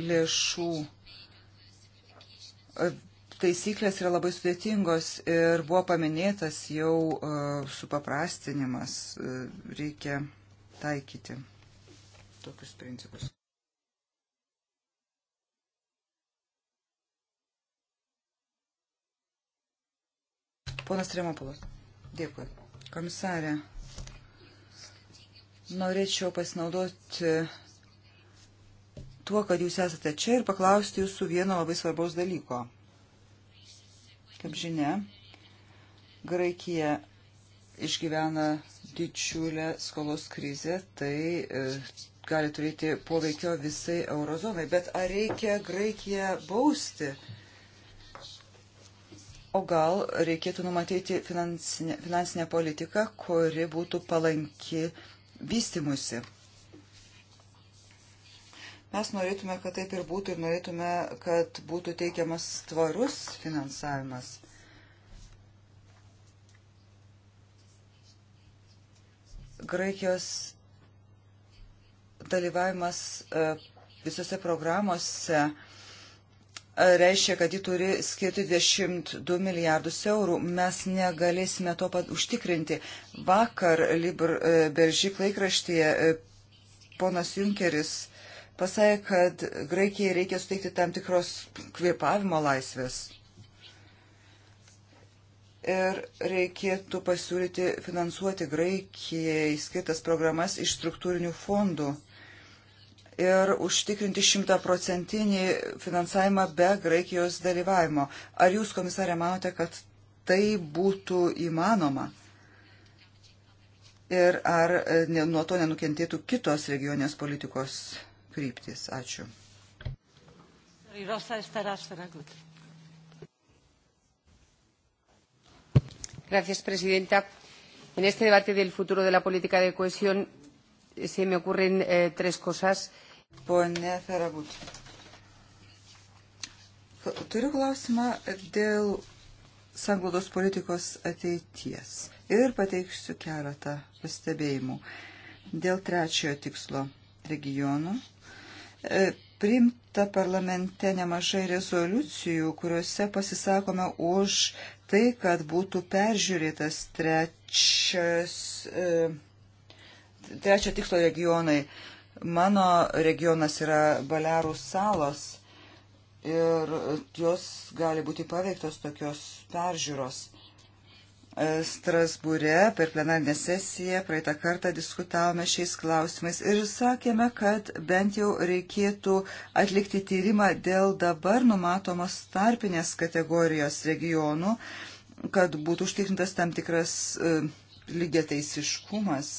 lėšų e, taisyklės yra labai sudėtingos ir buvo paminėtas jau e, supaprastinimas. E, reikia taikyti tokius principus. Ponas Tremopolas. Dėkui. Komisarė, norėčiau pasinaudoti tuo, kad jūs esate čia ir paklausti jūsų vieno labai svarbaus dalyko. Kaip žinia, Graikija išgyvena didžiulę skolos krizę, tai e, gali turėti poveikio visai eurozonai. Bet ar reikia Graikiją bausti? O gal reikėtų numatyti finansinę, finansinę politiką, kuri būtų palanki vystimusi? Mes norėtume, kad taip ir būtų ir norėtume, kad būtų teikiamas tvarus finansavimas. Graikijos dalyvavimas e, visose programuose e, reiškia, kad ji turi skirti 22 milijardus eurų. Mes negalėsime to pat užtikrinti. Vakar Libr e, Beržik laikraštyje ponas Junkeris pasakė, kad Graikijai reikia suteikti tam tikros kvėpavimo laisvės. Ir reikėtų pasiūlyti finansuoti Graikijai skirtas programas iš struktūrinių fondų ir užtikrinti šimtaprocentinį finansavimą be Graikijos dalyvavimo. Ar jūs, komisarė, manote, kad tai būtų įmanoma? Ir ar nuo to nenukentėtų kitos regionės politikos kryptis. Ačiū. Gracias, presidenta. En este debate del futuro de la política de cohesión eh, se me ocurren eh, tres cosas. Pone Feragut. Turiu klausimą dėl sanglaudos politikos ateities ir pateiksiu keletą pastebėjimų. Dėl trečiojo tikslo regionų E, Primta parlamente nemažai rezoliucijų, kuriuose pasisakome už tai, kad būtų peržiūrėtas trečias, e, trečio tikslo regionai. Mano regionas yra Balearų salos ir jos gali būti paveiktos tokios peržiūros. E, Strasbūre per plenarinę sesiją praeitą kartą diskutavome šiais klausimais ir sakėme, kad bent jau reikėtų atlikti tyrimą dėl dabar numatomos tarpinės kategorijos regionų, kad būtų užtikrintas tam tikras e, lygiateisiškumas.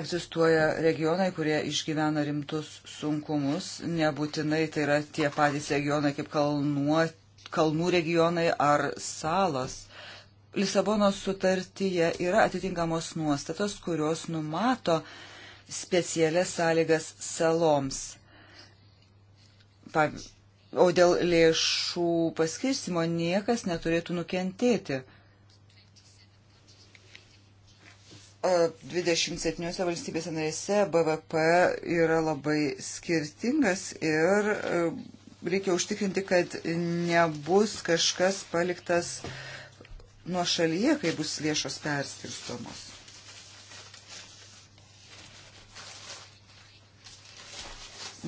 Egzistuoja regionai, kurie išgyvena rimtus sunkumus, nebūtinai tai yra tie patys regionai kaip kalnuoti kalnų regionai ar salos. Lisabonos sutartyje yra atitinkamos nuostatos, kurios numato specialias sąlygas saloms. O dėl lėšų paskirstimo niekas neturėtų nukentėti. 27 valstybėse narėse BVP yra labai skirtingas ir e, reikia užtikrinti, kad nebus kažkas paliktas nuo šalyje, kai bus lėšos perskirstomos.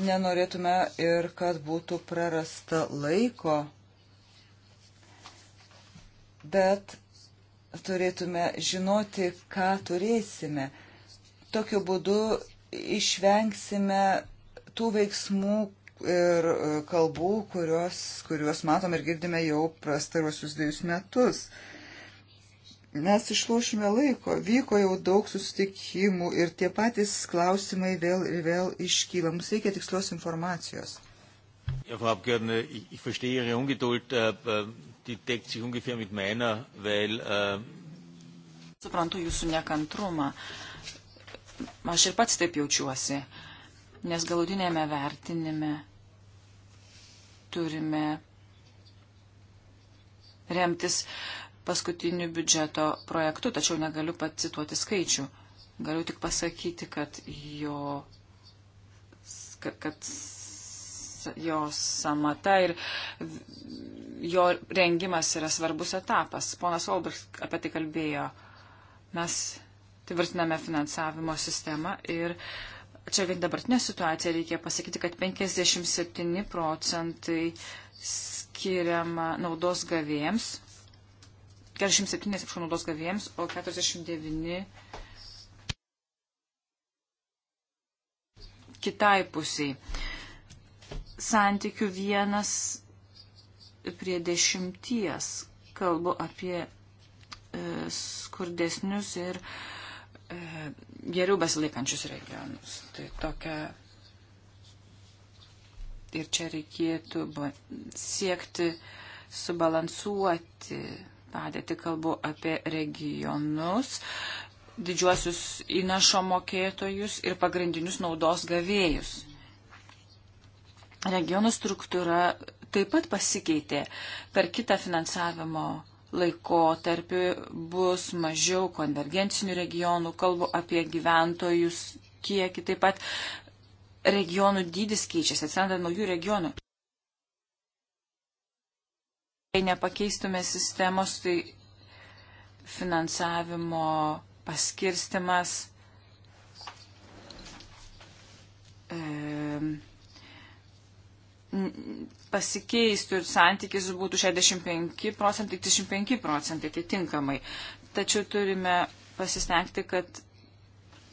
Nenorėtume ir kad būtų prarasta laiko, bet turėtume žinoti, ką turėsime. Tokiu būdu išvengsime tų veiksmų, ir e, kalbų, kurios, kuriuos matom ir girdime jau prastarosius dviejus metus. Mes išlošime laiko, vyko jau daug susitikimų ir tie patys klausimai vėl ir vėl iškyla. Mums reikia tikslios informacijos. Ja, Frau Abgeordnete, ich, ich verstehe Ihre Ungeduld, äh, äh die deckt sich ungefähr mit meiner, weil. Äh Suprantu Jūsų nekantrumą. Aš ir pats taip jaučiuosi, nes galutinėme vertinime turime remtis paskutiniu biudžeto projektu, tačiau negaliu pacituoti skaičių. Galiu tik pasakyti, kad jo, kad, kad jo samata ir jo rengimas yra svarbus etapas. Ponas Olbrichs apie tai kalbėjo. Mes tvirtiname tai finansavimo sistemą ir uh, čia vien dabartinė situacija, reikia pasakyti, kad 57 procentai skiriama naudos gavėjams, 47 atsiprašau naudos gavėjams, o 49 kitai pusiai. Santykių vienas prie dešimties kalbu apie e, skurdesnius ir uh, E, geriau besilaikančius regionus. Tai tokia. Ir čia reikėtų siekti subalansuoti padėtį, kalbu apie regionus, didžiuosius įnašo mokėtojus ir pagrindinius naudos gavėjus. Regionų struktūra taip pat pasikeitė per kitą finansavimo laikotarpiu bus mažiau konvergencinių regionų, kalbu apie gyventojus kiekį, taip pat regionų dydis keičiasi, atsiranda naujų regionų. Jei nepakeistume sistemos, tai finansavimo paskirstimas. E, pasikeistų ir santykis būtų 65 procentai, 35 procentai, tai tinkamai. Tačiau turime pasistengti, kad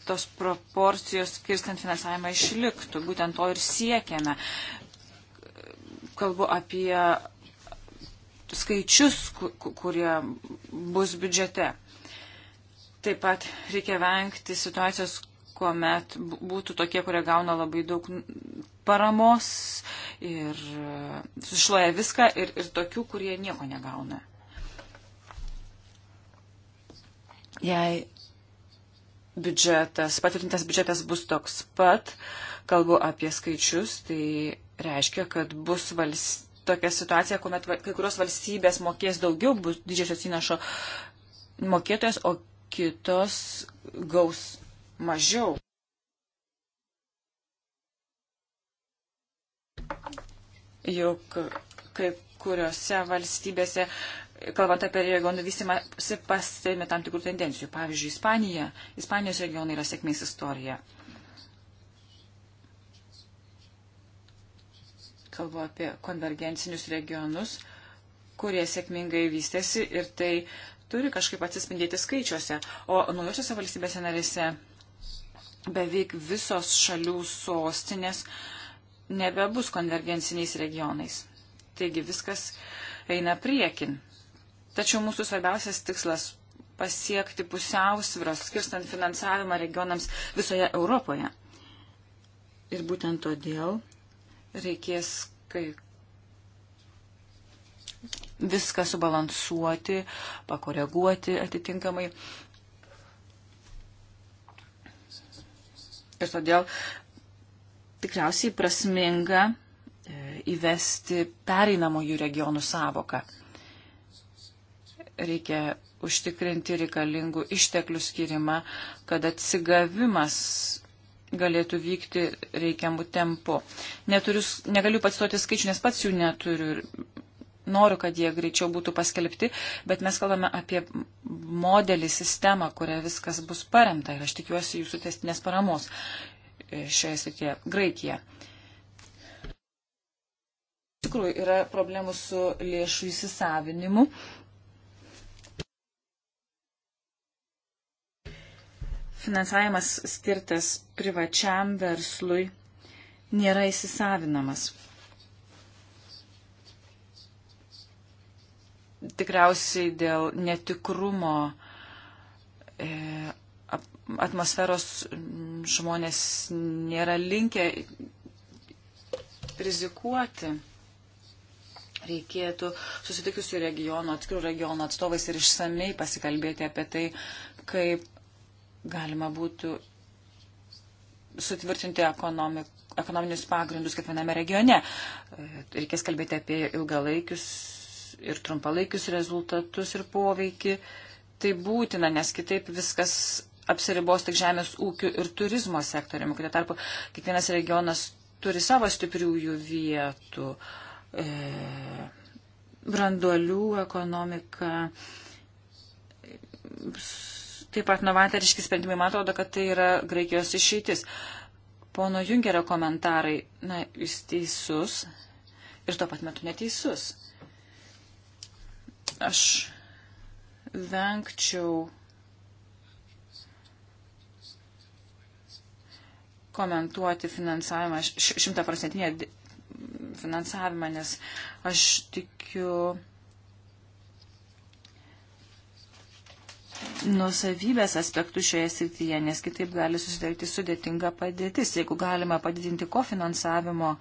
tos proporcijos skirstant finansavimą išliktų. Būtent to ir siekiame. Kalbu apie skaičius, kurie bus biudžete. Taip pat reikia vengti situacijos, kuomet būtų tokie, kurie gauna labai daug paramos ir e, sušluoja viską ir, ir tokių, kurie nieko negauna. Jei biudžetas, patvirtintas biudžetas bus toks pat, kalbu apie skaičius, tai reiškia, kad bus valstybė. Tokia situacija, kuomet kai kurios valstybės mokės daugiau, bus didžiosios įnašo mokėtojas, o kitos gaus mažiau. Juk kai kuriuose valstybėse, kalbant apie regionų vystimąsi, pastebime tam tikrų tendencijų. Pavyzdžiui, Ispanija. Ispanijos regionai yra sėkmės istorija. Kalbu apie konvergencinius regionus, kurie sėkmingai vystėsi ir tai turi kažkaip atsispindėti skaičiuose. O naujosiuose valstybėse narėse beveik visos šalių sostinės nebebus konvergenciniais regionais. Taigi viskas eina priekin. Tačiau mūsų svarbiausias tikslas - pasiekti pusiausvyros, skirstant finansavimą regionams visoje Europoje. Ir būtent todėl reikės kai viską subalansuoti, pakoreguoti atitinkamai. ir todėl tikriausiai prasminga e, įvesti pereinamųjų regionų savoką. Reikia užtikrinti reikalingų išteklių skirimą, kad atsigavimas galėtų vykti reikiamų tempų. Neturiu, negaliu pats stoti skaičių, nes pats jų neturiu noriu, kad jie greičiau būtų paskelbti, bet mes kalbame apie modelį, sistemą, kuria viskas bus paremta ir aš tikiuosi jūsų testinės paramos e, šioje srityje Graikija. Iš tikrųjų, yra problemų su lėšų įsisavinimu. Finansavimas skirtas privačiam verslui nėra įsisavinamas. tikriausiai dėl netikrumo e, atmosferos žmonės nėra linkę rizikuoti. Reikėtų susitikusių regionų, atskirų regionų atstovais ir išsamei pasikalbėti apie tai, kaip galima būtų sutvirtinti ekonomik, ekonominius pagrindus kiekviename regione. E, reikės kalbėti apie ilgalaikius ir trumpalaikius rezultatus ir poveikį. Tai būtina, nes kitaip viskas apsiribos tik žemės ūkių ir turizmo sektoriumi, kurie tarpu kiekvienas regionas turi savo stipriųjų vietų, e, branduolių ekonomika, taip pat novatoriški sprendimai, man atrodo, kad tai yra Graikijos išeitis. Pono Jungerio komentarai, na, jūs teisus ir tuo pat metu neteisus. Aš vengčiau komentuoti finansavimą, šimtaprocentinę finansavimą, nes aš tikiu nusavybės aspektų šioje srityje, nes kitaip gali susidaryti sudėtinga padėtis. Jeigu galima padidinti kofinansavimo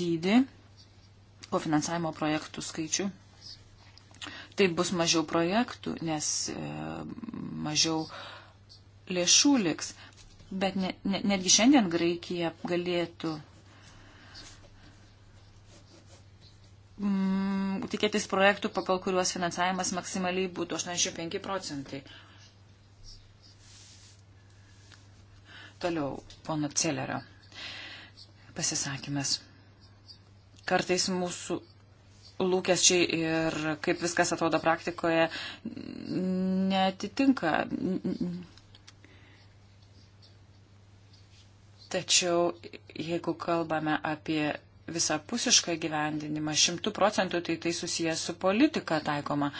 dydį, kofinansavimo projektų skaičių, tai bus mažiau projektų, nes e, mažiau lėšų liks. Bet ne, ne, netgi šiandien Graikija galėtų mm, tikėtis projektų, pagal kuriuos finansavimas maksimaliai būtų 85 procentai. Toliau, pono Celerio pasisakymas. Kartais mūsų lūkesčiai ir kaip viskas atrodo praktikoje netitinka. Tačiau jeigu kalbame apie visapusišką gyvendinimą, šimtų procentų tai tai susijęs su politika taikoma.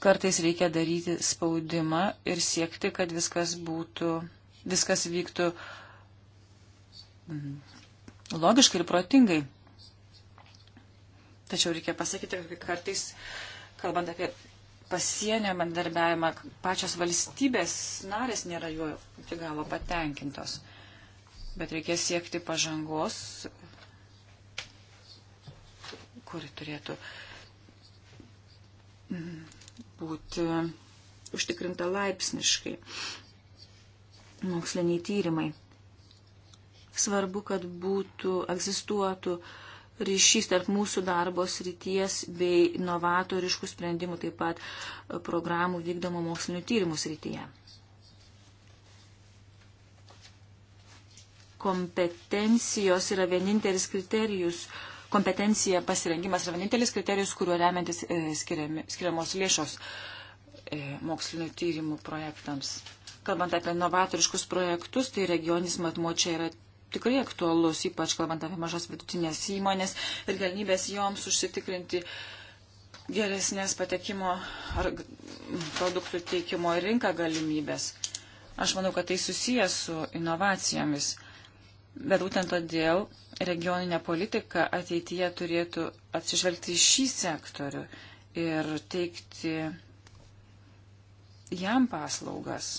Kartais reikia daryti spaudimą ir siekti, kad viskas būtų, viskas vyktų mm, logiškai ir protingai. Tačiau reikia pasakyti, kad kartais, kalbant apie pasienio bendarbiavimą, pačios valstybės narės nėra juo iki galo patenkintos. Bet reikia siekti pažangos, kuri turėtų mm, būti užtikrinta laipsniškai. Moksliniai tyrimai. Svarbu, kad būtų, egzistuotų uh, ryšys tarp mūsų darbo srities bei novatoriškų sprendimų, taip pat e, programų vykdomo mokslinio tyrimų srityje. Kompetencijos yra vienintelis kriterijus, kompetencija pasirengimas yra vienintelis kriterijus, kuriuo remiantis e, skiriami, skiriamos lėšos e, mokslinio tyrimų projektams. Kalbant apie novatoriškus projektus, tai regionis matmo čia yra tikrai aktualus, ypač kalbant apie mažas vidutinės įmonės ir galimybės joms užsitikrinti geresnės patekimo ar produktų teikimo į rinką galimybės. Aš manau, kad tai susijęs su inovacijomis. Bet būtent todėl regioninė politika ateityje turėtų atsižvelgti į šį sektorių ir teikti jam paslaugas.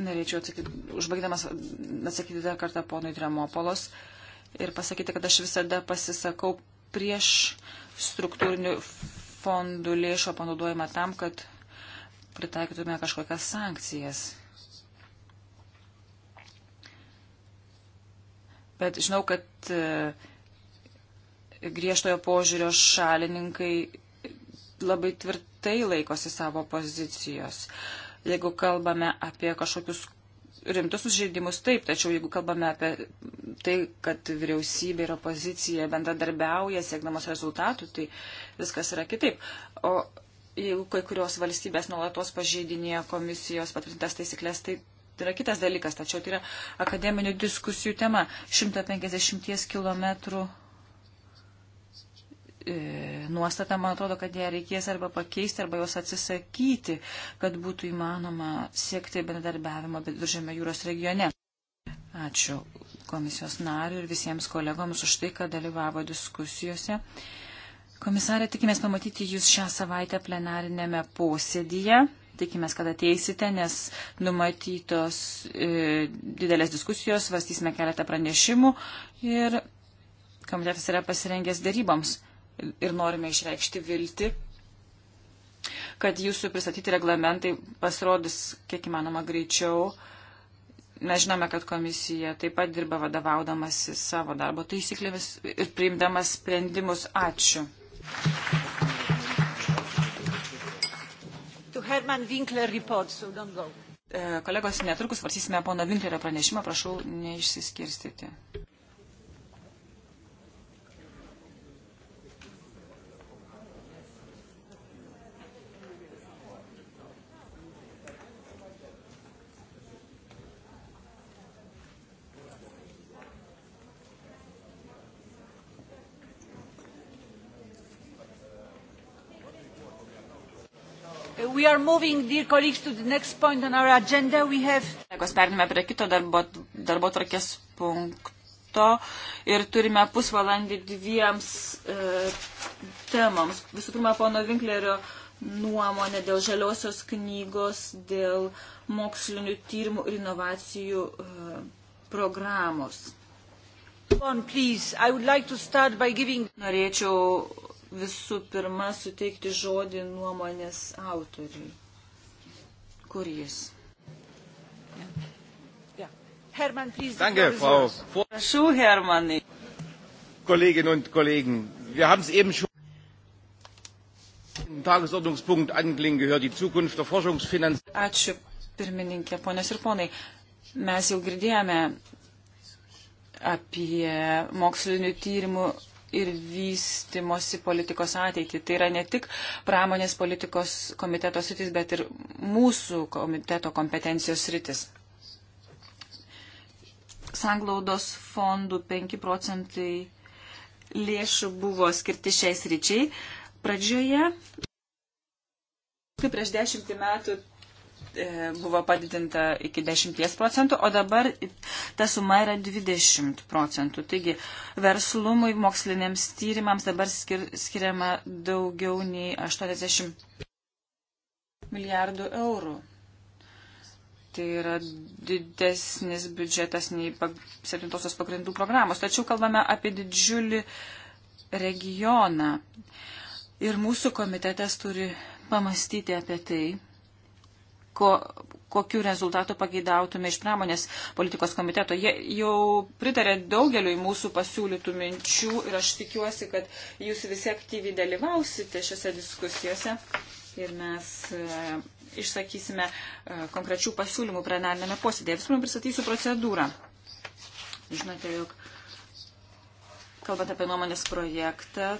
Norėčiau atsakyti, užbaigdamas atsakyti dar kartą ponui Dremopolos ir pasakyti, kad aš visada pasisakau prieš struktūrinių fondų lėšo panaudojimą tam, kad pritaikytume kažkokias sankcijas. Bet žinau, kad e, griežtojo požiūrio šalininkai labai tvirtai laikosi savo pozicijos. Uh, Jeigu kalbame apie kažkokius rimtus sužeidimus, taip, tačiau jeigu kalbame apie tai, kad vyriausybė ir opozicija bendradarbiauja siekdamas rezultatų, tai viskas yra kitaip. O jeigu kai kurios valstybės nuolatos pažeidinėja komisijos patvirtintas taisyklės, tai Tai yra kitas dalykas, tačiau tai yra akademinių diskusijų tema. 150 km E, nuostata, man atrodo, kad ją reikės arba pakeisti, arba jos atsisakyti, kad būtų įmanoma siekti bendradarbiavimo Viduržėme jūros regione. Ačiū komisijos nariu ir visiems kolegoms už tai, kad dalyvavo diskusijose. Komisarė, tikimės pamatyti Jūs šią savaitę plenarinėme posėdyje. Tikimės, kad ateisite, nes numatytos e, didelės diskusijos, varstysime keletą pranešimų ir komitetas yra pasirengęs daryboms ir norime išreikšti viltį, kad jūsų pristatyti reglamentai pasirodys kiek įmanoma greičiau. Mes žinome, kad komisija taip pat dirba vadovaudamasi savo darbo taisyklėmis ir priimdamas sprendimus. Ačiū. Report, so e, Kolegos, netrukus varsysime pono Winklerio pranešimą, prašau neišsiskirstyti. Moving, agenda, have... Kolegos, perėmėme prie kito darbo, darbo tvarkės punkto ir turime pusvalandį dviems e, temams. Visų pirma, pono Vinklerio nuomonė dėl žaliosios knygos, dėl mokslinių tyrimų ir inovacijų e, programos. On, like giving... Norėčiau visų pirma suteikti žodį nuomonės autoriui. Kur jis? Herman, please. Danke, Frau. Prašau, Hermanai. Kolleginnen und Kollegen, wir haben es eben schon im Tagesordnungspunkt anklingen gehört, die Zukunft der Forschungsfinanzierung. Ačiū, pirmininkė, ponios ir ponai. Mes jau girdėjome apie mokslinių tyrimų ir vystimosi politikos ateitį. Tai yra ne tik pramonės politikos komiteto sritis, bet ir mūsų komiteto kompetencijos sritis. Sanglaudos fondų 5 procentai lėšų buvo skirti šiais ryčiai. Pradžioje, kaip prieš dešimtį metų, E, buvo padidinta iki 10 procentų, o dabar ta suma yra 20 procentų. Taigi verslumui, moksliniams tyrimams dabar skir, skiriama daugiau nei 80 milijardų eurų. Tai yra didesnis biudžetas nei septintosios pagrindų programos. Tačiau kalbame apie didžiulį regioną. Ir mūsų komitetas turi pamastyti apie tai, ko, kokiu rezultatu pageidautume iš pramonės politikos komiteto. Jie jau pritarė daugeliu į mūsų pasiūlytų minčių ir aš tikiuosi, kad jūs visi aktyviai dalyvausite šiuose diskusijose ir mes e, išsakysime e, konkrečių pasiūlymų plenarinėme posėdėje. Visų pirma, pristatysiu procedūrą. Žinote, jog kalbant apie nuomonės projektą,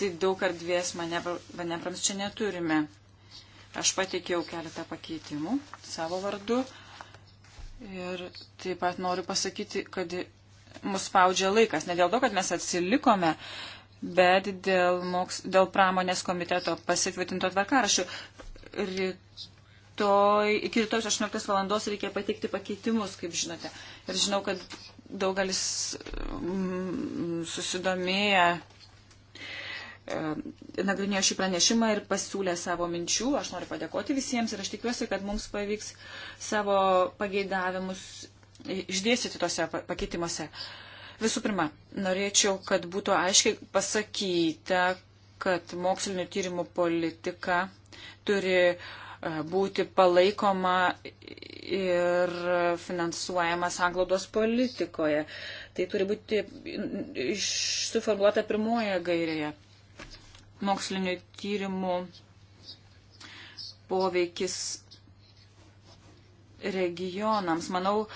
tai daug ardvės manevrams čia neturime. Aš patikėjau keletą pakeitimų savo vardu ir taip pat noriu pasakyti, kad mus spaudžia laikas. Ne dėl to, kad mes atsilikome, bet dėl, moks, dėl pramonės komiteto pasitvirtinto tvarkarašių. Rytoj, iki rytoj 18 valandos reikia pateikti pakeitimus, kaip žinote. Ir žinau, kad daugelis mm, susidomėję E, nagrinėjo šį pranešimą ir pasiūlė savo minčių. Aš noriu padėkoti visiems ir aš tikiuosi, kad mums pavyks savo pageidavimus išdėstyti tose pakeitimuose. Visų pirma, norėčiau, kad būtų aiškiai pasakyta, kad mokslinio tyrimų politika turi e, būti palaikoma ir finansuojama sanglaudos politikoje. Tai turi būti suformuoluota pirmoje gairėje mokslinio tyrimų poveikis regionams. Manau,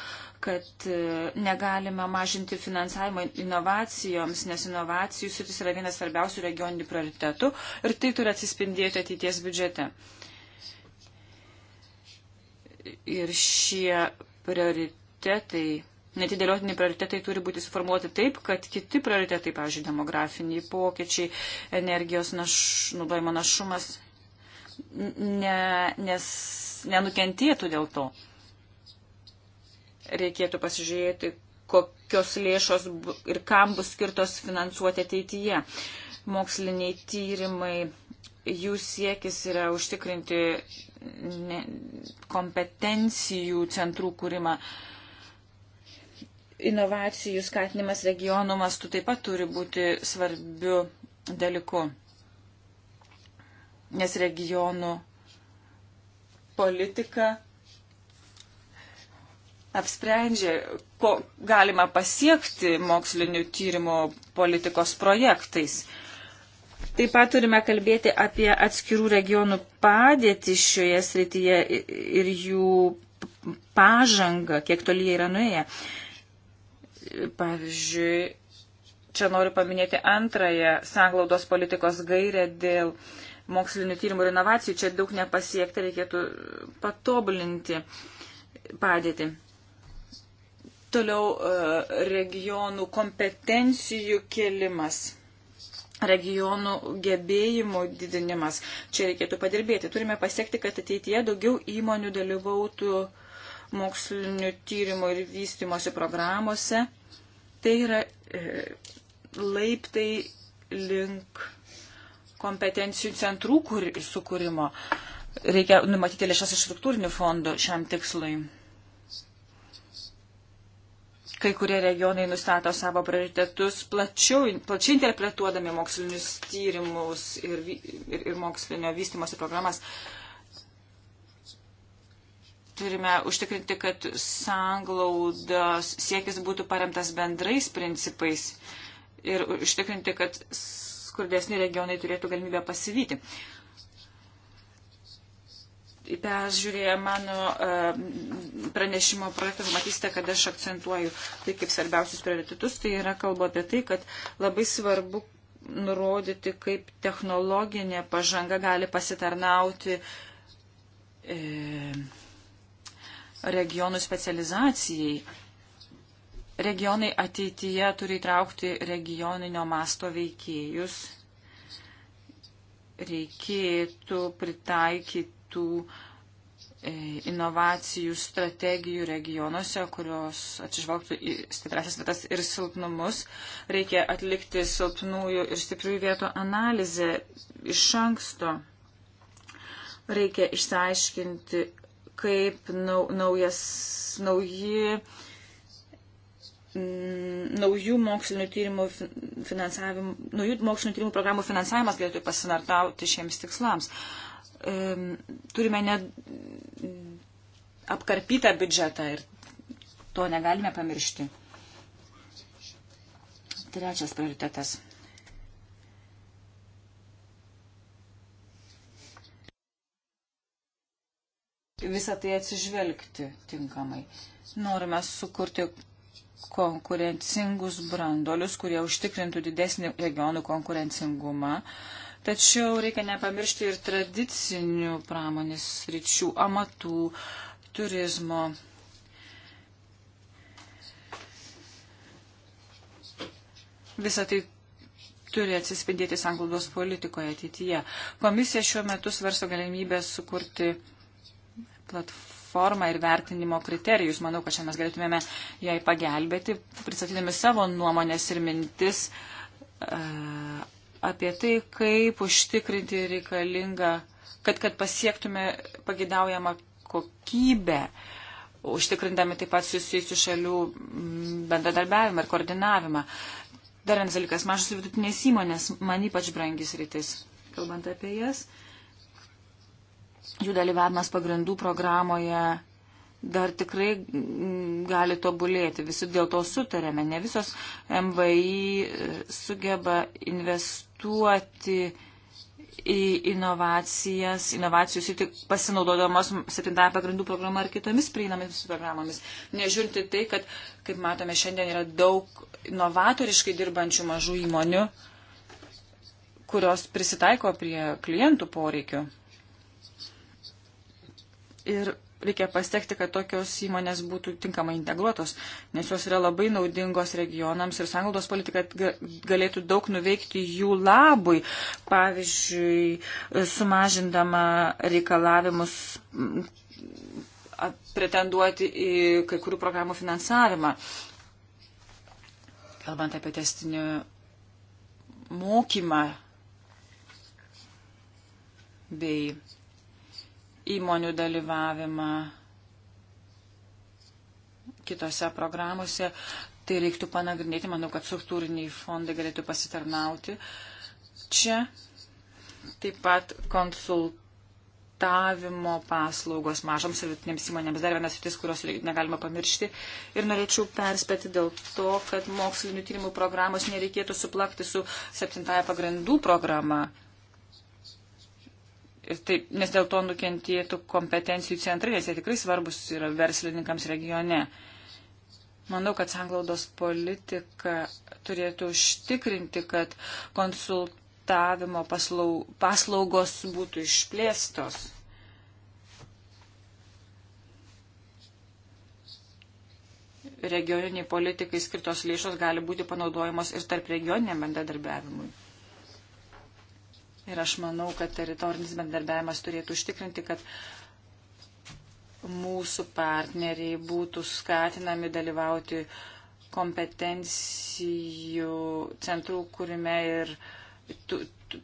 kad e, negalime mažinti finansavimo inovacijoms, nes inovacijų sritis yra vienas svarbiausių regioninių prioritetų ir tai turi atsispindėti ateities biudžete. Ir šie prioritetai Netidėliotiniai prioritetai turi būti suformuoti taip, kad kiti prioritetai, pavyzdžiui, demografiniai pokyčiai, energijos naš, naudojimo našumas, ne, nes, nenukentėtų dėl to. Reikėtų pasižiūrėti, kokios lėšos ir kam bus skirtos finansuoti ateityje. Moksliniai tyrimai, jų siekis yra užtikrinti kompetencijų centrų kūrimą. Uh, inovacijų skatinimas regionų mastu taip pat turi būti svarbiu dalyku, nes regionų politika apsprendžia, ko galima pasiekti mokslinių tyrimų politikos projektais. Taip pat turime kalbėti apie atskirų regionų padėtį šioje srityje ir jų pažangą, kiek toli jie yra nuėję. Pavyzdžiui, čia noriu paminėti antrąją sanglaudos politikos gairę dėl mokslinių tyrimų ir inovacijų. Čia daug nepasiekta, reikėtų patobulinti padėtį. Toliau e, regionų kompetencijų kelimas, regionų gebėjimų didinimas. Čia reikėtų padirbėti. Turime pasiekti, kad ateityje daugiau įmonių dalyvautų mokslinių tyrimų ir vystimosi programuose Tai yra e, laiptai link kompetencijų centrų kur, sukūrimo. Reikia numatyti lėšas iš struktūrinių fondų šiam tikslui. Kai kurie regionai nustato savo prioritetus plačiau, plačiai interpretuodami mokslinius tyrimus ir, ir, ir mokslinio vystimosi programas. Uh, Turime užtikrinti, kad sanglaudos siekis būtų paremtas bendrais principais ir užtikrinti, kad skurdesni regionai turėtų galimybę pasivyti. Peržiūrėję mano e, pranešimo projektą, tai matysite, kad aš akcentuoju tai kaip svarbiausius prioritetus. Tai yra kalba apie tai, kad labai svarbu nurodyti, kaip technologinė pažanga gali pasitarnauti e, regionų specializacijai. Regionai ateityje turi įtraukti regioninio masto veikėjus. Reikėtų pritaikytų e, inovacijų strategijų regionuose, kurios atsižvelgtų į stiprasias vietas ir silpnumus. Reikia atlikti silpnųjų ir stipriųjų vietų analizę iš anksto reikia išsiaiškinti, kaip nau, naujas, nauji, naujų mokslinių tyrimų finansavimo, naujų mokslinių tyrimų programų finansavimas galėtų pasinartauti šiems tikslams. Turime ne apkarpytą biudžetą ir to negalime pamiršti. Trečias prioritetas. visą tai atsižvelgti tinkamai. Norime sukurti konkurencingus brandolius, kurie užtikrintų didesnį regionų konkurencingumą. Tačiau reikia nepamiršti ir tradicinių pramonės ryčių, amatų, turizmo. Visą tai turi atsispindėti sanglaudos politikoje ateityje. Komisija šiuo metu svarsto galimybę sukurti platformą ir vertinimo kriterijus. Manau, kad čia mes galėtumėme jai pagelbėti, pristatydami savo nuomonės ir mintis e, apie tai, kaip užtikrinti reikalingą, kad, kad pasiektume pagidaujamą kokybę, užtikrindami taip pat susijusių šalių mm, bendradarbiavimą ir koordinavimą. Dar vienas dalykas, mažas ir vidutinės įmonės, man ypač brangis rytis, kalbant apie jas. Uh, jų dalyvavimas pagrindų programoje dar tikrai mm, gali tobulėti. Visi dėl to sutarėme. Ne visos MVI e, sugeba investuoti į inovacijas, inovacijų sitį pasinaudodamos septintąją pagrindų programą ar kitomis prieinamomis programomis. Nežiūrinti tai, kad, kaip matome, šiandien yra daug inovatoriškai dirbančių mažų įmonių, kurios prisitaiko prie klientų poreikių ir reikia pasiekti, kad tokios įmonės būtų tinkamai integruotos, nes jos yra labai naudingos regionams ir sąnaudos politika galėtų daug nuveikti jų labui, pavyzdžiui, sumažindama reikalavimus pretenduoti į kai kurių programų finansavimą. Kalbant apie testinį mokymą bei įmonių dalyvavimą kitose programuose. Tai reiktų panagrinėti, manau, kad struktūriniai fondai galėtų pasitarnauti. Čia taip pat konsultavimo paslaugos mažoms ir vidutinėms įmonėms dar vienas sritis, kurios negalima pamiršti. Ir norėčiau perspėti dėl to, kad mokslinių tyrimų programos nereikėtų suplakti su septintaja pagrindų programa taip, nes dėl to nukentėtų kompetencijų centrai, nes jie tikrai svarbus yra verslininkams regione. Manau, kad sanglaudos politika turėtų užtikrinti, kad konsultavimo paslau, paslaugos būtų išplėstos. Regioniniai politikai skirtos lėšos gali būti panaudojamos ir tarp regioniniam bendradarbiavimui. Ir aš manau, kad teritorinis bendarbiavimas turėtų užtikrinti, kad mūsų partneriai būtų skatinami dalyvauti kompetencijų centrų kūrime ir tu, tu,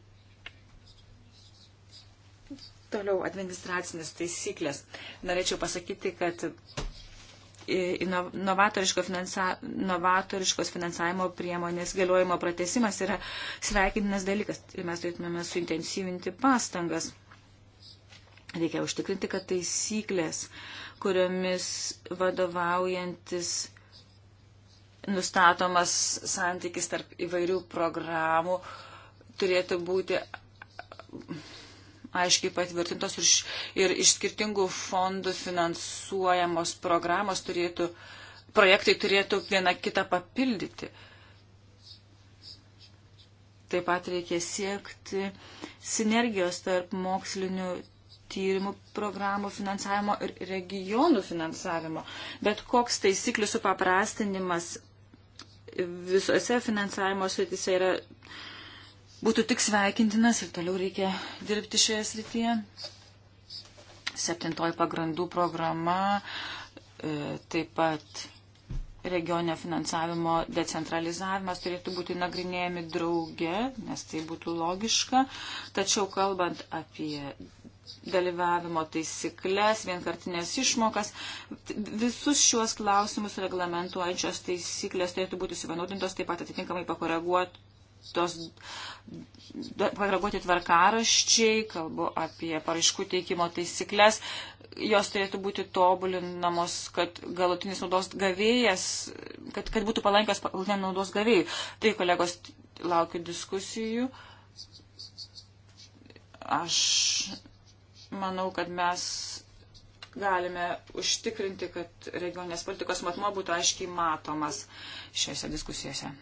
toliau administracinės taisyklės. Norėčiau pasakyti, kad novatoriško finansa, novatoriškos finansavimo priemonės galiojimo pratesimas yra sveikintinas dalykas ir mes turėtumėme suintensyvinti pastangas. Reikia užtikrinti, kad taisyklės, kuriomis vadovaujantis nustatomas santykis tarp įvairių programų turėtų būti aiškiai patvirtintos ir, ir iš skirtingų fondų finansuojamos programos turėtų, projektai turėtų vieną kitą papildyti. Taip pat reikia siekti sinergijos tarp mokslinių tyrimų programų finansavimo ir regionų finansavimo. Bet koks taisyklių supaprastinimas visose finansavimo srityse yra būtų tik sveikintinas ir toliau reikia dirbti šioje srityje. Septintoji pagrindų programa, e, taip pat regioninio finansavimo decentralizavimas turėtų būti nagrinėjami drauge, nes tai būtų logiška. Tačiau kalbant apie dalyvavimo taisyklės, vienkartinės išmokas. Visus šiuos klausimus reglamentuojančios taisyklės turėtų būti suvienodintos, taip pat atitinkamai pakoreguot, tos pareguoti tvarkaraščiai, kalbu apie paraiškų teikimo taisyklės, jos turėtų būti tobulinamos, kad galutinis naudos gavėjas, kad, kad būtų palankios galutiniam naudos gavėjui. Tai, kolegos, laukiu diskusijų. Aš manau, kad mes galime užtikrinti, kad regioninės politikos matmo būtų aiškiai matomas šiuose diskusijose.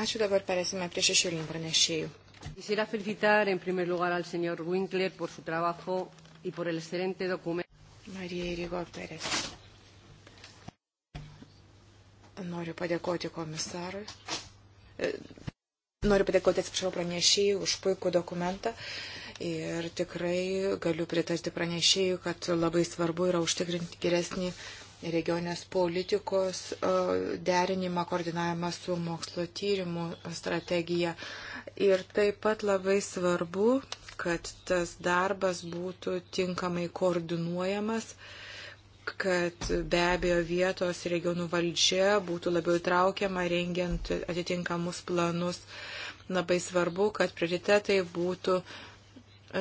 Ačiū dabar perėsime prie šešėlinių pranešėjų. Quisiera felicitar en primer lugar al señor Winkler por su trabajo y por el excelente documento. Marija Irigo Perez. Noriu padėkoti komisarui. E, noriu padėkoti, atsiprašau, pranešėjai už puikų dokumentą. Ir tikrai galiu pritarti pranešėjui, kad labai svarbu yra užtikrinti geresnį regionės politikos e, derinimą, koordinavimą su mokslo tyrimų strategija. Ir taip pat labai svarbu, kad tas darbas būtų tinkamai koordinuojamas kad be abejo vietos regionų valdžia būtų labiau įtraukiama rengiant atitinkamus planus. Labai svarbu, kad prioritetai būtų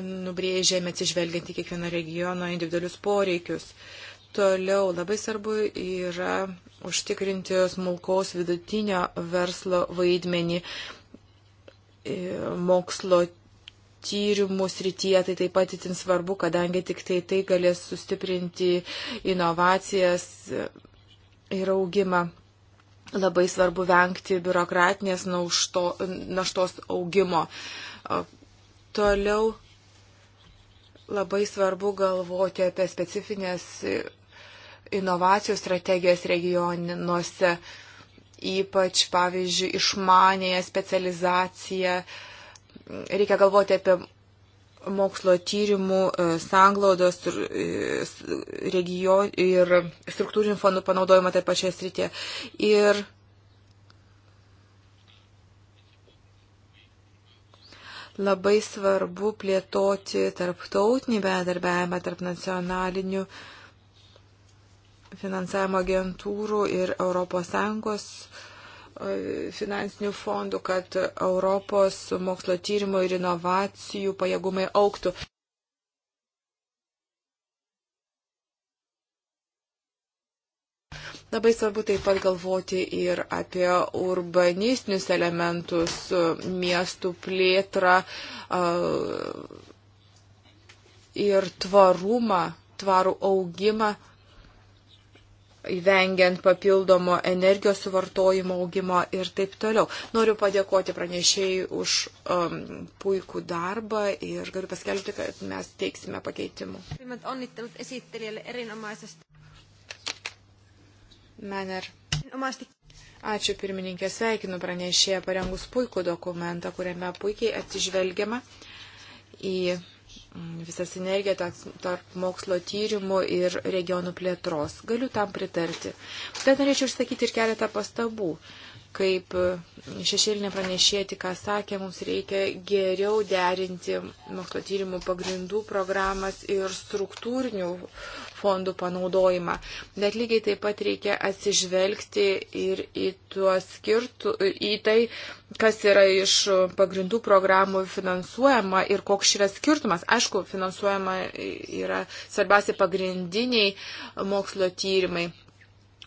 nubrėžėme atsižvelgiant į kiekvieno regiono individualius poreikius. Uh, Toliau labai svarbu yra užtikrinti smulkaus vidutinio verslo vaidmenį e, mokslo tyrimų srityje, tai taip pat itin svarbu, kadangi tik tai tai galės sustiprinti inovacijas ir augimą. Labai svarbu vengti biurokratinės naušto, naštos augimo. E, toliau labai svarbu galvoti apie specifines inovacijų strategijas regionuose, ypač, pavyzdžiui, išmanėje specializaciją. Reikia galvoti apie mokslo tyrimų e, sanglaudos e, region ir struktūrinių fondų panaudojimą taip pačioje srityje. Ir labai svarbu plėtoti tarptautinį bendarbiavimą tarp nacionalinių uh, finansavimo agentūrų ir ES e, finansinių fondų, kad Europos mokslo tyrimo ir inovacijų pajėgumai auktų. Labai svarbu taip pat galvoti ir apie urbanistinius elementus, e, miestų plėtrą e, ir tvarumą, tvarų augimą vengiant papildomo energijos suvartojimo augimo ir taip toliau. Noriu padėkoti pranešėjai už um, puikų darbą ir galiu paskelbti, kad mes teiksime pakeitimų. Mener. Ačiū pirmininkė, sveikinu pranešėją parengus puikų dokumentą, kuriame puikiai atsižvelgiama į visą sinergiją tarp mokslo tyrimų ir regionų plėtros. Galiu tam pritarti. Bet norėčiau išsakyti ir keletą pastabų. Uh, Kaip šešėlinė pranešė tik ką sakė, mums reikia geriau derinti mokslo tyrimų pagrindų programas ir struktūrinių fondų panaudojimą. Bet lygiai taip pat reikia atsižvelgti ir į, skirtų, į tai, kas yra iš pagrindų programų finansuojama ir koks yra skirtumas. Aišku, finansuojama yra svarbiausia pagrindiniai mokslo tyrimai.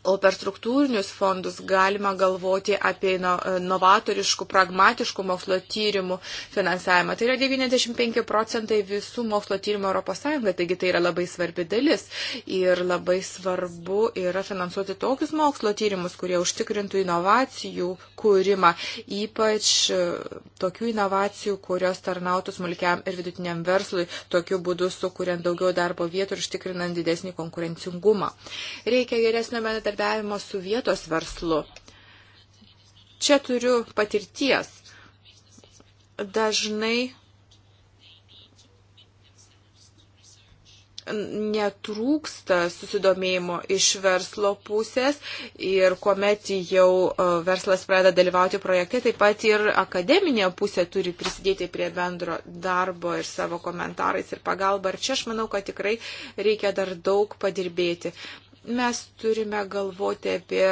O per struktūrinius fondus galima galvoti apie e, novatoriškų, pragmatiškų mokslo tyrimų finansavimą. Tai yra 95 procentai visų mokslo tyrimų ES, taigi tai yra labai svarbi dalis. Ir labai svarbu yra finansuoti tokius mokslo tyrimus, kurie užtikrintų inovacijų kūrimą, ypač e, tokių inovacijų, kurios tarnautų smulkiam ir vidutiniam verslui, tokiu būdu sukuriant daugiau darbo vietų ir užtikrinant didesnį konkurencingumą. Reikia geresnio bendradarbiavimo bendradarbiavimo su vietos verslu. Čia turiu patirties. Dažnai netrūksta susidomėjimo iš verslo pusės ir kuomet jau e, verslas pradeda dalyvauti projekte, taip pat ir akademinė pusė turi prisidėti prie bendro darbo ir savo komentarais ir pagalba. Ir čia aš manau, kad tikrai reikia dar daug padirbėti. Mes turime galvoti apie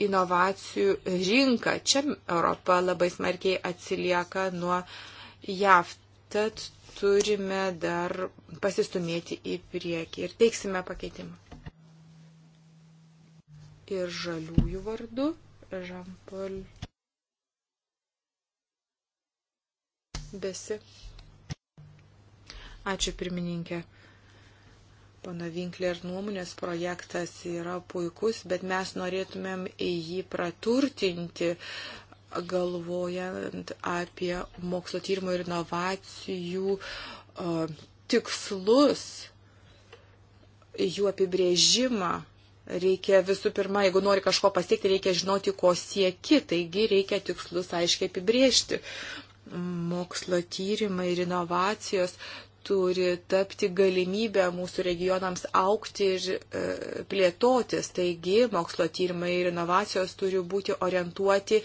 inovacijų rinką. Čia Europa labai smarkiai atsilieka nuo JAV. Tad turime dar pasistumėti į priekį ir teiksime pakeitimą. Ir žaliųjų vardu Žampol Besi. Ačiū pirmininkė. Pana Vinkler nuomonės projektas yra puikus, bet mes norėtumėm jį praturtinti, galvojant apie mokslo tyrimo ir inovacijų tikslus, jų apibrėžimą. Reikia visų pirma, jeigu nori kažko pasiekti, reikia žinoti, ko sieki, taigi reikia tikslus aiškiai apibrėžti mokslo tyrimai ir inovacijos turi tapti galimybę mūsų regionams aukti ir e, plėtotis. Taigi mokslo tyrimai ir inovacijos turi būti orientuoti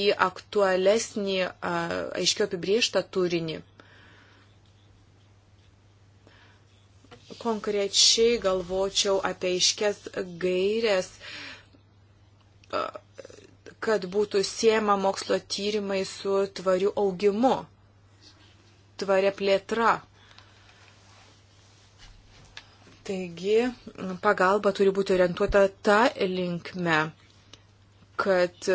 į aktualesnį, aiškiau apibrieštą turinį. Konkrečiai galvočiau apie iškes gairias kad būtų siema mokslo tyrimai su tvariu augimu, tvaria plėtra. Taigi pagalba turi būti orientuota tą linkme, kad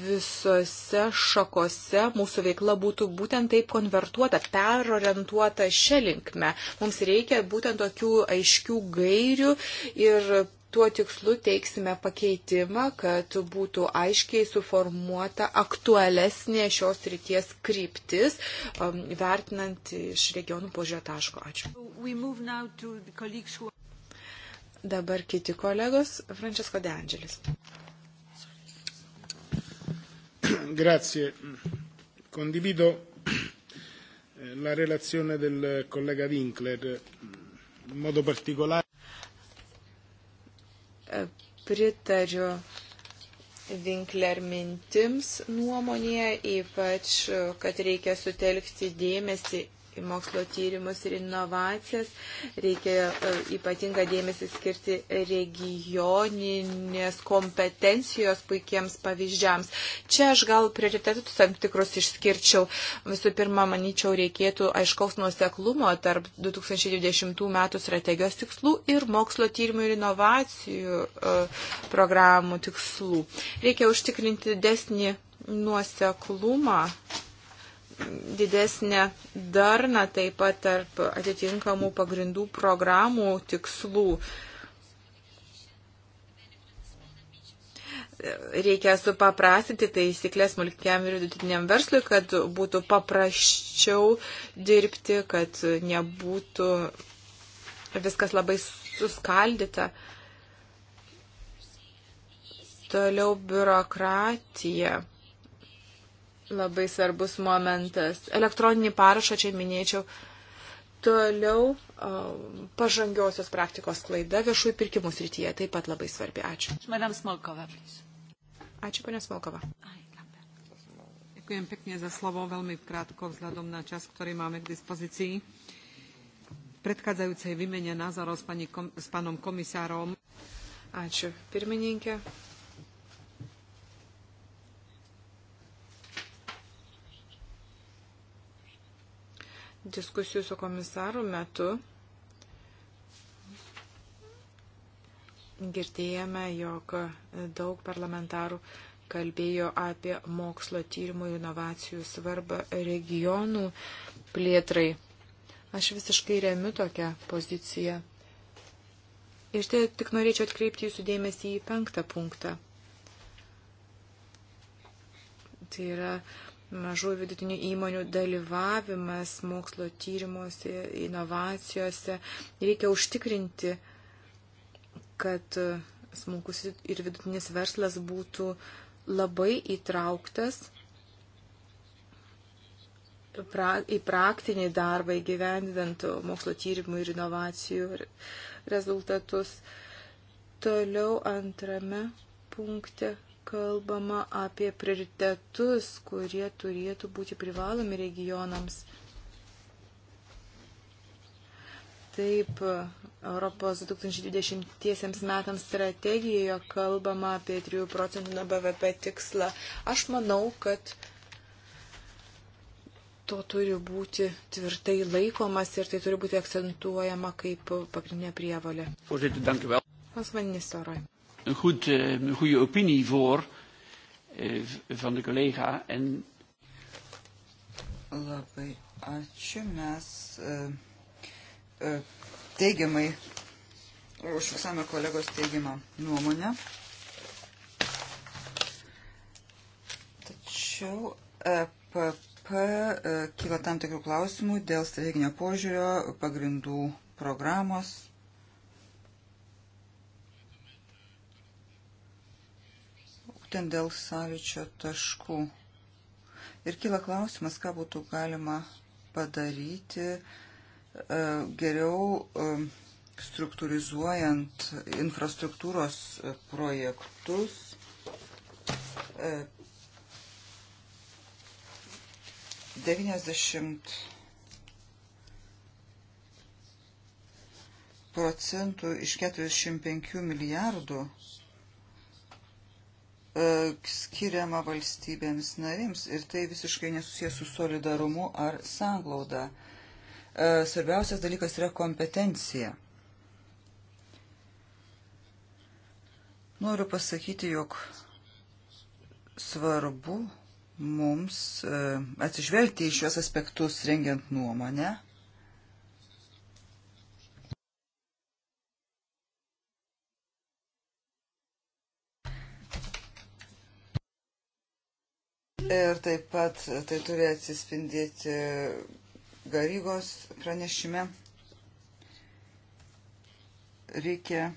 visose šakose mūsų veikla būtų būtent taip konvertuota, perorientuota šią linkmę. Mums reikia būtent tokių aiškių gairių ir Tuo tikslu teiksime pakeitimą, kad būtų aiškiai suformuota aktualesnė šios ryties kryptis, um, vertinant iš regionų požiūrio taško. Ačiū. Dabar kiti kolegos. Francesco De Angelis. Grazie. Condivido eh, la relazione del collega Winkler in modo particolare pritariu Vinkler mintims nuomonėje, ypač, kad reikia sutelkti dėmesį į mokslo tyrimus ir inovacijas. Reikia e, ypatingą dėmesį skirti regioninės kompetencijos puikiems pavyzdžiams. Čia aš gal prioritetus tam tikrus išskirčiau. Visų pirma, manyčiau, reikėtų aiškaus nuoseklumo tarp 2020 metų strategijos tikslų ir mokslo tyrimų ir inovacijų e, programų tikslų. Reikia užtikrinti desnį nuoseklumą didesnę darną taip pat tarp atitinkamų pagrindų programų tikslų. Reikia supaprastinti taisyklės smulkiam ir vidutiniam verslui, kad būtų paprasčiau dirbti, kad nebūtų viskas labai suskaldyta. Toliau biurokratija labai svarbus momentas. Elektroninį parašą čia minėčiau. Toliau pažangiosios praktikos klaida viešųjų pirkimų srityje taip pat labai svarbi. Ačiū. Madam Smolkova, please. Ačiū, ponia Smolkova. Ďakujem pekne za slovo, veľmi krátko vzhľadom na čas, ktorý máme k dispozícii. V predchádzajúcej výmene názorov s, pani, s pánom komisárom. Ačiū, pirmininkė. diskusijų su komisaru metu girdėjome, jog daug parlamentarų kalbėjo apie mokslo tyrimų ir inovacijų svarbą regionų plėtrai. Aš visiškai remiu tokią poziciją. Ir tai tik norėčiau atkreipti jūsų dėmesį į penktą punktą. Tai yra mažų ir vidutinių įmonių dalyvavimas mokslo tyrimuose, inovacijose. Reikia užtikrinti, kad smulkus ir vidutinis verslas būtų labai įtrauktas pra, į praktinį darbą įgyvendinant mokslo tyrimų ir inovacijų rezultatus. Toliau antrame punkte kalbama apie prioritetus, kurie turėtų būti privalomi regionams. Taip, Europos 2020 metams strategijoje kalbama apie 3 procentų nuo BVP tikslą. Aš manau, kad to turi būti tvirtai laikomas ir tai turi būti akcentuojama kaip pagrindinė prievalė. Pasvaninis oroj een, goed, uh, een goede opinie voor uh, van de collega. En... Labai ačiū. Mes uh, uh, teigiamai užfiksavome kolegos teigiamą nuomonę. Tačiau EPP kyla tam tikrų klausimų dėl strateginio požiūrio, pagrindų programos būtent dėl sąlyčio taškų. Ir kyla klausimas, ką būtų galima padaryti e, geriau e, struktūrizuojant infrastruktūros projektus, e, 90 procentų iš 45 milijardų E, skiriama valstybėms narims ir tai visiškai nesusijęs su solidarumu ar sanglauda. E, svarbiausias dalykas yra kompetencija. Noriu pasakyti, jog svarbu mums e, atsižvelgti į šios aspektus rengiant nuomonę Ir taip pat tai turi atsispindėti Garygos pranešime. Reikia.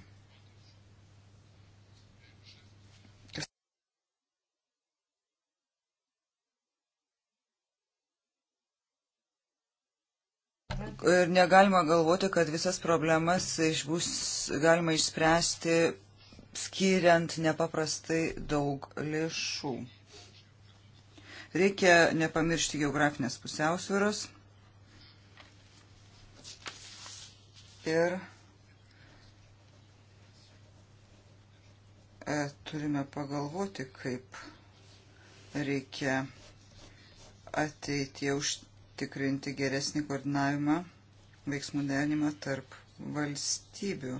Ir negalima galvoti, kad visas problemas bus galima išspręsti skiriant nepaprastai daug lėšų. Reikia nepamiršti geografinės pusiausvėros ir e, turime pagalvoti, kaip reikia ateitie užtikrinti geresnį koordinavimą, veiksmų derinimą tarp valstybių.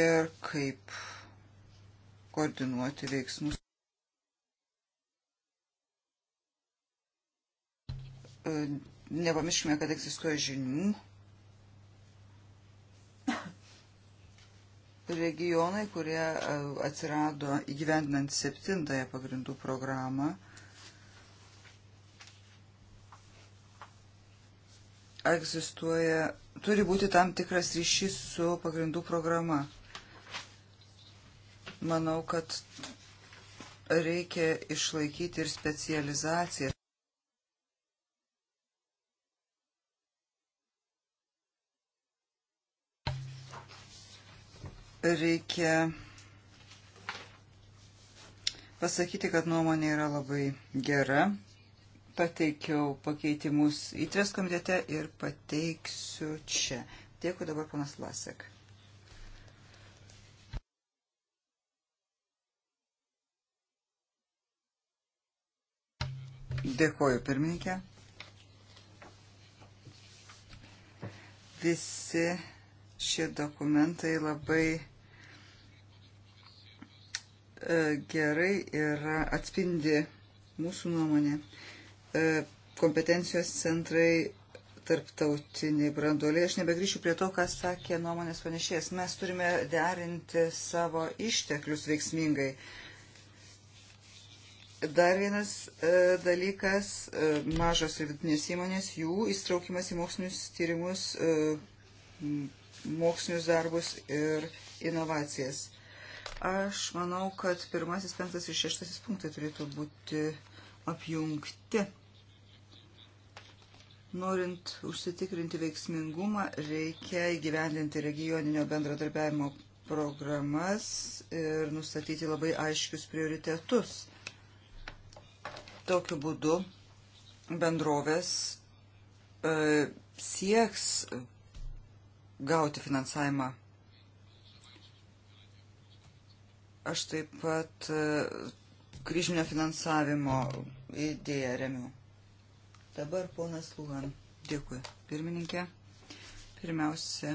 Ir kaip koordinuoti veiksmus. E, nepamirškime, kad egzistuoja žinių. Regionai, kurie e, atsirado įgyvendinant septintąją pagrindų programą, egzistuoja, turi būti tam tikras ryšys su pagrindų programa. Manau, kad reikia išlaikyti ir specializaciją. Reikia pasakyti, kad nuomonė yra labai gera. Pateikiau pakeitimus įtvės komitete ir pateiksiu čia. Dėkui dabar panas Lasek. Dėkoju, pirmininkė. Visi šie dokumentai labai e, gerai yra atspindi mūsų nuomonė. E, kompetencijos centrai tarptautiniai branduoliai. Aš nebegrįšiu prie to, ką sakė nuomonės panešėjas. Mes turime derinti savo išteklius veiksmingai. Uh, Dar vienas e, dalykas e, - mažos ir vidutinės įmonės, jų įstraukimas į mokslinius tyrimus, e, mokslinius darbus ir inovacijas. Aš manau, kad pirmasis, penktas ir šeštasis punktai turėtų būti apjungti. Norint užsitikrinti veiksmingumą, reikia įgyvendinti regioninio bendradarbiavimo programas ir nustatyti labai aiškius prioritetus Tokiu būdu bendrovės e, sieks gauti finansavimą. Aš taip pat e, kryžminio finansavimo idėją remiu. Dabar ponas Lugan. Dėkui, pirmininkė. Pirmiausia,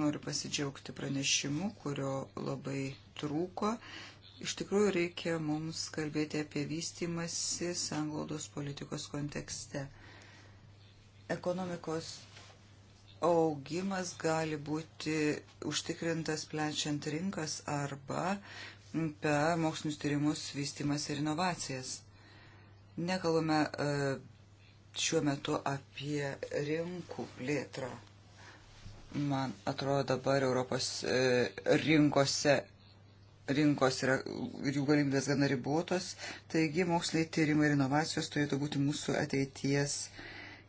noriu pasidžiaugti pranešimu, kurio labai trūko. E, Iš tikrųjų reikia mums kalbėti apie vystimąsi sanglaudos politikos kontekste. Ekonomikos augimas gali būti užtikrintas plečiant rinkas arba per mokslinius tyrimus, vystimas ir inovacijas. Nekalbame e, šiuo metu apie rinkų plėtrą. Man atrodo, dabar Europos e, rinkose rinkos yra, ir jų galimybės gana ribotos. Taigi moksliniai tyrimai ir inovacijos turėtų būti mūsų ateities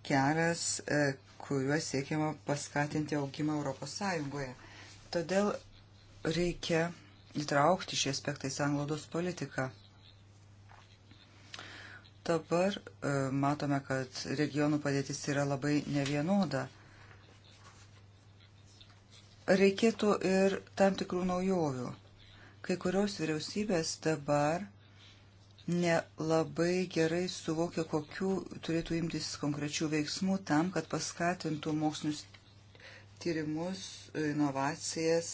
kelias, e, kuriuo siekiama paskatinti augimą Europos Sąjungoje. Todėl reikia įtraukti šį aspektą į sanglaudos politiką. Dabar e, matome, kad regionų padėtis yra labai nevienoda. Reikėtų ir tam tikrų naujovių. Kai kurios vyriausybės dabar nelabai gerai suvokia, kokiu turėtų imtis konkrečių veiksmų tam, kad paskatintų mokslinius tyrimus, inovacijas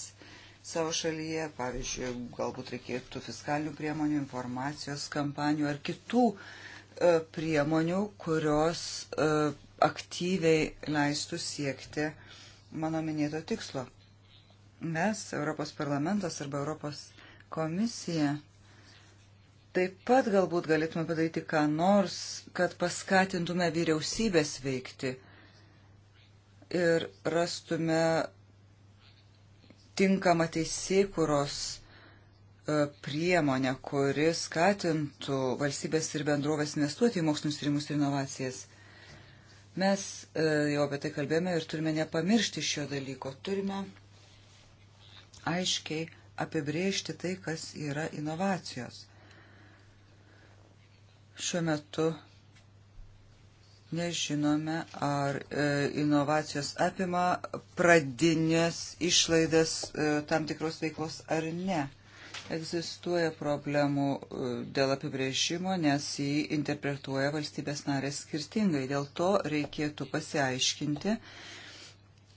savo šalyje. Pavyzdžiui, galbūt reikėtų fiskalinių priemonių, informacijos kampanijų ar kitų e, priemonių, kurios e, aktyviai leistų siekti mano minėto tikslo. Mes, Europos parlamentas arba Europos komisiją, taip pat galbūt galėtume padaryti ką nors, kad paskatintume vyriausybės veikti ir rastume tinkamą teisėkuros e, priemonę, kuri skatintų valstybės ir bendrovės investuoti į mokslinius tyrimus ir inovacijas. Mes e, jau apie tai kalbėjome ir turime nepamiršti šio dalyko. Turime aiškiai apibrėžti tai, kas yra inovacijos. Šiuo metu nežinome, ar e, inovacijos apima pradinės išlaidas e, tam tikros veiklos ar ne egzistuoja problemų e, dėl apibrėžimo, nes jį interpretuoja valstybės narės skirtingai. Dėl to reikėtų pasiaiškinti,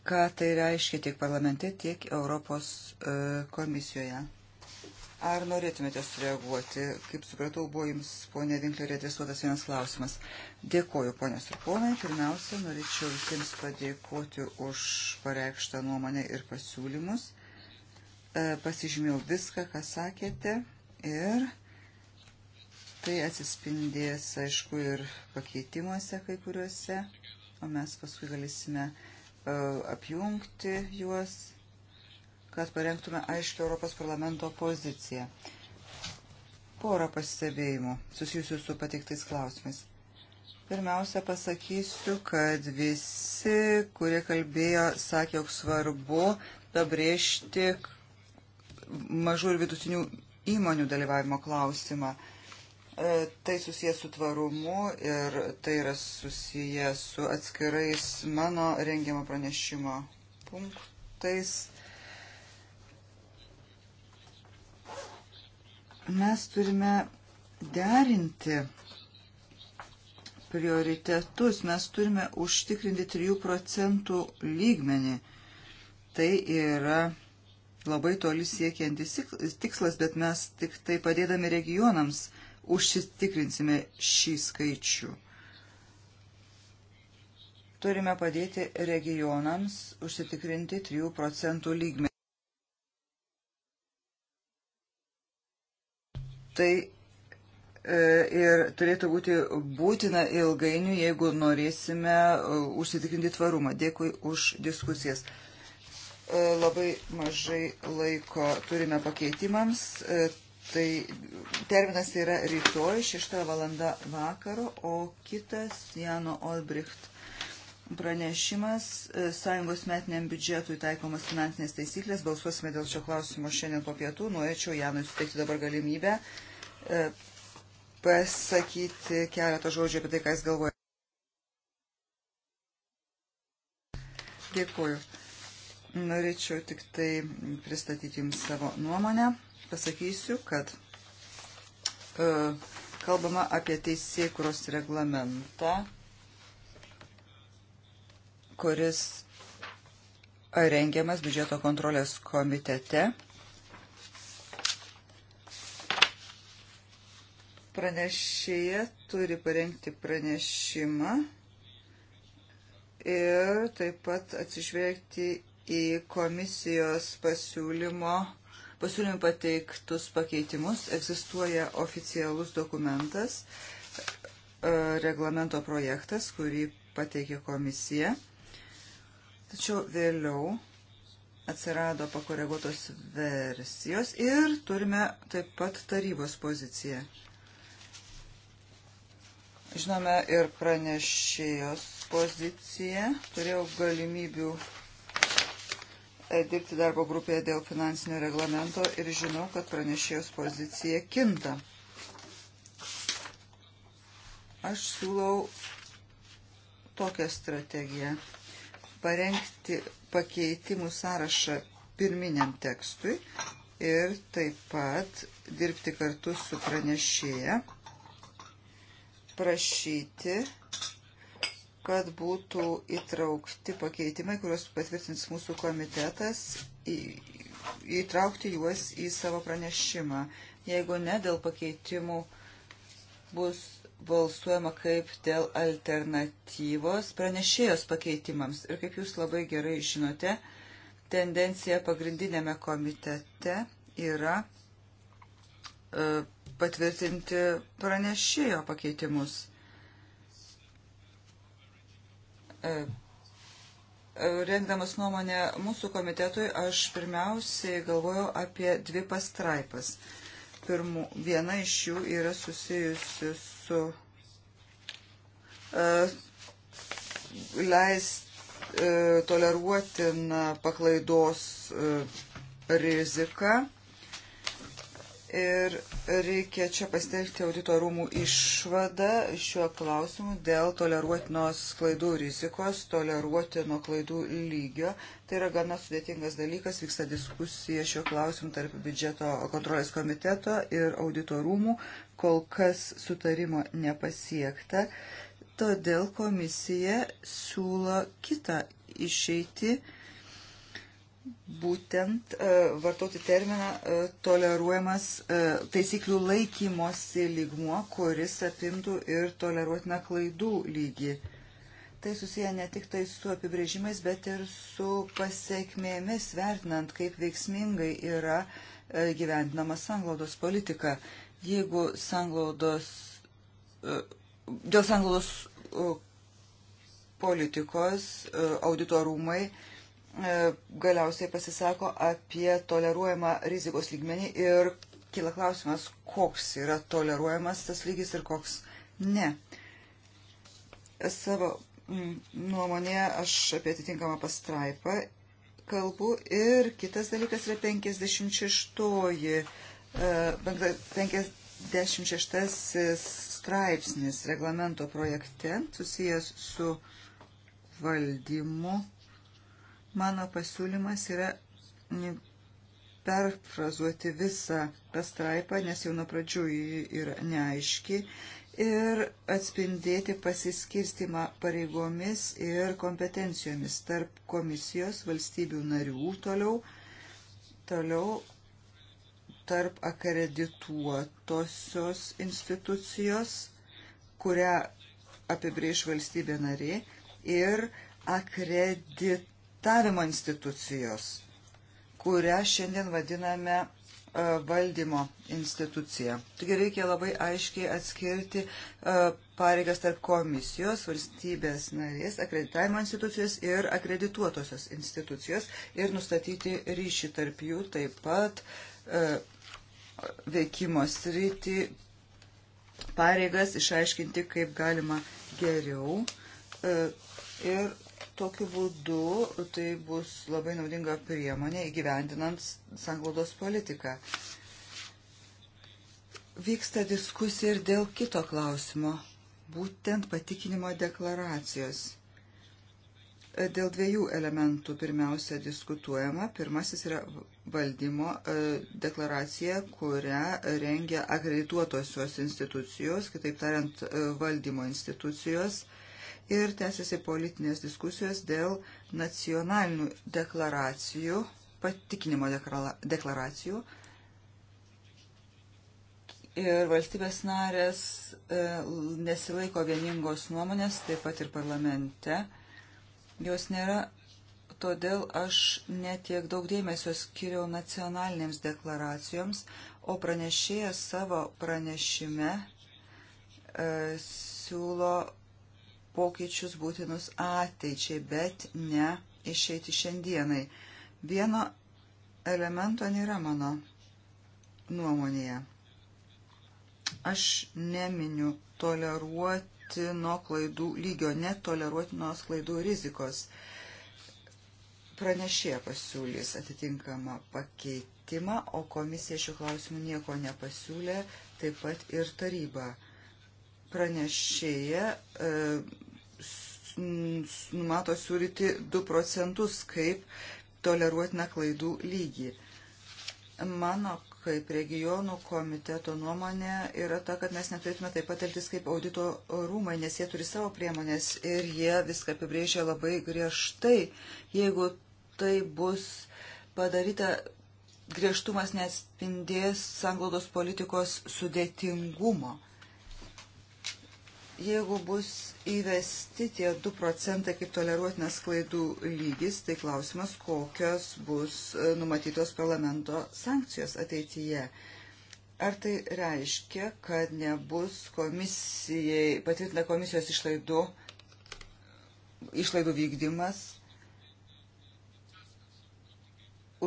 ką tai reiškia tiek parlamente, tiek Europos e, komisijoje. Ar norėtumėte sureaguoti? Kaip supratau, buvo jums, ponė Vinklerė, adresuotas vienas klausimas. Dėkoju, ponės ir ponai. Pirmiausia, norėčiau visiems padėkoti už pareikštą nuomonę ir pasiūlymus. E, pasižymėjau viską, ką sakėte ir tai atsispindės, aišku, ir pakeitimuose kai kuriuose, o mes paskui galėsime uh, E, apjungti juos, kad parengtume aiškį Europos parlamento poziciją. Porą pasisebėjimų susijusių su pateiktais klausimais. Pirmiausia, pasakysiu, kad visi, kurie kalbėjo, sakė, jog svarbu pabrėžti mažų ir vidutinių įmonių dalyvavimo klausimą. Uh, E, tai susijęs su tvarumu ir tai yra susijęs su atskirais mano rengiamo pranešimo punktais. Mes turime derinti prioritetus, mes turime užtikrinti 3 procentų lygmenį. Tai yra labai toli siekiantis tikslas, bet mes tik tai padėdami regionams užsitikrinsime šį skaičių. Turime padėti regionams užsitikrinti 3 procentų lygmenį. Tai e, ir turėtų būti būtina ilgainiui, jeigu norėsime e, užsitikrinti tvarumą. Dėkui už diskusijas. E, labai mažai laiko turime pakeitimams. Tai terminas yra rytoj 6 valanda vakaro, o kitas Jano Olbricht pranešimas e, Sąjungos metiniam biudžetui taikomas finansinės taisyklės. Balsuosime dėl šio klausimo šiandien po pietų. Norėčiau Janui suteikti dabar galimybę e, pasakyti keletą žodžių apie tai, ką jis galvoja. Dėkuoju. Norėčiau tik tai pristatyti Jums savo nuomonę pasakysiu, kad e, kalbama apie teisėkuros reglamentą, kuris rengiamas biudžeto kontrolės komitete. Pranešėja turi parengti pranešimą ir taip pat atsižvelgti į komisijos pasiūlymo pasiūlymų pateiktus pakeitimus. Egzistuoja oficialus dokumentas, e, reglamento projektas, kurį pateikė komisija. Tačiau vėliau atsirado pakoreguotos versijos ir turime taip pat tarybos poziciją. Žinome ir pranešėjos poziciją. Turėjau galimybių E, dirbti darbo grupėje dėl finansinio reglamento ir žinau, kad pranešėjos pozicija kinta. Aš siūlau tokią strategiją. Parengti pakeitimų sąrašą pirminiam tekstui ir taip pat dirbti kartu su pranešėja, prašyti kad būtų įtraukti pakeitimai, kuriuos patvirtins mūsų komitetas, į, įtraukti juos į savo pranešimą. Jeigu ne, dėl pakeitimų bus balsuojama kaip dėl alternatyvos pranešėjos pakeitimams. Ir kaip jūs labai gerai žinote, tendencija pagrindinėme komitete yra e, patvirtinti pranešėjo pakeitimus E, e, rengdamas nuomonę mūsų komitetui, aš pirmiausiai galvojau apie dvi pastraipas. Pirmu, viena iš jų yra susijusi su uh, e, leist uh, toleruotina paklaidos uh, rizika. Uh, Ir reikia čia pasitelkti auditorumų išvadą šiuo klausimu dėl toleruotinos klaidų rizikos, toleruotino klaidų lygio. Tai yra gana sudėtingas dalykas, vyksta diskusija šiuo klausimu tarp biudžeto kontrolės komiteto ir auditorumų, kol kas sutarimo nepasiekta. Todėl komisija siūlo kitą išeitį būtent e, vartoti terminą e, toleruojamas e, taisyklių laikymosi lygmuo, kuris apimtų ir toleruotiną klaidų lygį. Tai susiję ne tik tai su apibrėžimais, bet ir su pasiekmėmis vertinant, kaip veiksmingai yra gyventinama sanglaudos politika. Jeigu sanglaudos, dėl sanglaudos politikos auditorumai rūmai E, galiausiai pasisako apie toleruojamą rizikos lygmenį ir kyla klausimas, koks yra toleruojamas tas lygis ir koks ne. Savo mm, nuomonėje aš apie atitinkamą pastraipą kalbu ir kitas dalykas yra 56-oji, 56 e, straipsnis reglamento projekte susijęs su valdymu Mano pasiūlymas yra perfrazuoti visą pastraipą, nes jau nuo pradžių ji yra neaiški, ir atspindėti pasiskirstimą pareigomis ir kompetencijomis tarp komisijos valstybių narių toliau, toliau tarp akredituotosios institucijos, kurią apibrėž valstybė narė, ir akredit konsultavimo institucijos, kurią šiandien vadiname e, valdymo institucija. Taigi reikia labai aiškiai atskirti e, pareigas tarp komisijos, valstybės narės, akreditavimo institucijos ir akredituotosios institucijos ir nustatyti ryšį tarp jų taip pat e, veikimo sritį, pareigas išaiškinti kaip galima geriau ir Tokiu būdu tai bus labai naudinga priemonė įgyvendinant sanglaudos politiką. Vyksta diskusija ir dėl kito klausimo, būtent patikinimo deklaracijos. Dėl dviejų elementų pirmiausia diskutuojama. Pirmasis yra valdymo e, deklaracija, kurią rengia akredituotosios institucijos, kitaip tariant, e, valdymo institucijos – ir tęsiasi politinės diskusijos dėl nacionalinių deklaracijų, patikinimo deklaracijų. Ir valstybės narės e, nesilaiko vieningos nuomonės, taip pat ir parlamente. Jos nėra, todėl aš netiek daug dėmesio skiriau nacionalinėms deklaracijoms, o pranešėjas savo pranešime e, siūlo pokyčius būtinus ateičiai, bet ne išeiti šiandienai. Vieno elemento nėra mano nuomonėje. Aš neminiu toleruotino klaidų lygio, netoleruotinos klaidų rizikos. Pranešė pasiūlys atitinkamą pakeitimą, o komisija šiuo klausimu nieko nepasiūlė, taip pat ir taryba pranešėja e, numato siūlyti 2 procentus kaip toleruotiną klaidų lygį. Mano kaip regionų komiteto nuomonė yra ta, kad mes neturėtume taip pat elgtis kaip audito rūmai, nes jie turi savo priemonės ir jie viską apibrėžia labai griežtai. Jeigu tai bus padaryta, griežtumas neatspindės sanglaudos politikos sudėtingumo. Jeigu bus įvesti tie 2 procentai kaip toleruotinas klaidų lygis, tai klausimas, kokios bus e, numatytos parlamento sankcijos ateityje. Ar tai reiškia, kad nebus komisijai, patvirtina komisijos išlaidų, išlaidų vykdymas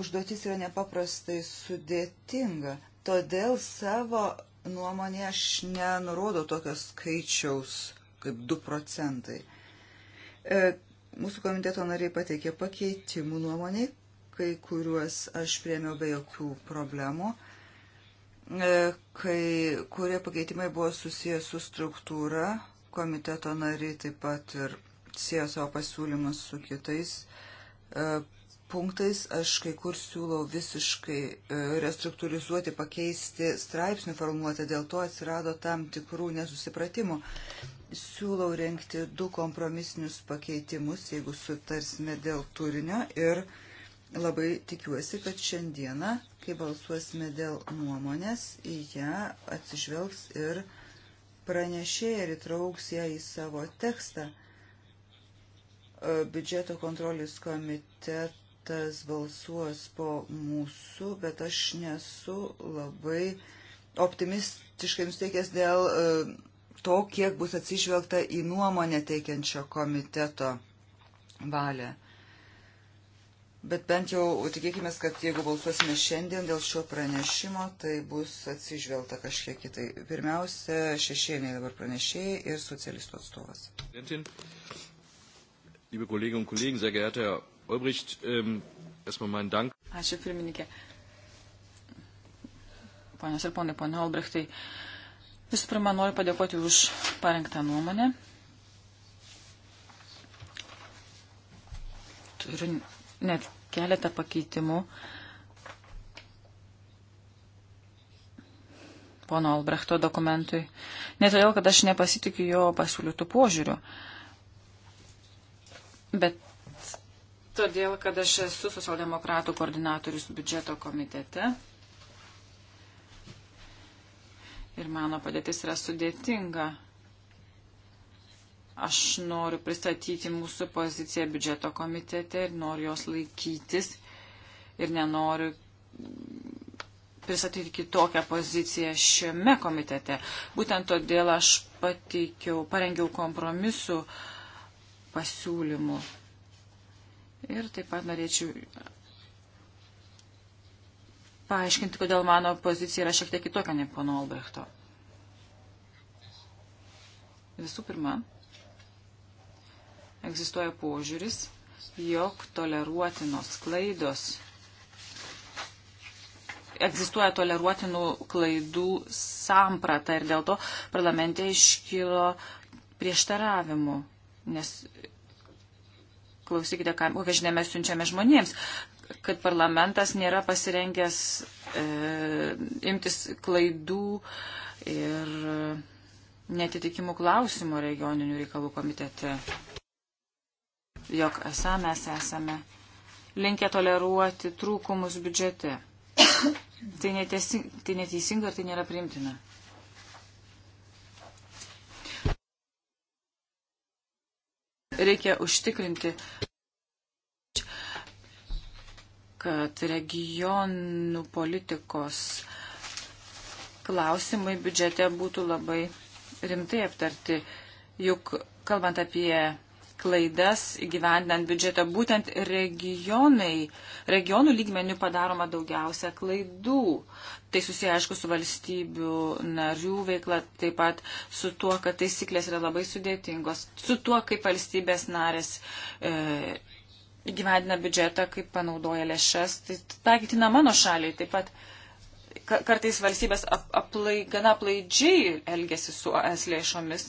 užduotis yra nepaprastai sudėtinga. Todėl savo nuomonė aš nenurodau tokios skaičiaus kaip 2 procentai. E, mūsų komiteto nariai pateikė pakeitimų nuomoniai, kai kuriuos aš priemiau be jokių problemų, e, kai kurie pakeitimai buvo susijęs su struktūra, komiteto nariai taip pat ir siejo savo pasiūlymus su kitais e, punktais aš kai kur siūlau visiškai e, restruktūrizuoti, pakeisti straipsnių formuluotę, dėl to atsirado tam tikrų nesusipratimų. Siūlau renkti du kompromisinius pakeitimus, jeigu sutarsime dėl turinio ir labai tikiuosi, kad šiandieną, kai balsuosime dėl nuomonės, į ją atsižvelgs ir pranešėja ir įtrauks ją į savo tekstą e, biudžeto kontrolės komiteto komitetas balsuos po mūsų, bet aš nesu labai optimistiškai nusteikęs dėl e, to, kiek bus atsižvelgta į nuomonę teikiančio komiteto valią. Bet bent jau tikėkime, kad jeigu balsuosime šiandien dėl šio pranešimo, tai bus atsižvelgta kažkiek kitai. Pirmiausia, šešėliniai dabar pranešėjai ir socialistų atstovas. Liebe Kolleginnen und Kollegen, sehr geehrter Herr Olbricht, um, erstmal mein Dank. Ačiū pirmininkė. Ponios ir ponai, ponia Olbrichtai, visų pirma, noriu padėkoti už parengtą nuomonę. Turiu net keletą pakeitimų. Pono Albrechto dokumentui. Ne todėl, kad aš nepasitikiu jo pasiūlytų požiūrių, bet todėl, kad aš esu socialdemokratų koordinatorius biudžeto komitete ir mano padėtis yra sudėtinga. Aš noriu pristatyti mūsų poziciją biudžeto komitete ir noriu jos laikytis ir nenoriu pristatyti kitokią poziciją šiame komitete. Būtent todėl aš pateikiau, parengiau kompromisų pasiūlymų Ir taip pat norėčiau paaiškinti, kodėl mano pozicija yra šiek tiek kitokia nei pono Albrechto. Visų pirma, egzistuoja požiūris, jog toleruotinos klaidos egzistuoja toleruotinų klaidų samprata ir dėl to parlamente iškilo prieštaravimų, nes Paklausykite, kokią žinę mes siunčiame žmonėms, kad parlamentas nėra pasirengęs e, imtis klaidų ir netitikimų klausimų regioninių reikalų komitete. Jok esą mes esame linkę toleruoti trūkumus biudžete. (coughs) tai, neteisi, tai neteisinga ir tai nėra primtina. reikia užtikrinti, kad regionų politikos klausimai biudžete būtų labai rimtai aptarti. Juk kalbant apie klaidas įgyvendinant biudžetą. Būtent regionai, regionų lygmenių padaroma daugiausia klaidų. Tai susiję, aišku, su valstybių narių veikla, taip pat su tuo, kad taisyklės yra labai sudėtingos, su tuo, kaip valstybės narės. E, įgyvendina biudžetą, kaip panaudoja lėšas, tai taikytina mano šaliai taip pat. Kartais valstybės aplai, gana aplaidžiai elgesi su es lėšomis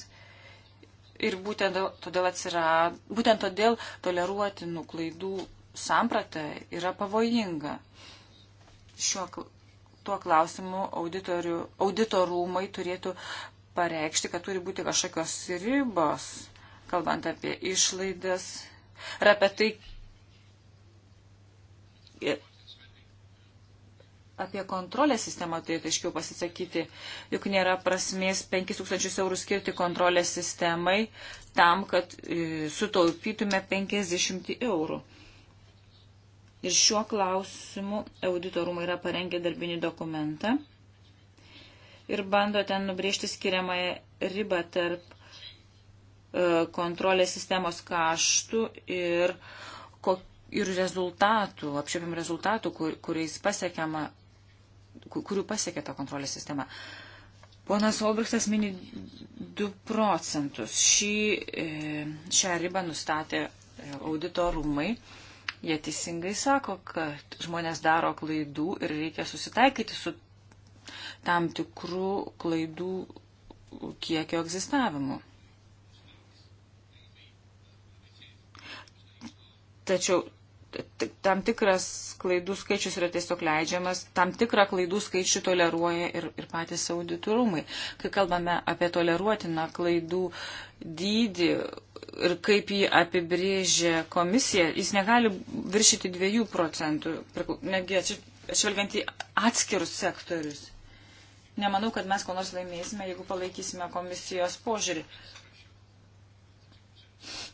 ir būtent todėl, atsirad, būtent todėl toleruotinų klaidų samprata yra pavojinga. Šiuo tuo klausimu auditorumai turėtų pareikšti, kad turi būti kažkokios ribos, kalbant apie išlaidas ir apie tai, apie kontrolės sistemą turėtų aiškiau pasisakyti, juk nėra prasmės 5000 eurų skirti kontrolės sistemai tam, kad e, sutaupytume 50 eurų. Ir šiuo klausimu auditorumai yra parengę darbinį dokumentą ir bando ten nubrėžti skiriamąją ribą tarp e, kontrolės sistemos kaštų ir, ir rezultatų, apčiopim rezultatų, kur, kuriais pasiekiama kurių pasiekė ta kontrolės sistema. Ponas Olbrichtas mini 2 procentus. Šį, e, šią ribą nustatė audito rūmai. Jie teisingai sako, kad žmonės daro klaidų ir reikia susitaikyti su tam tikrų klaidų kiekio egzistavimu. Tačiau tam tikras klaidų skaičius yra tiesiog leidžiamas, tam tikrą klaidų skaičių toleruoja ir, ir patys auditorumai. Kai kalbame apie toleruotiną klaidų dydį ir kaip jį apibrėžia komisija, jis negali viršyti 2 procentų, netgi atšvelgiant į atskirus sektorius. Nemanau, kad mes ko nors laimėsime, jeigu palaikysime komisijos požiūrį.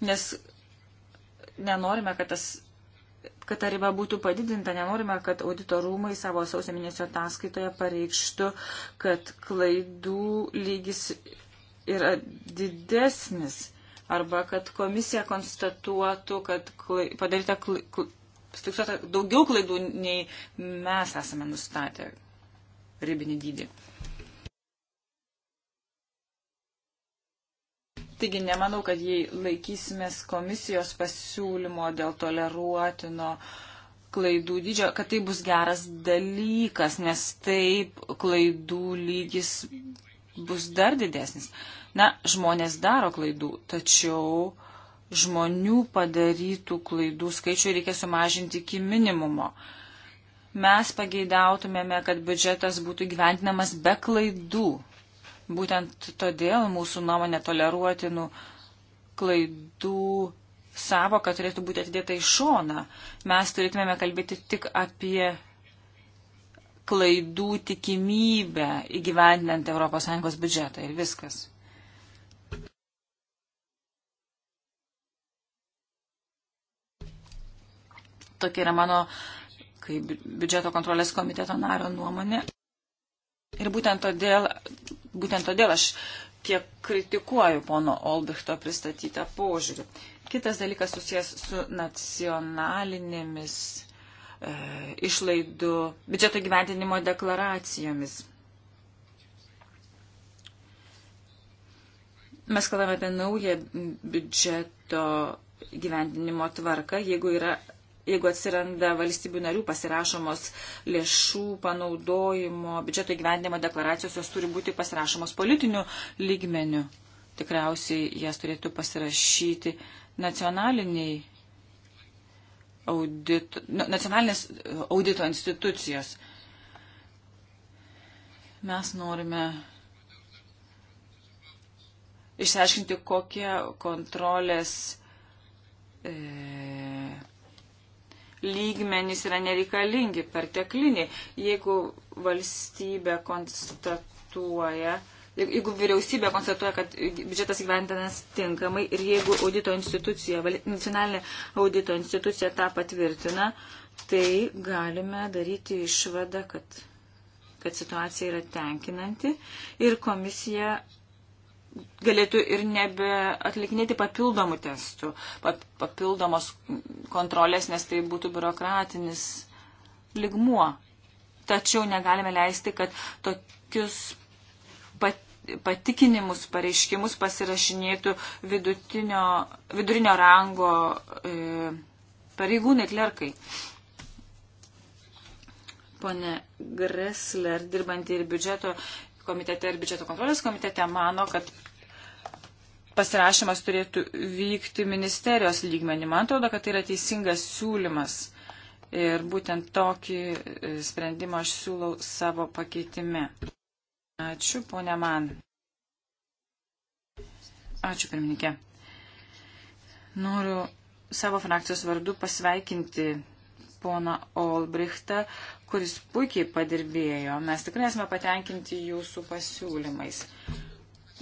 Nes nenorime, kad tas kad ta riba būtų padidinta. Nenorime, kad auditorumai savo sausio mėnesio ataskaitoje pareikštų, kad klaidų lygis yra didesnis arba kad komisija konstatuotų, kad klai, padaryta klai, klai, daugiau klaidų, nei mes esame nustatę ribinį dydį. Taigi nemanau, kad jei laikysimės komisijos pasiūlymo dėl toleruotino klaidų dydžio, kad tai bus geras dalykas, nes taip klaidų lygis bus dar didesnis. Na, žmonės daro klaidų, tačiau žmonių padarytų klaidų skaičių reikia sumažinti iki minimumo. Mes pageidautumėme, kad biudžetas būtų gyventinamas be klaidų. Būtent todėl mūsų nuomonė toleruotinų klaidų savoka turėtų būti atidėta į šoną. Mes turėtumėme kalbėti tik apie klaidų tikimybę įgyvendinant ES biudžetą ir viskas. Tokia yra mano kaip biudžeto kontrolės komiteto nario nuomonė. Ir būtent todėl, būtent todėl aš kiek kritikuoju pono Olbrichto pristatytą požiūrį. Kitas dalykas susijęs su nacionalinėmis e, išlaidų biudžeto gyventinimo deklaracijomis. Mes kalbame apie naują biudžeto gyvendinimo tvarką, jeigu yra jeigu atsiranda valstybių narių pasirašomos lėšų panaudojimo, biudžeto įgyvendimo deklaracijos, jos turi būti pasirašomos politiniu lygmeniu. Tikriausiai jas turėtų pasirašyti nacionaliniai audito, nacionalinės audito institucijos. Mes norime išsiaiškinti, kokie kontrolės e, lygmenys yra nereikalingi, pertekliniai. Jeigu valstybė konstatuoja, jeigu vyriausybė konstatuoja, kad biudžetas įgyventinas tinkamai ir jeigu audito institucija, nacionalinė audito institucija tą patvirtina, tai galime daryti išvadą, kad, kad situacija yra tenkinanti ir komisija galėtų ir nebe atlikinėti papildomų testų, papildomos kontrolės, nes tai būtų biurokratinis ligmuo. Tačiau negalime leisti, kad tokius pat, patikinimus, pareiškimus pasirašinėtų vidurinio rango e, pareigūnai, klerkai. Pone Gressler, dirbantį ir biudžeto komitete ir biudžeto kontrolės komitete mano, kad pasirašymas turėtų vykti ministerijos lygmenį. Man atrodo, kad tai yra teisingas siūlymas. Ir būtent tokį e, sprendimą aš siūlau savo pakeitime. Ačiū, ponia man. Ačiū, pirmininkė. Noriu savo frakcijos vardu pasveikinti pona Olbrichtą, kuris puikiai padirbėjo. Mes tikrai esame patenkinti jūsų pasiūlymais.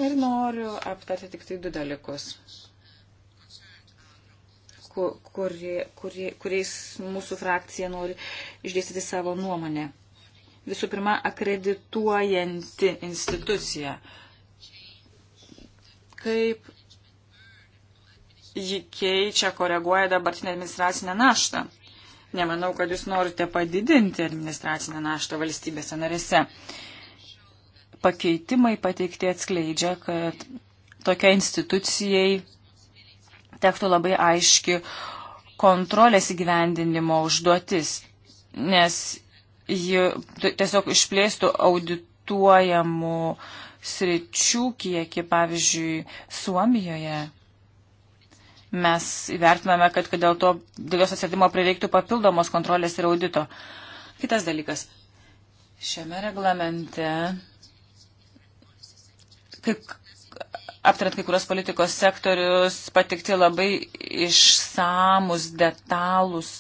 Ir noriu aptarti tik tai du dalykus, kurie, kurie, kuriais mūsų frakcija nori išdėstyti savo nuomonę. Visų pirma, akredituojanti institucija. Kaip ji keičia, koreguoja dabartinę administracinę naštą. Nemanau, kad jūs norite padidinti administracinę naštą valstybėse narėse. Pakeitimai pateikti atskleidžia, kad tokia institucijai tektų labai aiški kontrolės įgyvendinimo užduotis, nes ji tiesiog išplėstų audituojamų sričių kiekį, pavyzdžiui, Suomijoje Mes įvertiname, kad dėl to dėl jos atsiradimo prireiktų papildomos kontrolės ir audito. Kitas dalykas. Šiame reglamente, kaip aptarant kai kurios politikos sektorius, patikti labai išsamus, detalus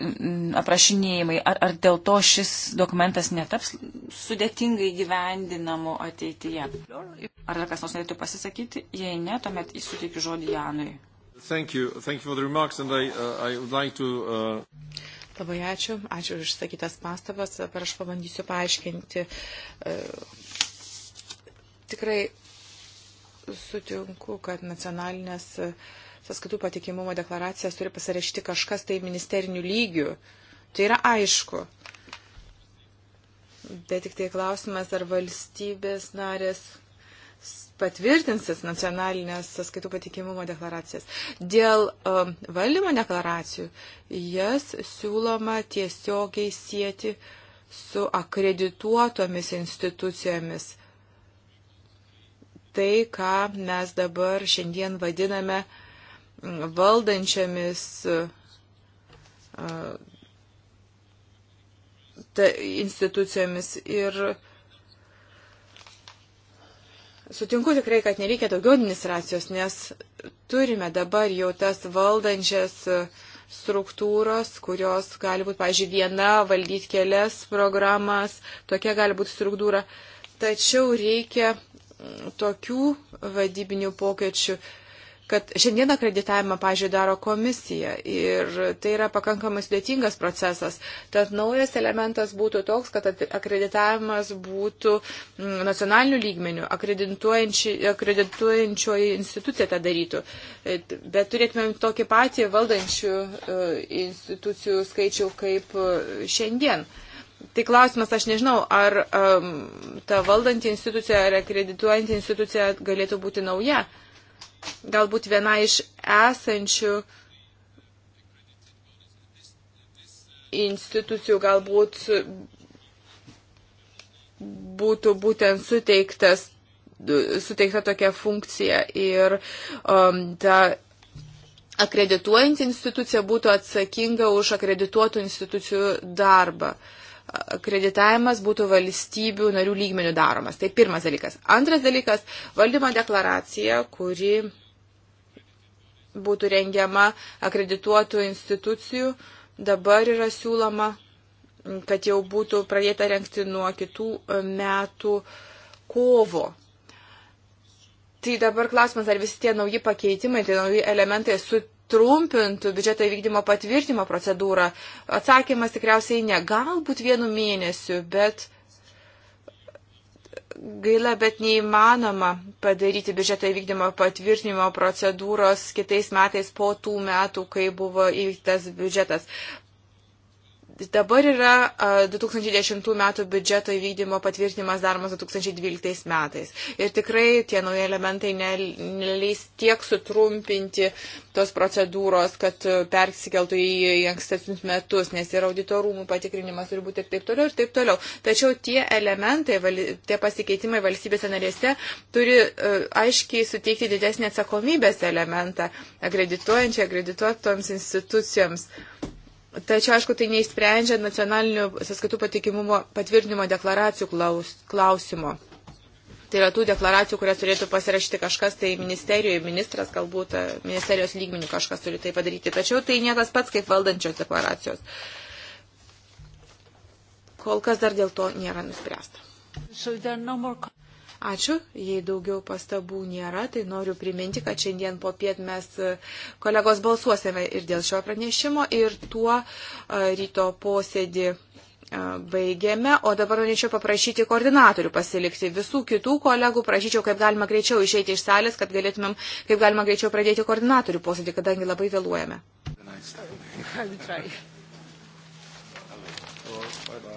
Mm, aprašinėjimai. Ar, ar dėl to šis dokumentas netaps sudėtingai gyvendinamu ateityje? Ar dar kas nors norėtų pasisakyti? Jei ne, tuomet įsuteikiu žodį Janui. Thank you. Thank you for the remarks and I, uh, I would like to... Uh... Labai ačiū. Ačiū už išsakytas pastabas. Dabar aš pabandysiu paaiškinti. Uh, tikrai sutinku, kad nacionalinės uh, sąskaitų patikimumo deklaracijas turi pasirašyti kažkas tai ministerinių lygių. Tai yra aišku. Bet tik tai klausimas, ar valstybės narės patvirtinsis nacionalinės sąskaitų patikimumo deklaracijas. Dėl um, valdymo deklaracijų jas siūloma tiesiogiai sieti su akredituotomis institucijomis. Tai, ką mes dabar šiandien vadiname uh, valdančiamis institucijomis ir sutinku tikrai, kad nereikia daugiau administracijos, nes turime dabar jau tas valdančias struktūros, kurios gali būti, pažiūrėjau, viena valdyti kelias programas, tokia gali būti struktūra. Tačiau reikia tokių vadybinių pokėčių, kad šiandien akreditavimą, pažiūrėjau, daro komisija ir tai yra pakankamai sudėtingas procesas. Tad naujas elementas būtų toks, kad akreditavimas būtų mm, nacionaliniu lygmeniu, akredituojančioji institucija tą darytų. E, bet turėtumėm tokį patį valdančių e, institucijų skaičių kaip e, šiandien. Tai klausimas, aš nežinau, ar um, ta valdanti institucija ar akredituojanti institucija galėtų būti nauja. Uh, galbūt viena iš esančių institucijų galbūt būtų būtent suteiktas, suteikta tokia funkcija ir um, ta akredituojanti institucija būtų atsakinga už akredituotų institucijų darbą. Uh, kreditavimas būtų valstybių narių lygmenių daromas. Tai pirmas dalykas. Antras dalykas - valdymo deklaracija, kuri būtų rengiama akredituotų institucijų. Dabar yra siūloma, kad jau būtų pradėta renkti nuo kitų e, metų kovo. Tai dabar klausimas, ar visi tie nauji pakeitimai, tie nauji elementai su, trumpintų biudžeto įvykdymo patvirtimo procedūrą? Atsakymas tikriausiai ne. Galbūt vienu mėnesiu, bet gaila, bet neįmanoma padaryti biudžeto įvykdymo patvirtinimo procedūros kitais metais po tų metų, kai buvo įvyktas biudžetas. Dabar yra 2010 metų biudžeto įvykdymo patvirtinimas daromas 2012 metais. Ir tikrai tie nauji elementai neleis tiek sutrumpinti tos procedūros, kad e, persikeltų į ankstesnius metus, nes ir auditorumų patikrinimas turi būti ir taip toliau, ir taip toliau. Tačiau tie elementai, tie pasikeitimai valstybėse narėse turi e, aiškiai suteikti didesnį atsakomybės elementą akredituojančiai, akredituotoms institucijoms. Tačiau, aišku, tai neįsprendžia nacionalinių sąskaitų patikimumo patvirtinimo deklaracijų klaus, klausimo. Tai yra tų deklaracijų, kurias turėtų pasirašyti kažkas, tai ministerijoje, ministras galbūt, e, ministerijos lygmenių kažkas turi tai padaryti. Tačiau tai niekas pats kaip valdančios deklaracijos. Kol kas dar dėl to nėra nuspręsta. So no more... Ačiū. Jei daugiau pastabų nėra, tai noriu priminti, kad šiandien po piet mes e, kolegos balsuosime ir dėl šio pranešimo, ir tuo e, ryto posėdį e, baigėme, o dabar norėčiau paprašyti koordinatorių pasilikti. Visų kitų kolegų prašyčiau, kaip galima greičiau išeiti iš salės, kad galėtumėm, kaip galima greičiau pradėti koordinatorių posėdį, kadangi labai vėluojame. Bye -bye.